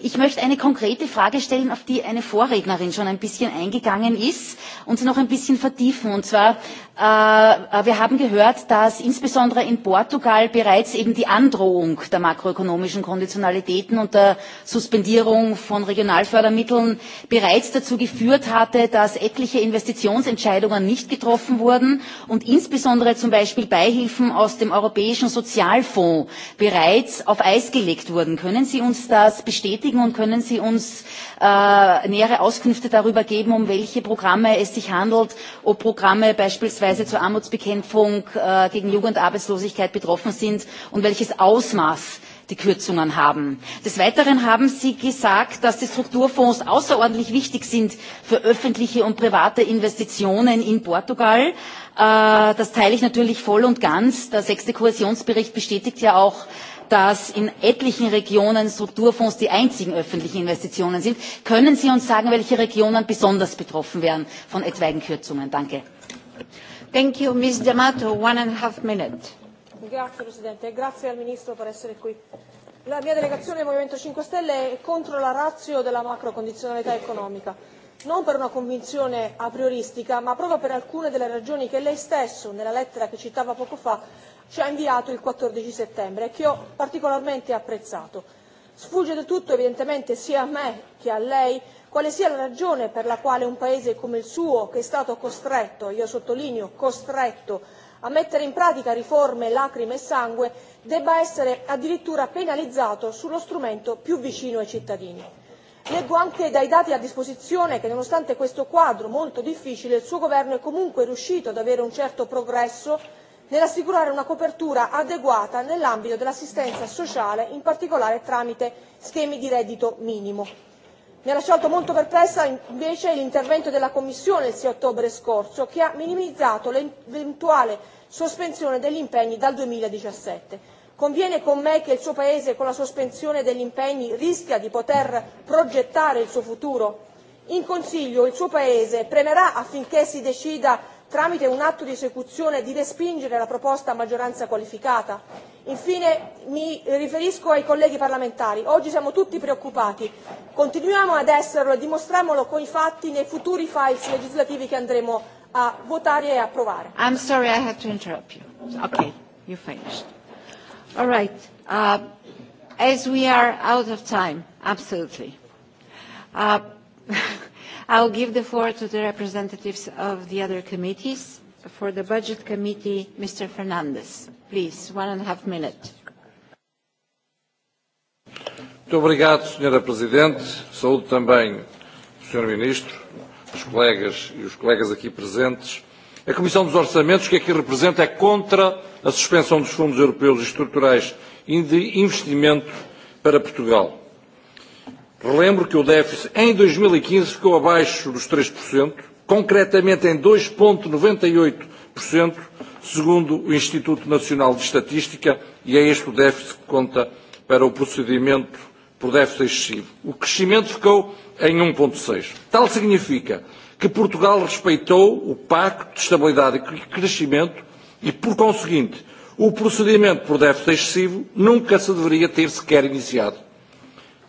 Ich möchte eine konkrete Frage stellen, auf die eine Vorrednerin schon ein bisschen eingegangen ist und sie noch ein bisschen vertiefen. Und zwar, äh, äh wir haben gehört, dass insbesondere in Portugal bereits eben die Androhung der makroökonomischen Konditionalitäten und der Suspendierung von Regionalfördermitteln bereits dazu geführt hatte, dass etliche Investitionsentscheidungen nicht getroffen wurden und insbesondere zum Beispiel Beihilfen aus dem Europäischen Sozialfonds bereits auf Eis gelegt wurden. Können Sie uns das bestätigen und können Sie uns äh, nähere Auskünfte darüber geben, um welche Programme es sich handelt, ob Programme beispielsweise zur Armutsbekämpfung äh, gegen Jugendarbeitslosigkeit betroffen sind und welches Ausmaß die Kürzungen haben. Des Weiteren haben Sie gesagt, dass die Strukturfonds außerordentlich wichtig sind für öffentliche und private Investitionen in Portugal. Äh, das teile ich natürlich voll und ganz. Der sechste Kohäsionsbericht bestätigt ja auch, dass in etlichen Regionen Strukturfonds die einzigen öffentlichen Investitionen sind. Können Sie uns sagen, welche Regionen besonders betroffen wären von etwaigen Kürzungen? Danke. Thank you, Ms. D'Amato. One and a half minute. Grazie Presidente, grazie al Ministro per essere qui. La mia delegazione del Movimento 5 Stelle è contro la razio della macrocondizionalità economica, non per una convinzione a prioristica, ma proprio per alcune delle ragioni che lei stesso, nella lettera che citava poco fa, ci ha inviato il 14 settembre e che ho particolarmente apprezzato. Sfugge del tutto, evidentemente, sia a me che a lei quale sia la ragione per la quale un paese come il suo, che è stato costretto, io sottolineo costretto, a mettere in pratica riforme lacrime e sangue debba essere addirittura penalizzato sullo strumento più vicino ai cittadini. Leggo anche dai dati a disposizione che nonostante questo quadro molto difficile il suo governo è comunque riuscito ad avere un certo progresso nell'assicurare una copertura adeguata nell'ambito dell'assistenza sociale in particolare tramite schemi di reddito minimo mi ha lasciato molto perplessa invece l'intervento della commissione il sei ottobre scorso che ha minimizzato l'eventuale sospensione degli impegni dal. duemiladiciassette conviene con me che il suo paese con la sospensione degli impegni rischia di poter progettare il suo futuro? in consiglio il suo paese premerà affinché si decida tramite un atto di esecuzione di respingere la proposta a maggioranza qualificata? infine mi riferisco ai colleghi parlamentari oggi siamo tutti preoccupati continuiamo ad esserlo e dimostriamolo con i fatti nei futuri files legislativi che andremo a votare e approvare. I'm sorry I had to interrupt you. Okay, you finished. All right. Uh, as we are out of time, absolutely. Uh, I'll give the floor to the representatives of the other committees. For the Budget Committee, Mr. Fernandez, please, one and a half minute. Muito obrigado, Sra. Presidente. Saúdo também o Sr. Ministro, os colegas e os colegas aqui presentes. A Comissão dos Orçamentos, que aqui representa, é contra a suspensão dos fundos europeus estruturais e de investimento para Portugal. Relembro que o déficit em 2015 e ficou abaixo dos 3%, concretamente em 2,98%, e segundo o Instituto Nacional de Estatística, e é este o déficit que conta para o procedimento por déficit excessivo. O crescimento ficou em 1,6%. Um Tal significa que Portugal respeitou o Pacto de Estabilidade e Crescimento e, por conseguinte, o procedimento por déficit excessivo nunca se deveria ter sequer iniciado.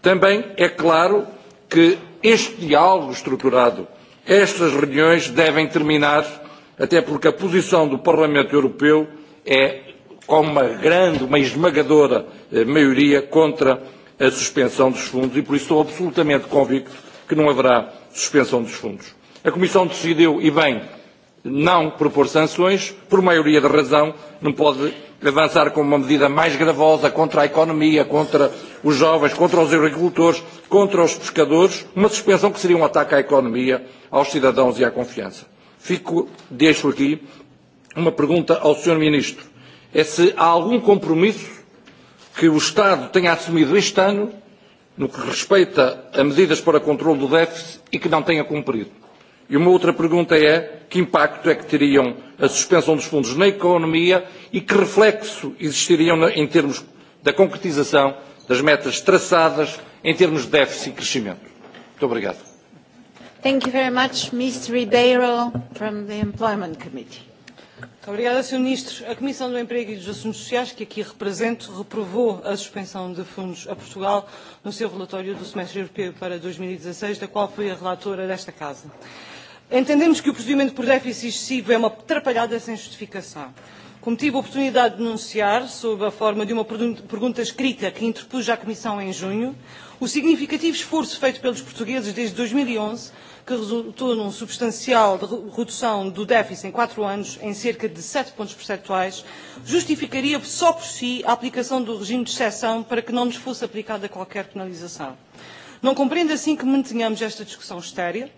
Também é claro que este diálogo estruturado, estas reuniões devem terminar, até porque a posição do Parlamento Europeu é com uma grande, uma esmagadora eh, maioria contra a suspensão dos fundos e por isso estou absolutamente convicto que não haverá suspensão dos fundos. A Comissão decidiu, e bem, não propor sanções, por maioria da razão, não pode avançar com uma medida mais gravosa contra a economia, contra os jovens, contra os agricultores, contra os pescadores, uma suspensão que seria um ataque à economia, aos cidadãos e à confiança. Fico, deixo aqui uma pergunta ao Sr. Ministro. É se há algum compromisso que o Estado tenha assumido este ano no que respeita a medidas para controle do déficit e que não tenha cumprido. E uma outra pergunta é que impacto é que teriam a suspensão dos fundos na economia e que reflexo existiriam em termos da concretização das metas traçadas em termos de déficit e crescimento. Muito obrigado. Thank you very much, Mr. Ribeiro, from the Employment Committee. Muito obrigada, Sr. Ministro. A Comissão do Emprego e dos Assuntos Sociais, que aqui represento, reprovou a suspensão de fundos a Portugal no seu relatório do semestre europeu para 2016, e da qual foi a relatora desta Casa. Entendemos que o procedimento por déficit excessivo é uma atrapalhada sem justificação. Como tive a oportunidade de denunciar, sob a forma de uma pergunta escrita que interpus à Comissão em junho, o significativo esforço feito pelos portugueses desde 2011, e que resultou num substancial de redução do déficit em quatro anos, em cerca de sete pontos percentuais, justificaria só por si a aplicação do regime de exceção para que não nos fosse aplicada qualquer penalização. Não compreendo assim que mantenhamos esta discussão estéril,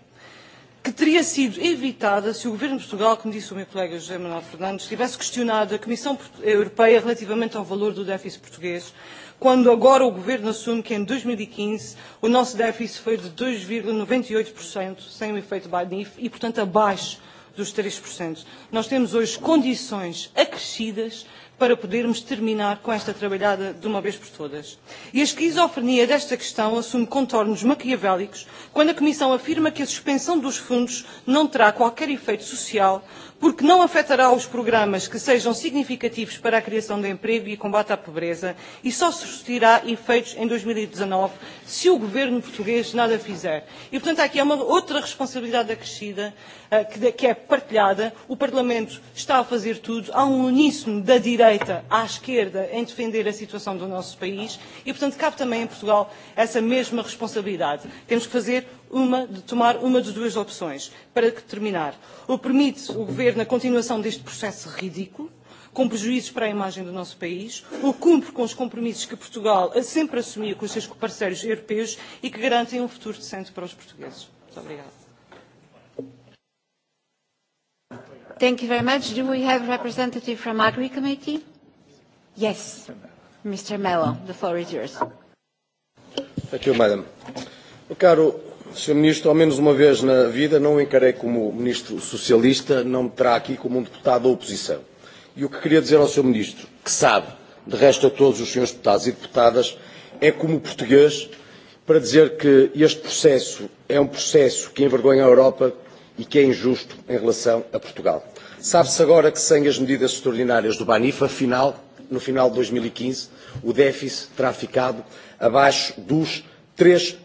que teria sido evitada se o Governo de Portugal, como disse o meu colega José Manuel Fernandes, tivesse questionado a Comissão Europeia relativamente ao valor do déficit português, quando agora o Governo assume que em 2015 e o nosso déficit foi de 2,98%, e sem o efeito BANIF, e portanto abaixo dos 3%. Nós temos hoje condições acrescidas para podermos terminar com esta trabalhada de uma vez por todas. E a esquizofrenia desta questão assume contornos maquiavélicos quando a Comissão afirma que a suspensão dos fundos não terá qualquer efeito social, porque não afetará os programas que sejam significativos para a criação de emprego e combate à pobreza e só surtirá efeitos em 2019 e se o governo português nada fizer. E, portanto, aqui há uma outra responsabilidade acrescida eh, que é partilhada. O Parlamento está a fazer tudo. Há um uníssono da direita direita à esquerda em defender a situação do nosso país e, portanto, cabe também em Portugal essa mesma responsabilidade. Temos que fazer uma, de tomar uma de duas opções. Para terminar, ou permite o Governo a continuação deste processo ridículo, com prejuízos para a imagem do nosso país, ou cumpre com os compromissos que Portugal sempre assumiu com os seus parceiros europeus e que garantem um futuro decente para os portugueses. Muito obrigada. Thank you very much. Do we have a representative from Agri Committee? Yes. Mr. Mello, the floor is yours. Thank you, Madam. Caro Sr. Ministro, ao menos uma vez na vida não o encarei como Ministro Socialista, não me terá aqui como um deputado da oposição. E o que queria dizer ao Sr. Ministro, que sabe, de resto a todos os senhores deputados e deputadas, é como português para dizer que este processo é um processo que envergonha a Europa e que é injusto em relação a Portugal. Sabe-se agora que sem as medidas extraordinárias do Banif, afinal, no final de 2015, e o déficit terá ficado abaixo dos 3%.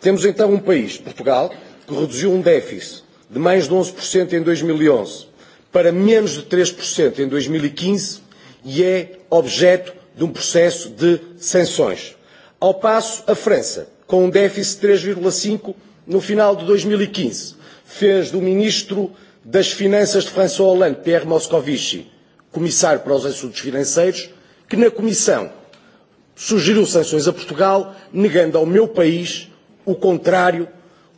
Temos então um país, Portugal, que reduziu um déficit de mais de 11% em 2011 e para menos de 3% em 2015 e, e é objeto de um processo de sanções. Ao passo, a França, com um déficit de 3,5% no final de 2015, fez do ministro das Finanças de François Hollande, Pierre Moscovici, comissário para os assuntos financeiros, que na comissão sugeriu sanções a Portugal, negando ao meu país o contrário,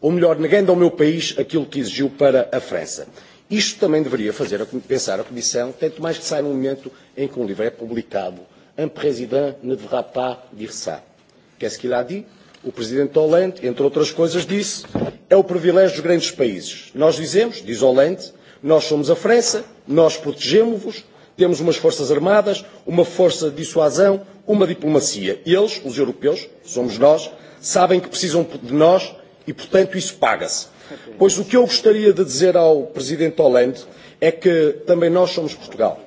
ou melhor, negando ao meu país aquilo que exigiu para a França. Isto também deveria fazer a pensar a Comissão, tanto mais que sai no momento em que um livro é publicado. Un président ne devra pas dire ça. Qu'est-ce qu'il a dit O presidente Hollande, entre outras coisas, disse é o privilégio dos grandes países. Nós dizemos, diz Hollande, nós somos a França, nós protegemos-vos, temos umas forças armadas, uma força de dissuasão, uma diplomacia. E eles, os europeus, somos nós, sabem que precisam de nós e, portanto, isso paga-se. Pois o que eu gostaria de dizer ao presidente Hollande é que também nós somos Portugal.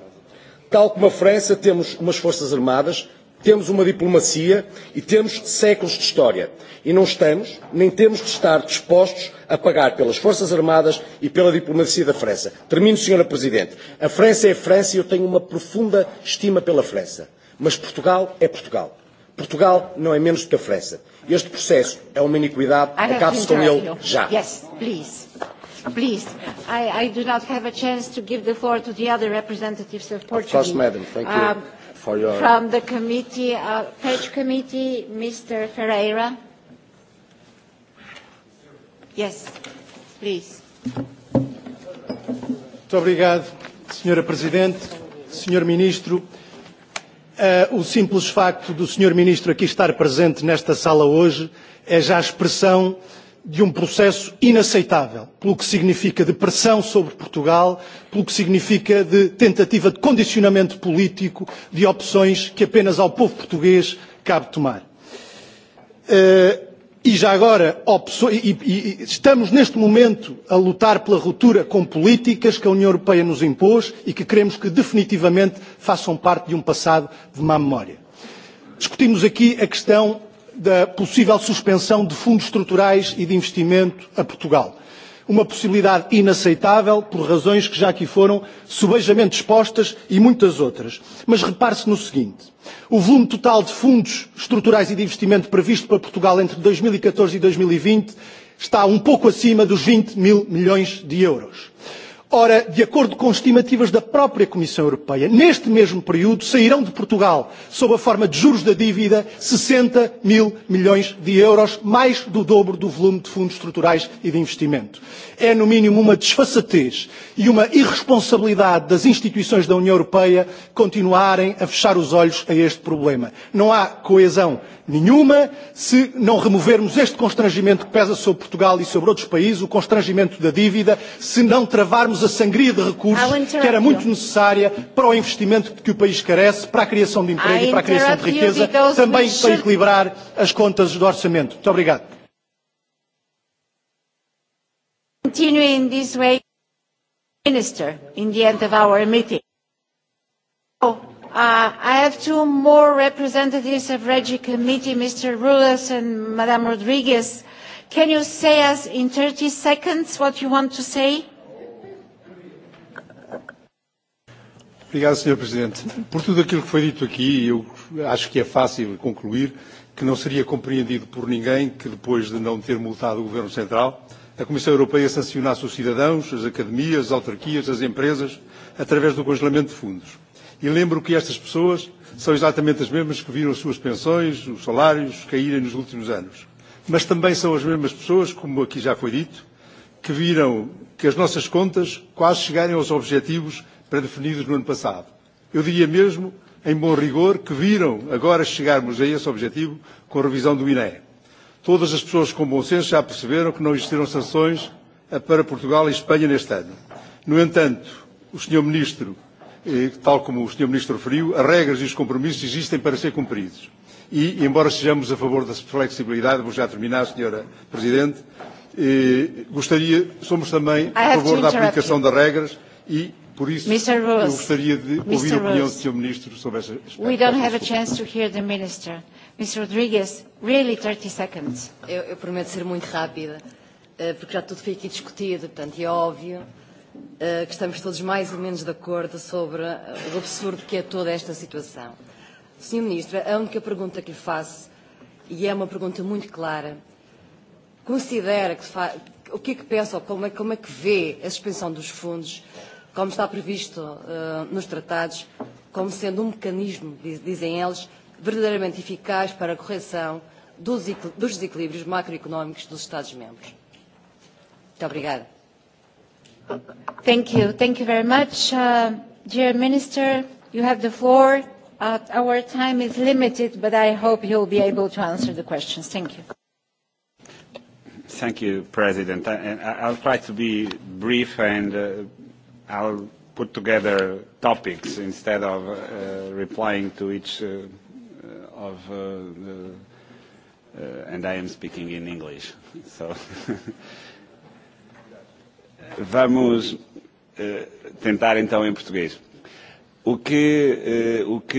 Tal como a França, temos umas forças armadas Temos uma diplomacia e temos séculos de história. E não estamos, nem temos de estar dispostos a pagar pelas Forças Armadas e pela diplomacia da França. Termino, Sra. Presidente. A França é a França e eu tenho uma profunda estima pela França. Mas Portugal é Portugal. Portugal não é menos do que a França. Este processo é uma iniquidade. Acabe-se com ele já. Yes, please. Please, I, I do not have a chance to give the floor to the other representatives of Portugal. Of course, madam. Thank you um, for your... From the committee, uh, PECH committee, Mr. Ferreira. Yes, please. Muito obrigado, Sra. Presidente, Sr. Ministro. Uh, o simples facto do Sr. Ministro aqui estar presente nesta sala hoje é já a expressão de um processo inaceitável, pelo que significa de pressão sobre Portugal, pelo que significa de tentativa de condicionamento político de opções que apenas ao povo português cabe tomar. Eh, e já agora, e, e, e estamos neste momento a lutar pela ruptura com políticas que a União Europeia nos impôs e que queremos que definitivamente façam parte de um passado de má memória. Discutimos aqui a questão da possível suspensão de fundos estruturais e de investimento a Portugal. Uma possibilidade inaceitável por razões que já aqui foram subejamente expostas e muitas outras. Mas repare-se no seguinte. O volume total de fundos estruturais e de investimento previsto para Portugal entre 2014 e 2020 e e está um pouco acima dos 20 mil milhões de euros. Ora, de acordo com estimativas da própria Comissão Europeia, neste mesmo período sairão de Portugal, sob a forma de juros da dívida, 60 mil milhões de euros, mais do dobro do volume de fundos estruturais e de investimento. É, no mínimo, uma desfaçatez e uma irresponsabilidade das instituições da União Europeia continuarem a fechar os olhos a este problema. Não há coesão nenhuma se não removermos este constrangimento que pesa sobre Portugal e sobre outros países, o constrangimento da dívida, se não travarmos a sangria de recursos que era muito necessária para o investimento que o país carece, para a criação de emprego e para a criação de riqueza, também para equilibrar as contas do orçamento. Muito obrigado. Continuing this way, Minister, in the end of our meeting. Oh, uh, I have two more representatives of Regi Committee, Mr. Rulas and Madame Rodriguez. Can you say us in 30 seconds what you want to say? Obrigado, Sr. Presidente. Por tudo aquilo que foi dito aqui, e eu acho que é fácil concluir que não seria compreendido por ninguém que, depois de não ter multado o Governo Central, a Comissão Europeia sancionasse os cidadãos, as academias, as autarquias, as empresas, através do congelamento de fundos. E lembro que estas pessoas são exatamente as mesmas que viram as suas pensões, os salários caírem nos últimos anos. Mas também são as mesmas pessoas, como aqui já foi dito, que viram que as nossas contas quase chegarem aos objetivos pré-definidos no ano passado. Eu diria mesmo, em bom rigor, que viram agora chegarmos a esse objetivo com a revisão do INE. Todas as pessoas com bom senso já perceberam que não existiram sanções eh, para Portugal e Espanha neste ano. No entanto, o Sr. Ministro, eh, tal como o Sr. Ministro referiu, as regras e os compromissos existem para ser cumpridos. E, embora sejamos a favor da flexibilidade, vou já terminar, Sra. Presidente, eh, gostaria, somos também a favor da aplicação das regras e Por isso, Mr. Rose, eu gostaria de Mr. ouvir Rose, a opinião do Sr. Ministro sobre esta aspecto. We don't have a chance to hear the Minister. Ms. Rodriguez, really 30 seconds. Eu, eu prometo ser muito rápida, eh, porque já tudo foi aqui discutido, portanto, e é óbvio eh, que estamos todos mais ou menos de acordo sobre eh, o absurdo que é toda esta situação. Sr. Ministro, a única pergunta que lhe faço, e é uma pergunta muito clara, considera que o que é que pensa ou como é, como é que vê a suspensão dos fundos como está previsto uh, nos tratados, como sendo um mecanismo, dizem eles, verdadeiramente eficaz para a correção dos, dos desequilíbrios macroeconómicos dos Estados-membros. Muito obrigada. Thank you. Thank you very much. Uh, dear Minister, you have the floor. Uh, our time is limited, but I hope you'll be able to answer the questions. Thank you. Thank you, President. I, I'll try to be brief and uh, I'll put together topics instead of uh, replying to each uh, uh, of uh, the, uh, and I am speaking in English. So vamos uh, tentar então em português. O que, uh, o que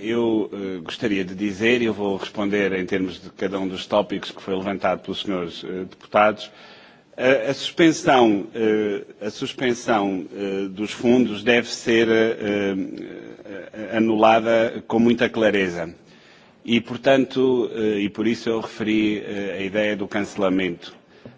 uh, eu uh, gostaria de dizer, e eu vou responder em termos de cada um dos tópicos que foi levantado pelos senhores uh, deputados, uh, a, suspensão, a suspensão dos fundos deve ser anulada com muita clareza. E, portanto, e por isso eu referi a ideia do cancelamento.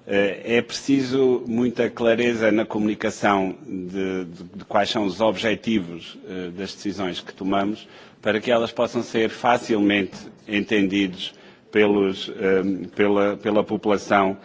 É preciso muita clareza na comunicação de, de, de quais são os objetivos das decisões que tomamos para que elas possam ser facilmente entendidos pelos, pela, pela população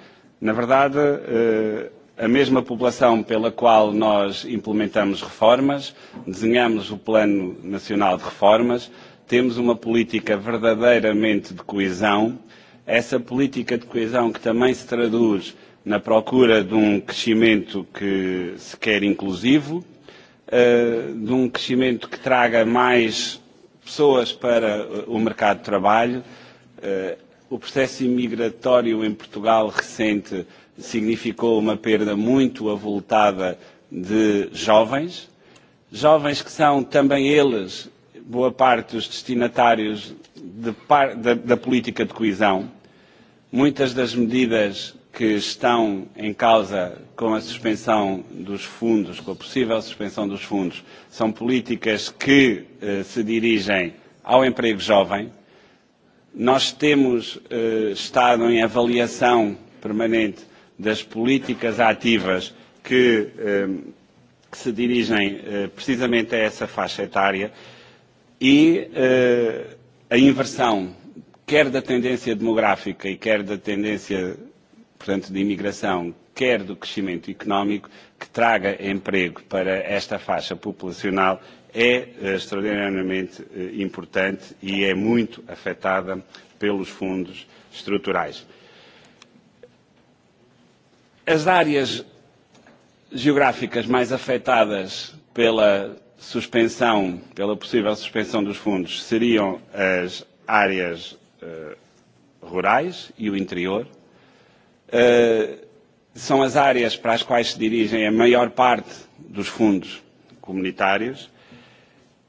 Na verdade, eh, a mesma população pela qual nós implementamos reformas, desenhamos o Plano Nacional de Reformas, temos uma política verdadeiramente de coesão. Essa política de coesão que também se traduz na procura de um crescimento que se quer inclusivo, eh, de um crescimento que traga mais pessoas para o mercado de trabalho, eh, O processo imigratório em Portugal recente significou uma perda muito avultada de jovens, jovens que são também eles, boa parte, os destinatários de par, da, da política de coesão. Muitas das medidas que estão em causa com a suspensão dos fundos, com a possível suspensão dos fundos, são políticas que eh, se dirigem ao emprego jovem, Nós temos eh, estado em avaliação permanente das políticas ativas que eh, se dirigem eh, precisamente a essa faixa etária e eh, a inversão, quer da tendência demográfica e quer da tendência, portanto, de imigração, quer do crescimento económico, que traga emprego para esta faixa populacional é eh, extraordinariamente eh, importante e é muito afetada pelos fundos estruturais. As áreas geográficas mais afetadas pela suspensão, pela possível suspensão dos fundos, seriam as áreas uh, rurais e o interior. Uh, são as áreas para as quais se dirigem a maior parte dos fundos comunitários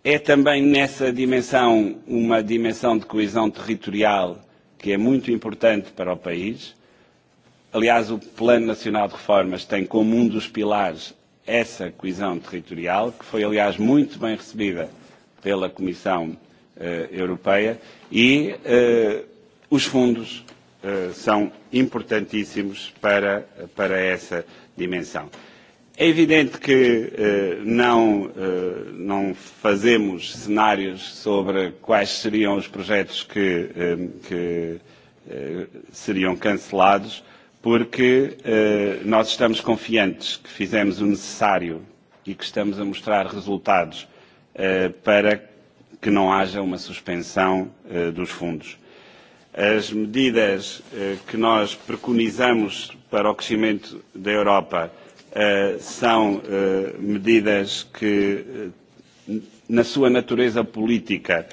É também nessa dimensão uma dimensão de coesão territorial que é muito importante para o país. Aliás, o Plano Nacional de Reformas tem como um dos pilares essa coesão territorial, que foi, aliás, muito bem recebida pela Comissão uh, Europeia, e uh, os fundos uh, são importantíssimos para, para essa dimensão. É evidente que eh, não, eh, não fazemos cenários sobre quais seriam os projetos que, eh, que eh, seriam cancelados, porque eh, nós estamos confiantes que fizemos o necessário e que estamos a mostrar resultados eh, para que não haja uma suspensão eh, dos fundos. As medidas eh, que nós preconizamos para o crescimento da Europa Eh, são eh, medidas que, eh, na sua natureza política,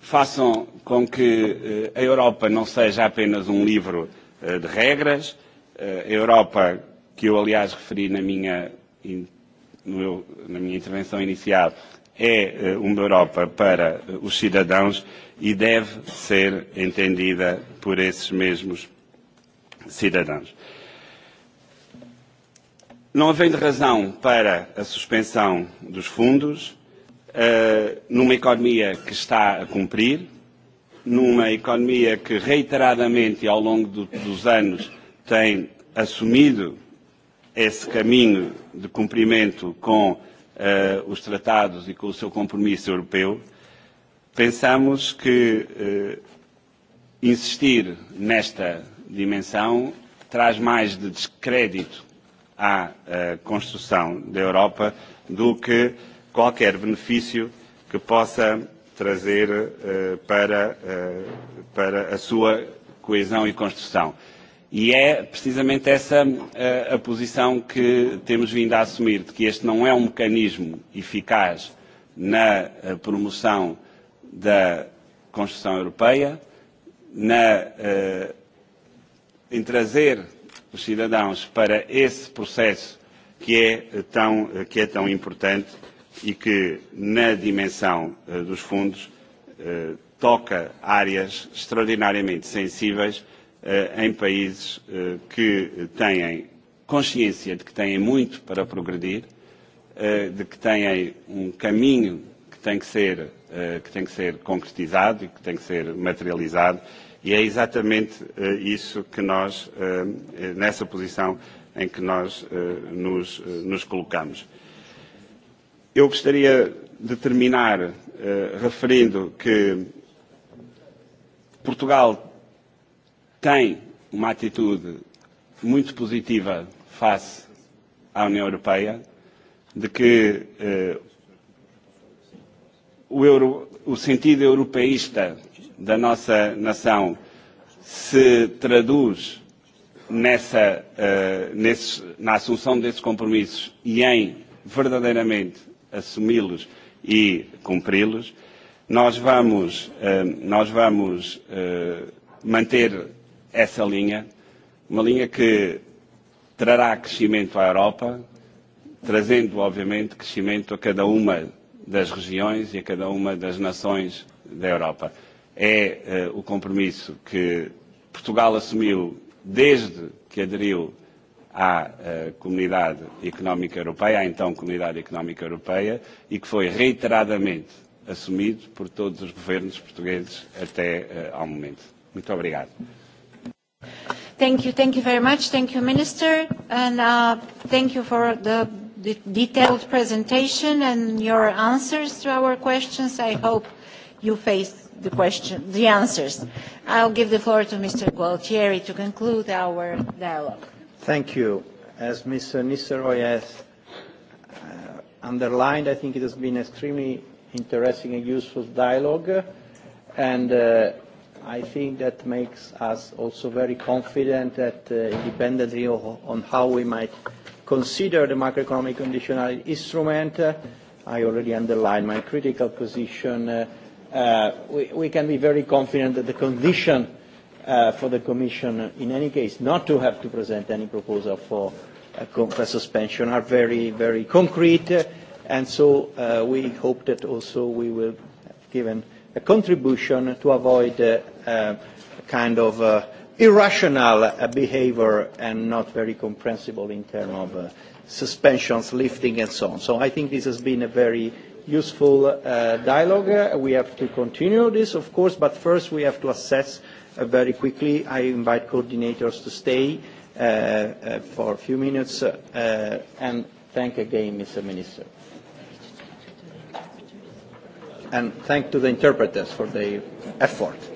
façam com que a Europa não seja apenas um livro de regras, a Europa, que eu aliás referi na minha, no meu, na minha intervenção inicial, é uma Europa para os cidadãos e deve ser entendida por esses mesmos cidadãos. Não havendo razão para a suspensão dos fundos, eh, numa economia que está a cumprir, numa economia que reiteradamente ao longo do, dos anos tem assumido esse caminho de cumprimento com uh, os tratados e com o seu compromisso europeu, pensamos que uh, insistir nesta dimensão traz mais de descrédito à eh, construção da Europa do que qualquer benefício que possa trazer uh, para, uh, para a sua coesão e construção. E é precisamente essa uh, a posição que temos vindo a assumir, de que este não é um mecanismo eficaz na promoção da construção europeia, na, uh, em trazer os cidadãos para esse processo que é tão, que é tão importante e que, na dimensão eh, dos fundos, eh, toca áreas extraordinariamente sensíveis eh, em países que têm consciência de que têm muito para progredir, de que têm um caminho que tem que ser, que tem que ser concretizado e que tem que ser materializado E é exatamente uh, isso que nós, uh, nessa posição em que nós uh, nos, uh, nos colocamos. Eu gostaria de terminar uh, referindo que Portugal tem uma atitude muito positiva face à União Europeia, de que uh, o, euro, o sentido europeísta da nossa nação se traduz nessa, uh, nesses, na assunção desses compromissos e em verdadeiramente assumi-los e cumpri-los, nós vamos, uh, nós vamos uh, manter essa linha, uma linha que trará crescimento à Europa, trazendo, obviamente, crescimento a cada uma das regiões e a cada uma das nações da Europa é uh, o compromisso que Portugal assumiu desde que aderiu à uh, Comunidade Económica Europeia, à então Comunidade Económica Europeia, e que foi reiteradamente assumido por todos os governos portugueses até uh, ao momento. Muito obrigado. Thank you, thank you very much. Thank you, Minister, and uh, thank you for the, the detailed presentation and your answers to our questions. I hope you face the question, the answers. I'll give the floor to Mr. Gualtieri to conclude our dialogue. Thank you. As Mr. Nisseroy has uh, underlined, I think it has been extremely interesting and useful dialogue, and uh, I think that makes us also very confident that uh, independently on how we might consider the macroeconomic conditional instrument, uh, I already underlined my critical position uh, uh, we, we can be very confident that the condition uh, for the Commission, in any case, not to have to present any proposal for a suspension are very, very concrete. and so uh, we hope that also we will have given a contribution to avoid uh, uh, kind of uh, irrational uh, behavior and not very comprehensible in terms of uh, suspensions, lifting and so on. So I think this has been a very useful uh, dialogue. Uh, we have to continue this, of course, but first we have to assess uh, very quickly. I invite coordinators to stay uh, uh, for a few minutes, uh, and thank again, Mr. Minister. And thank to the interpreters for their effort.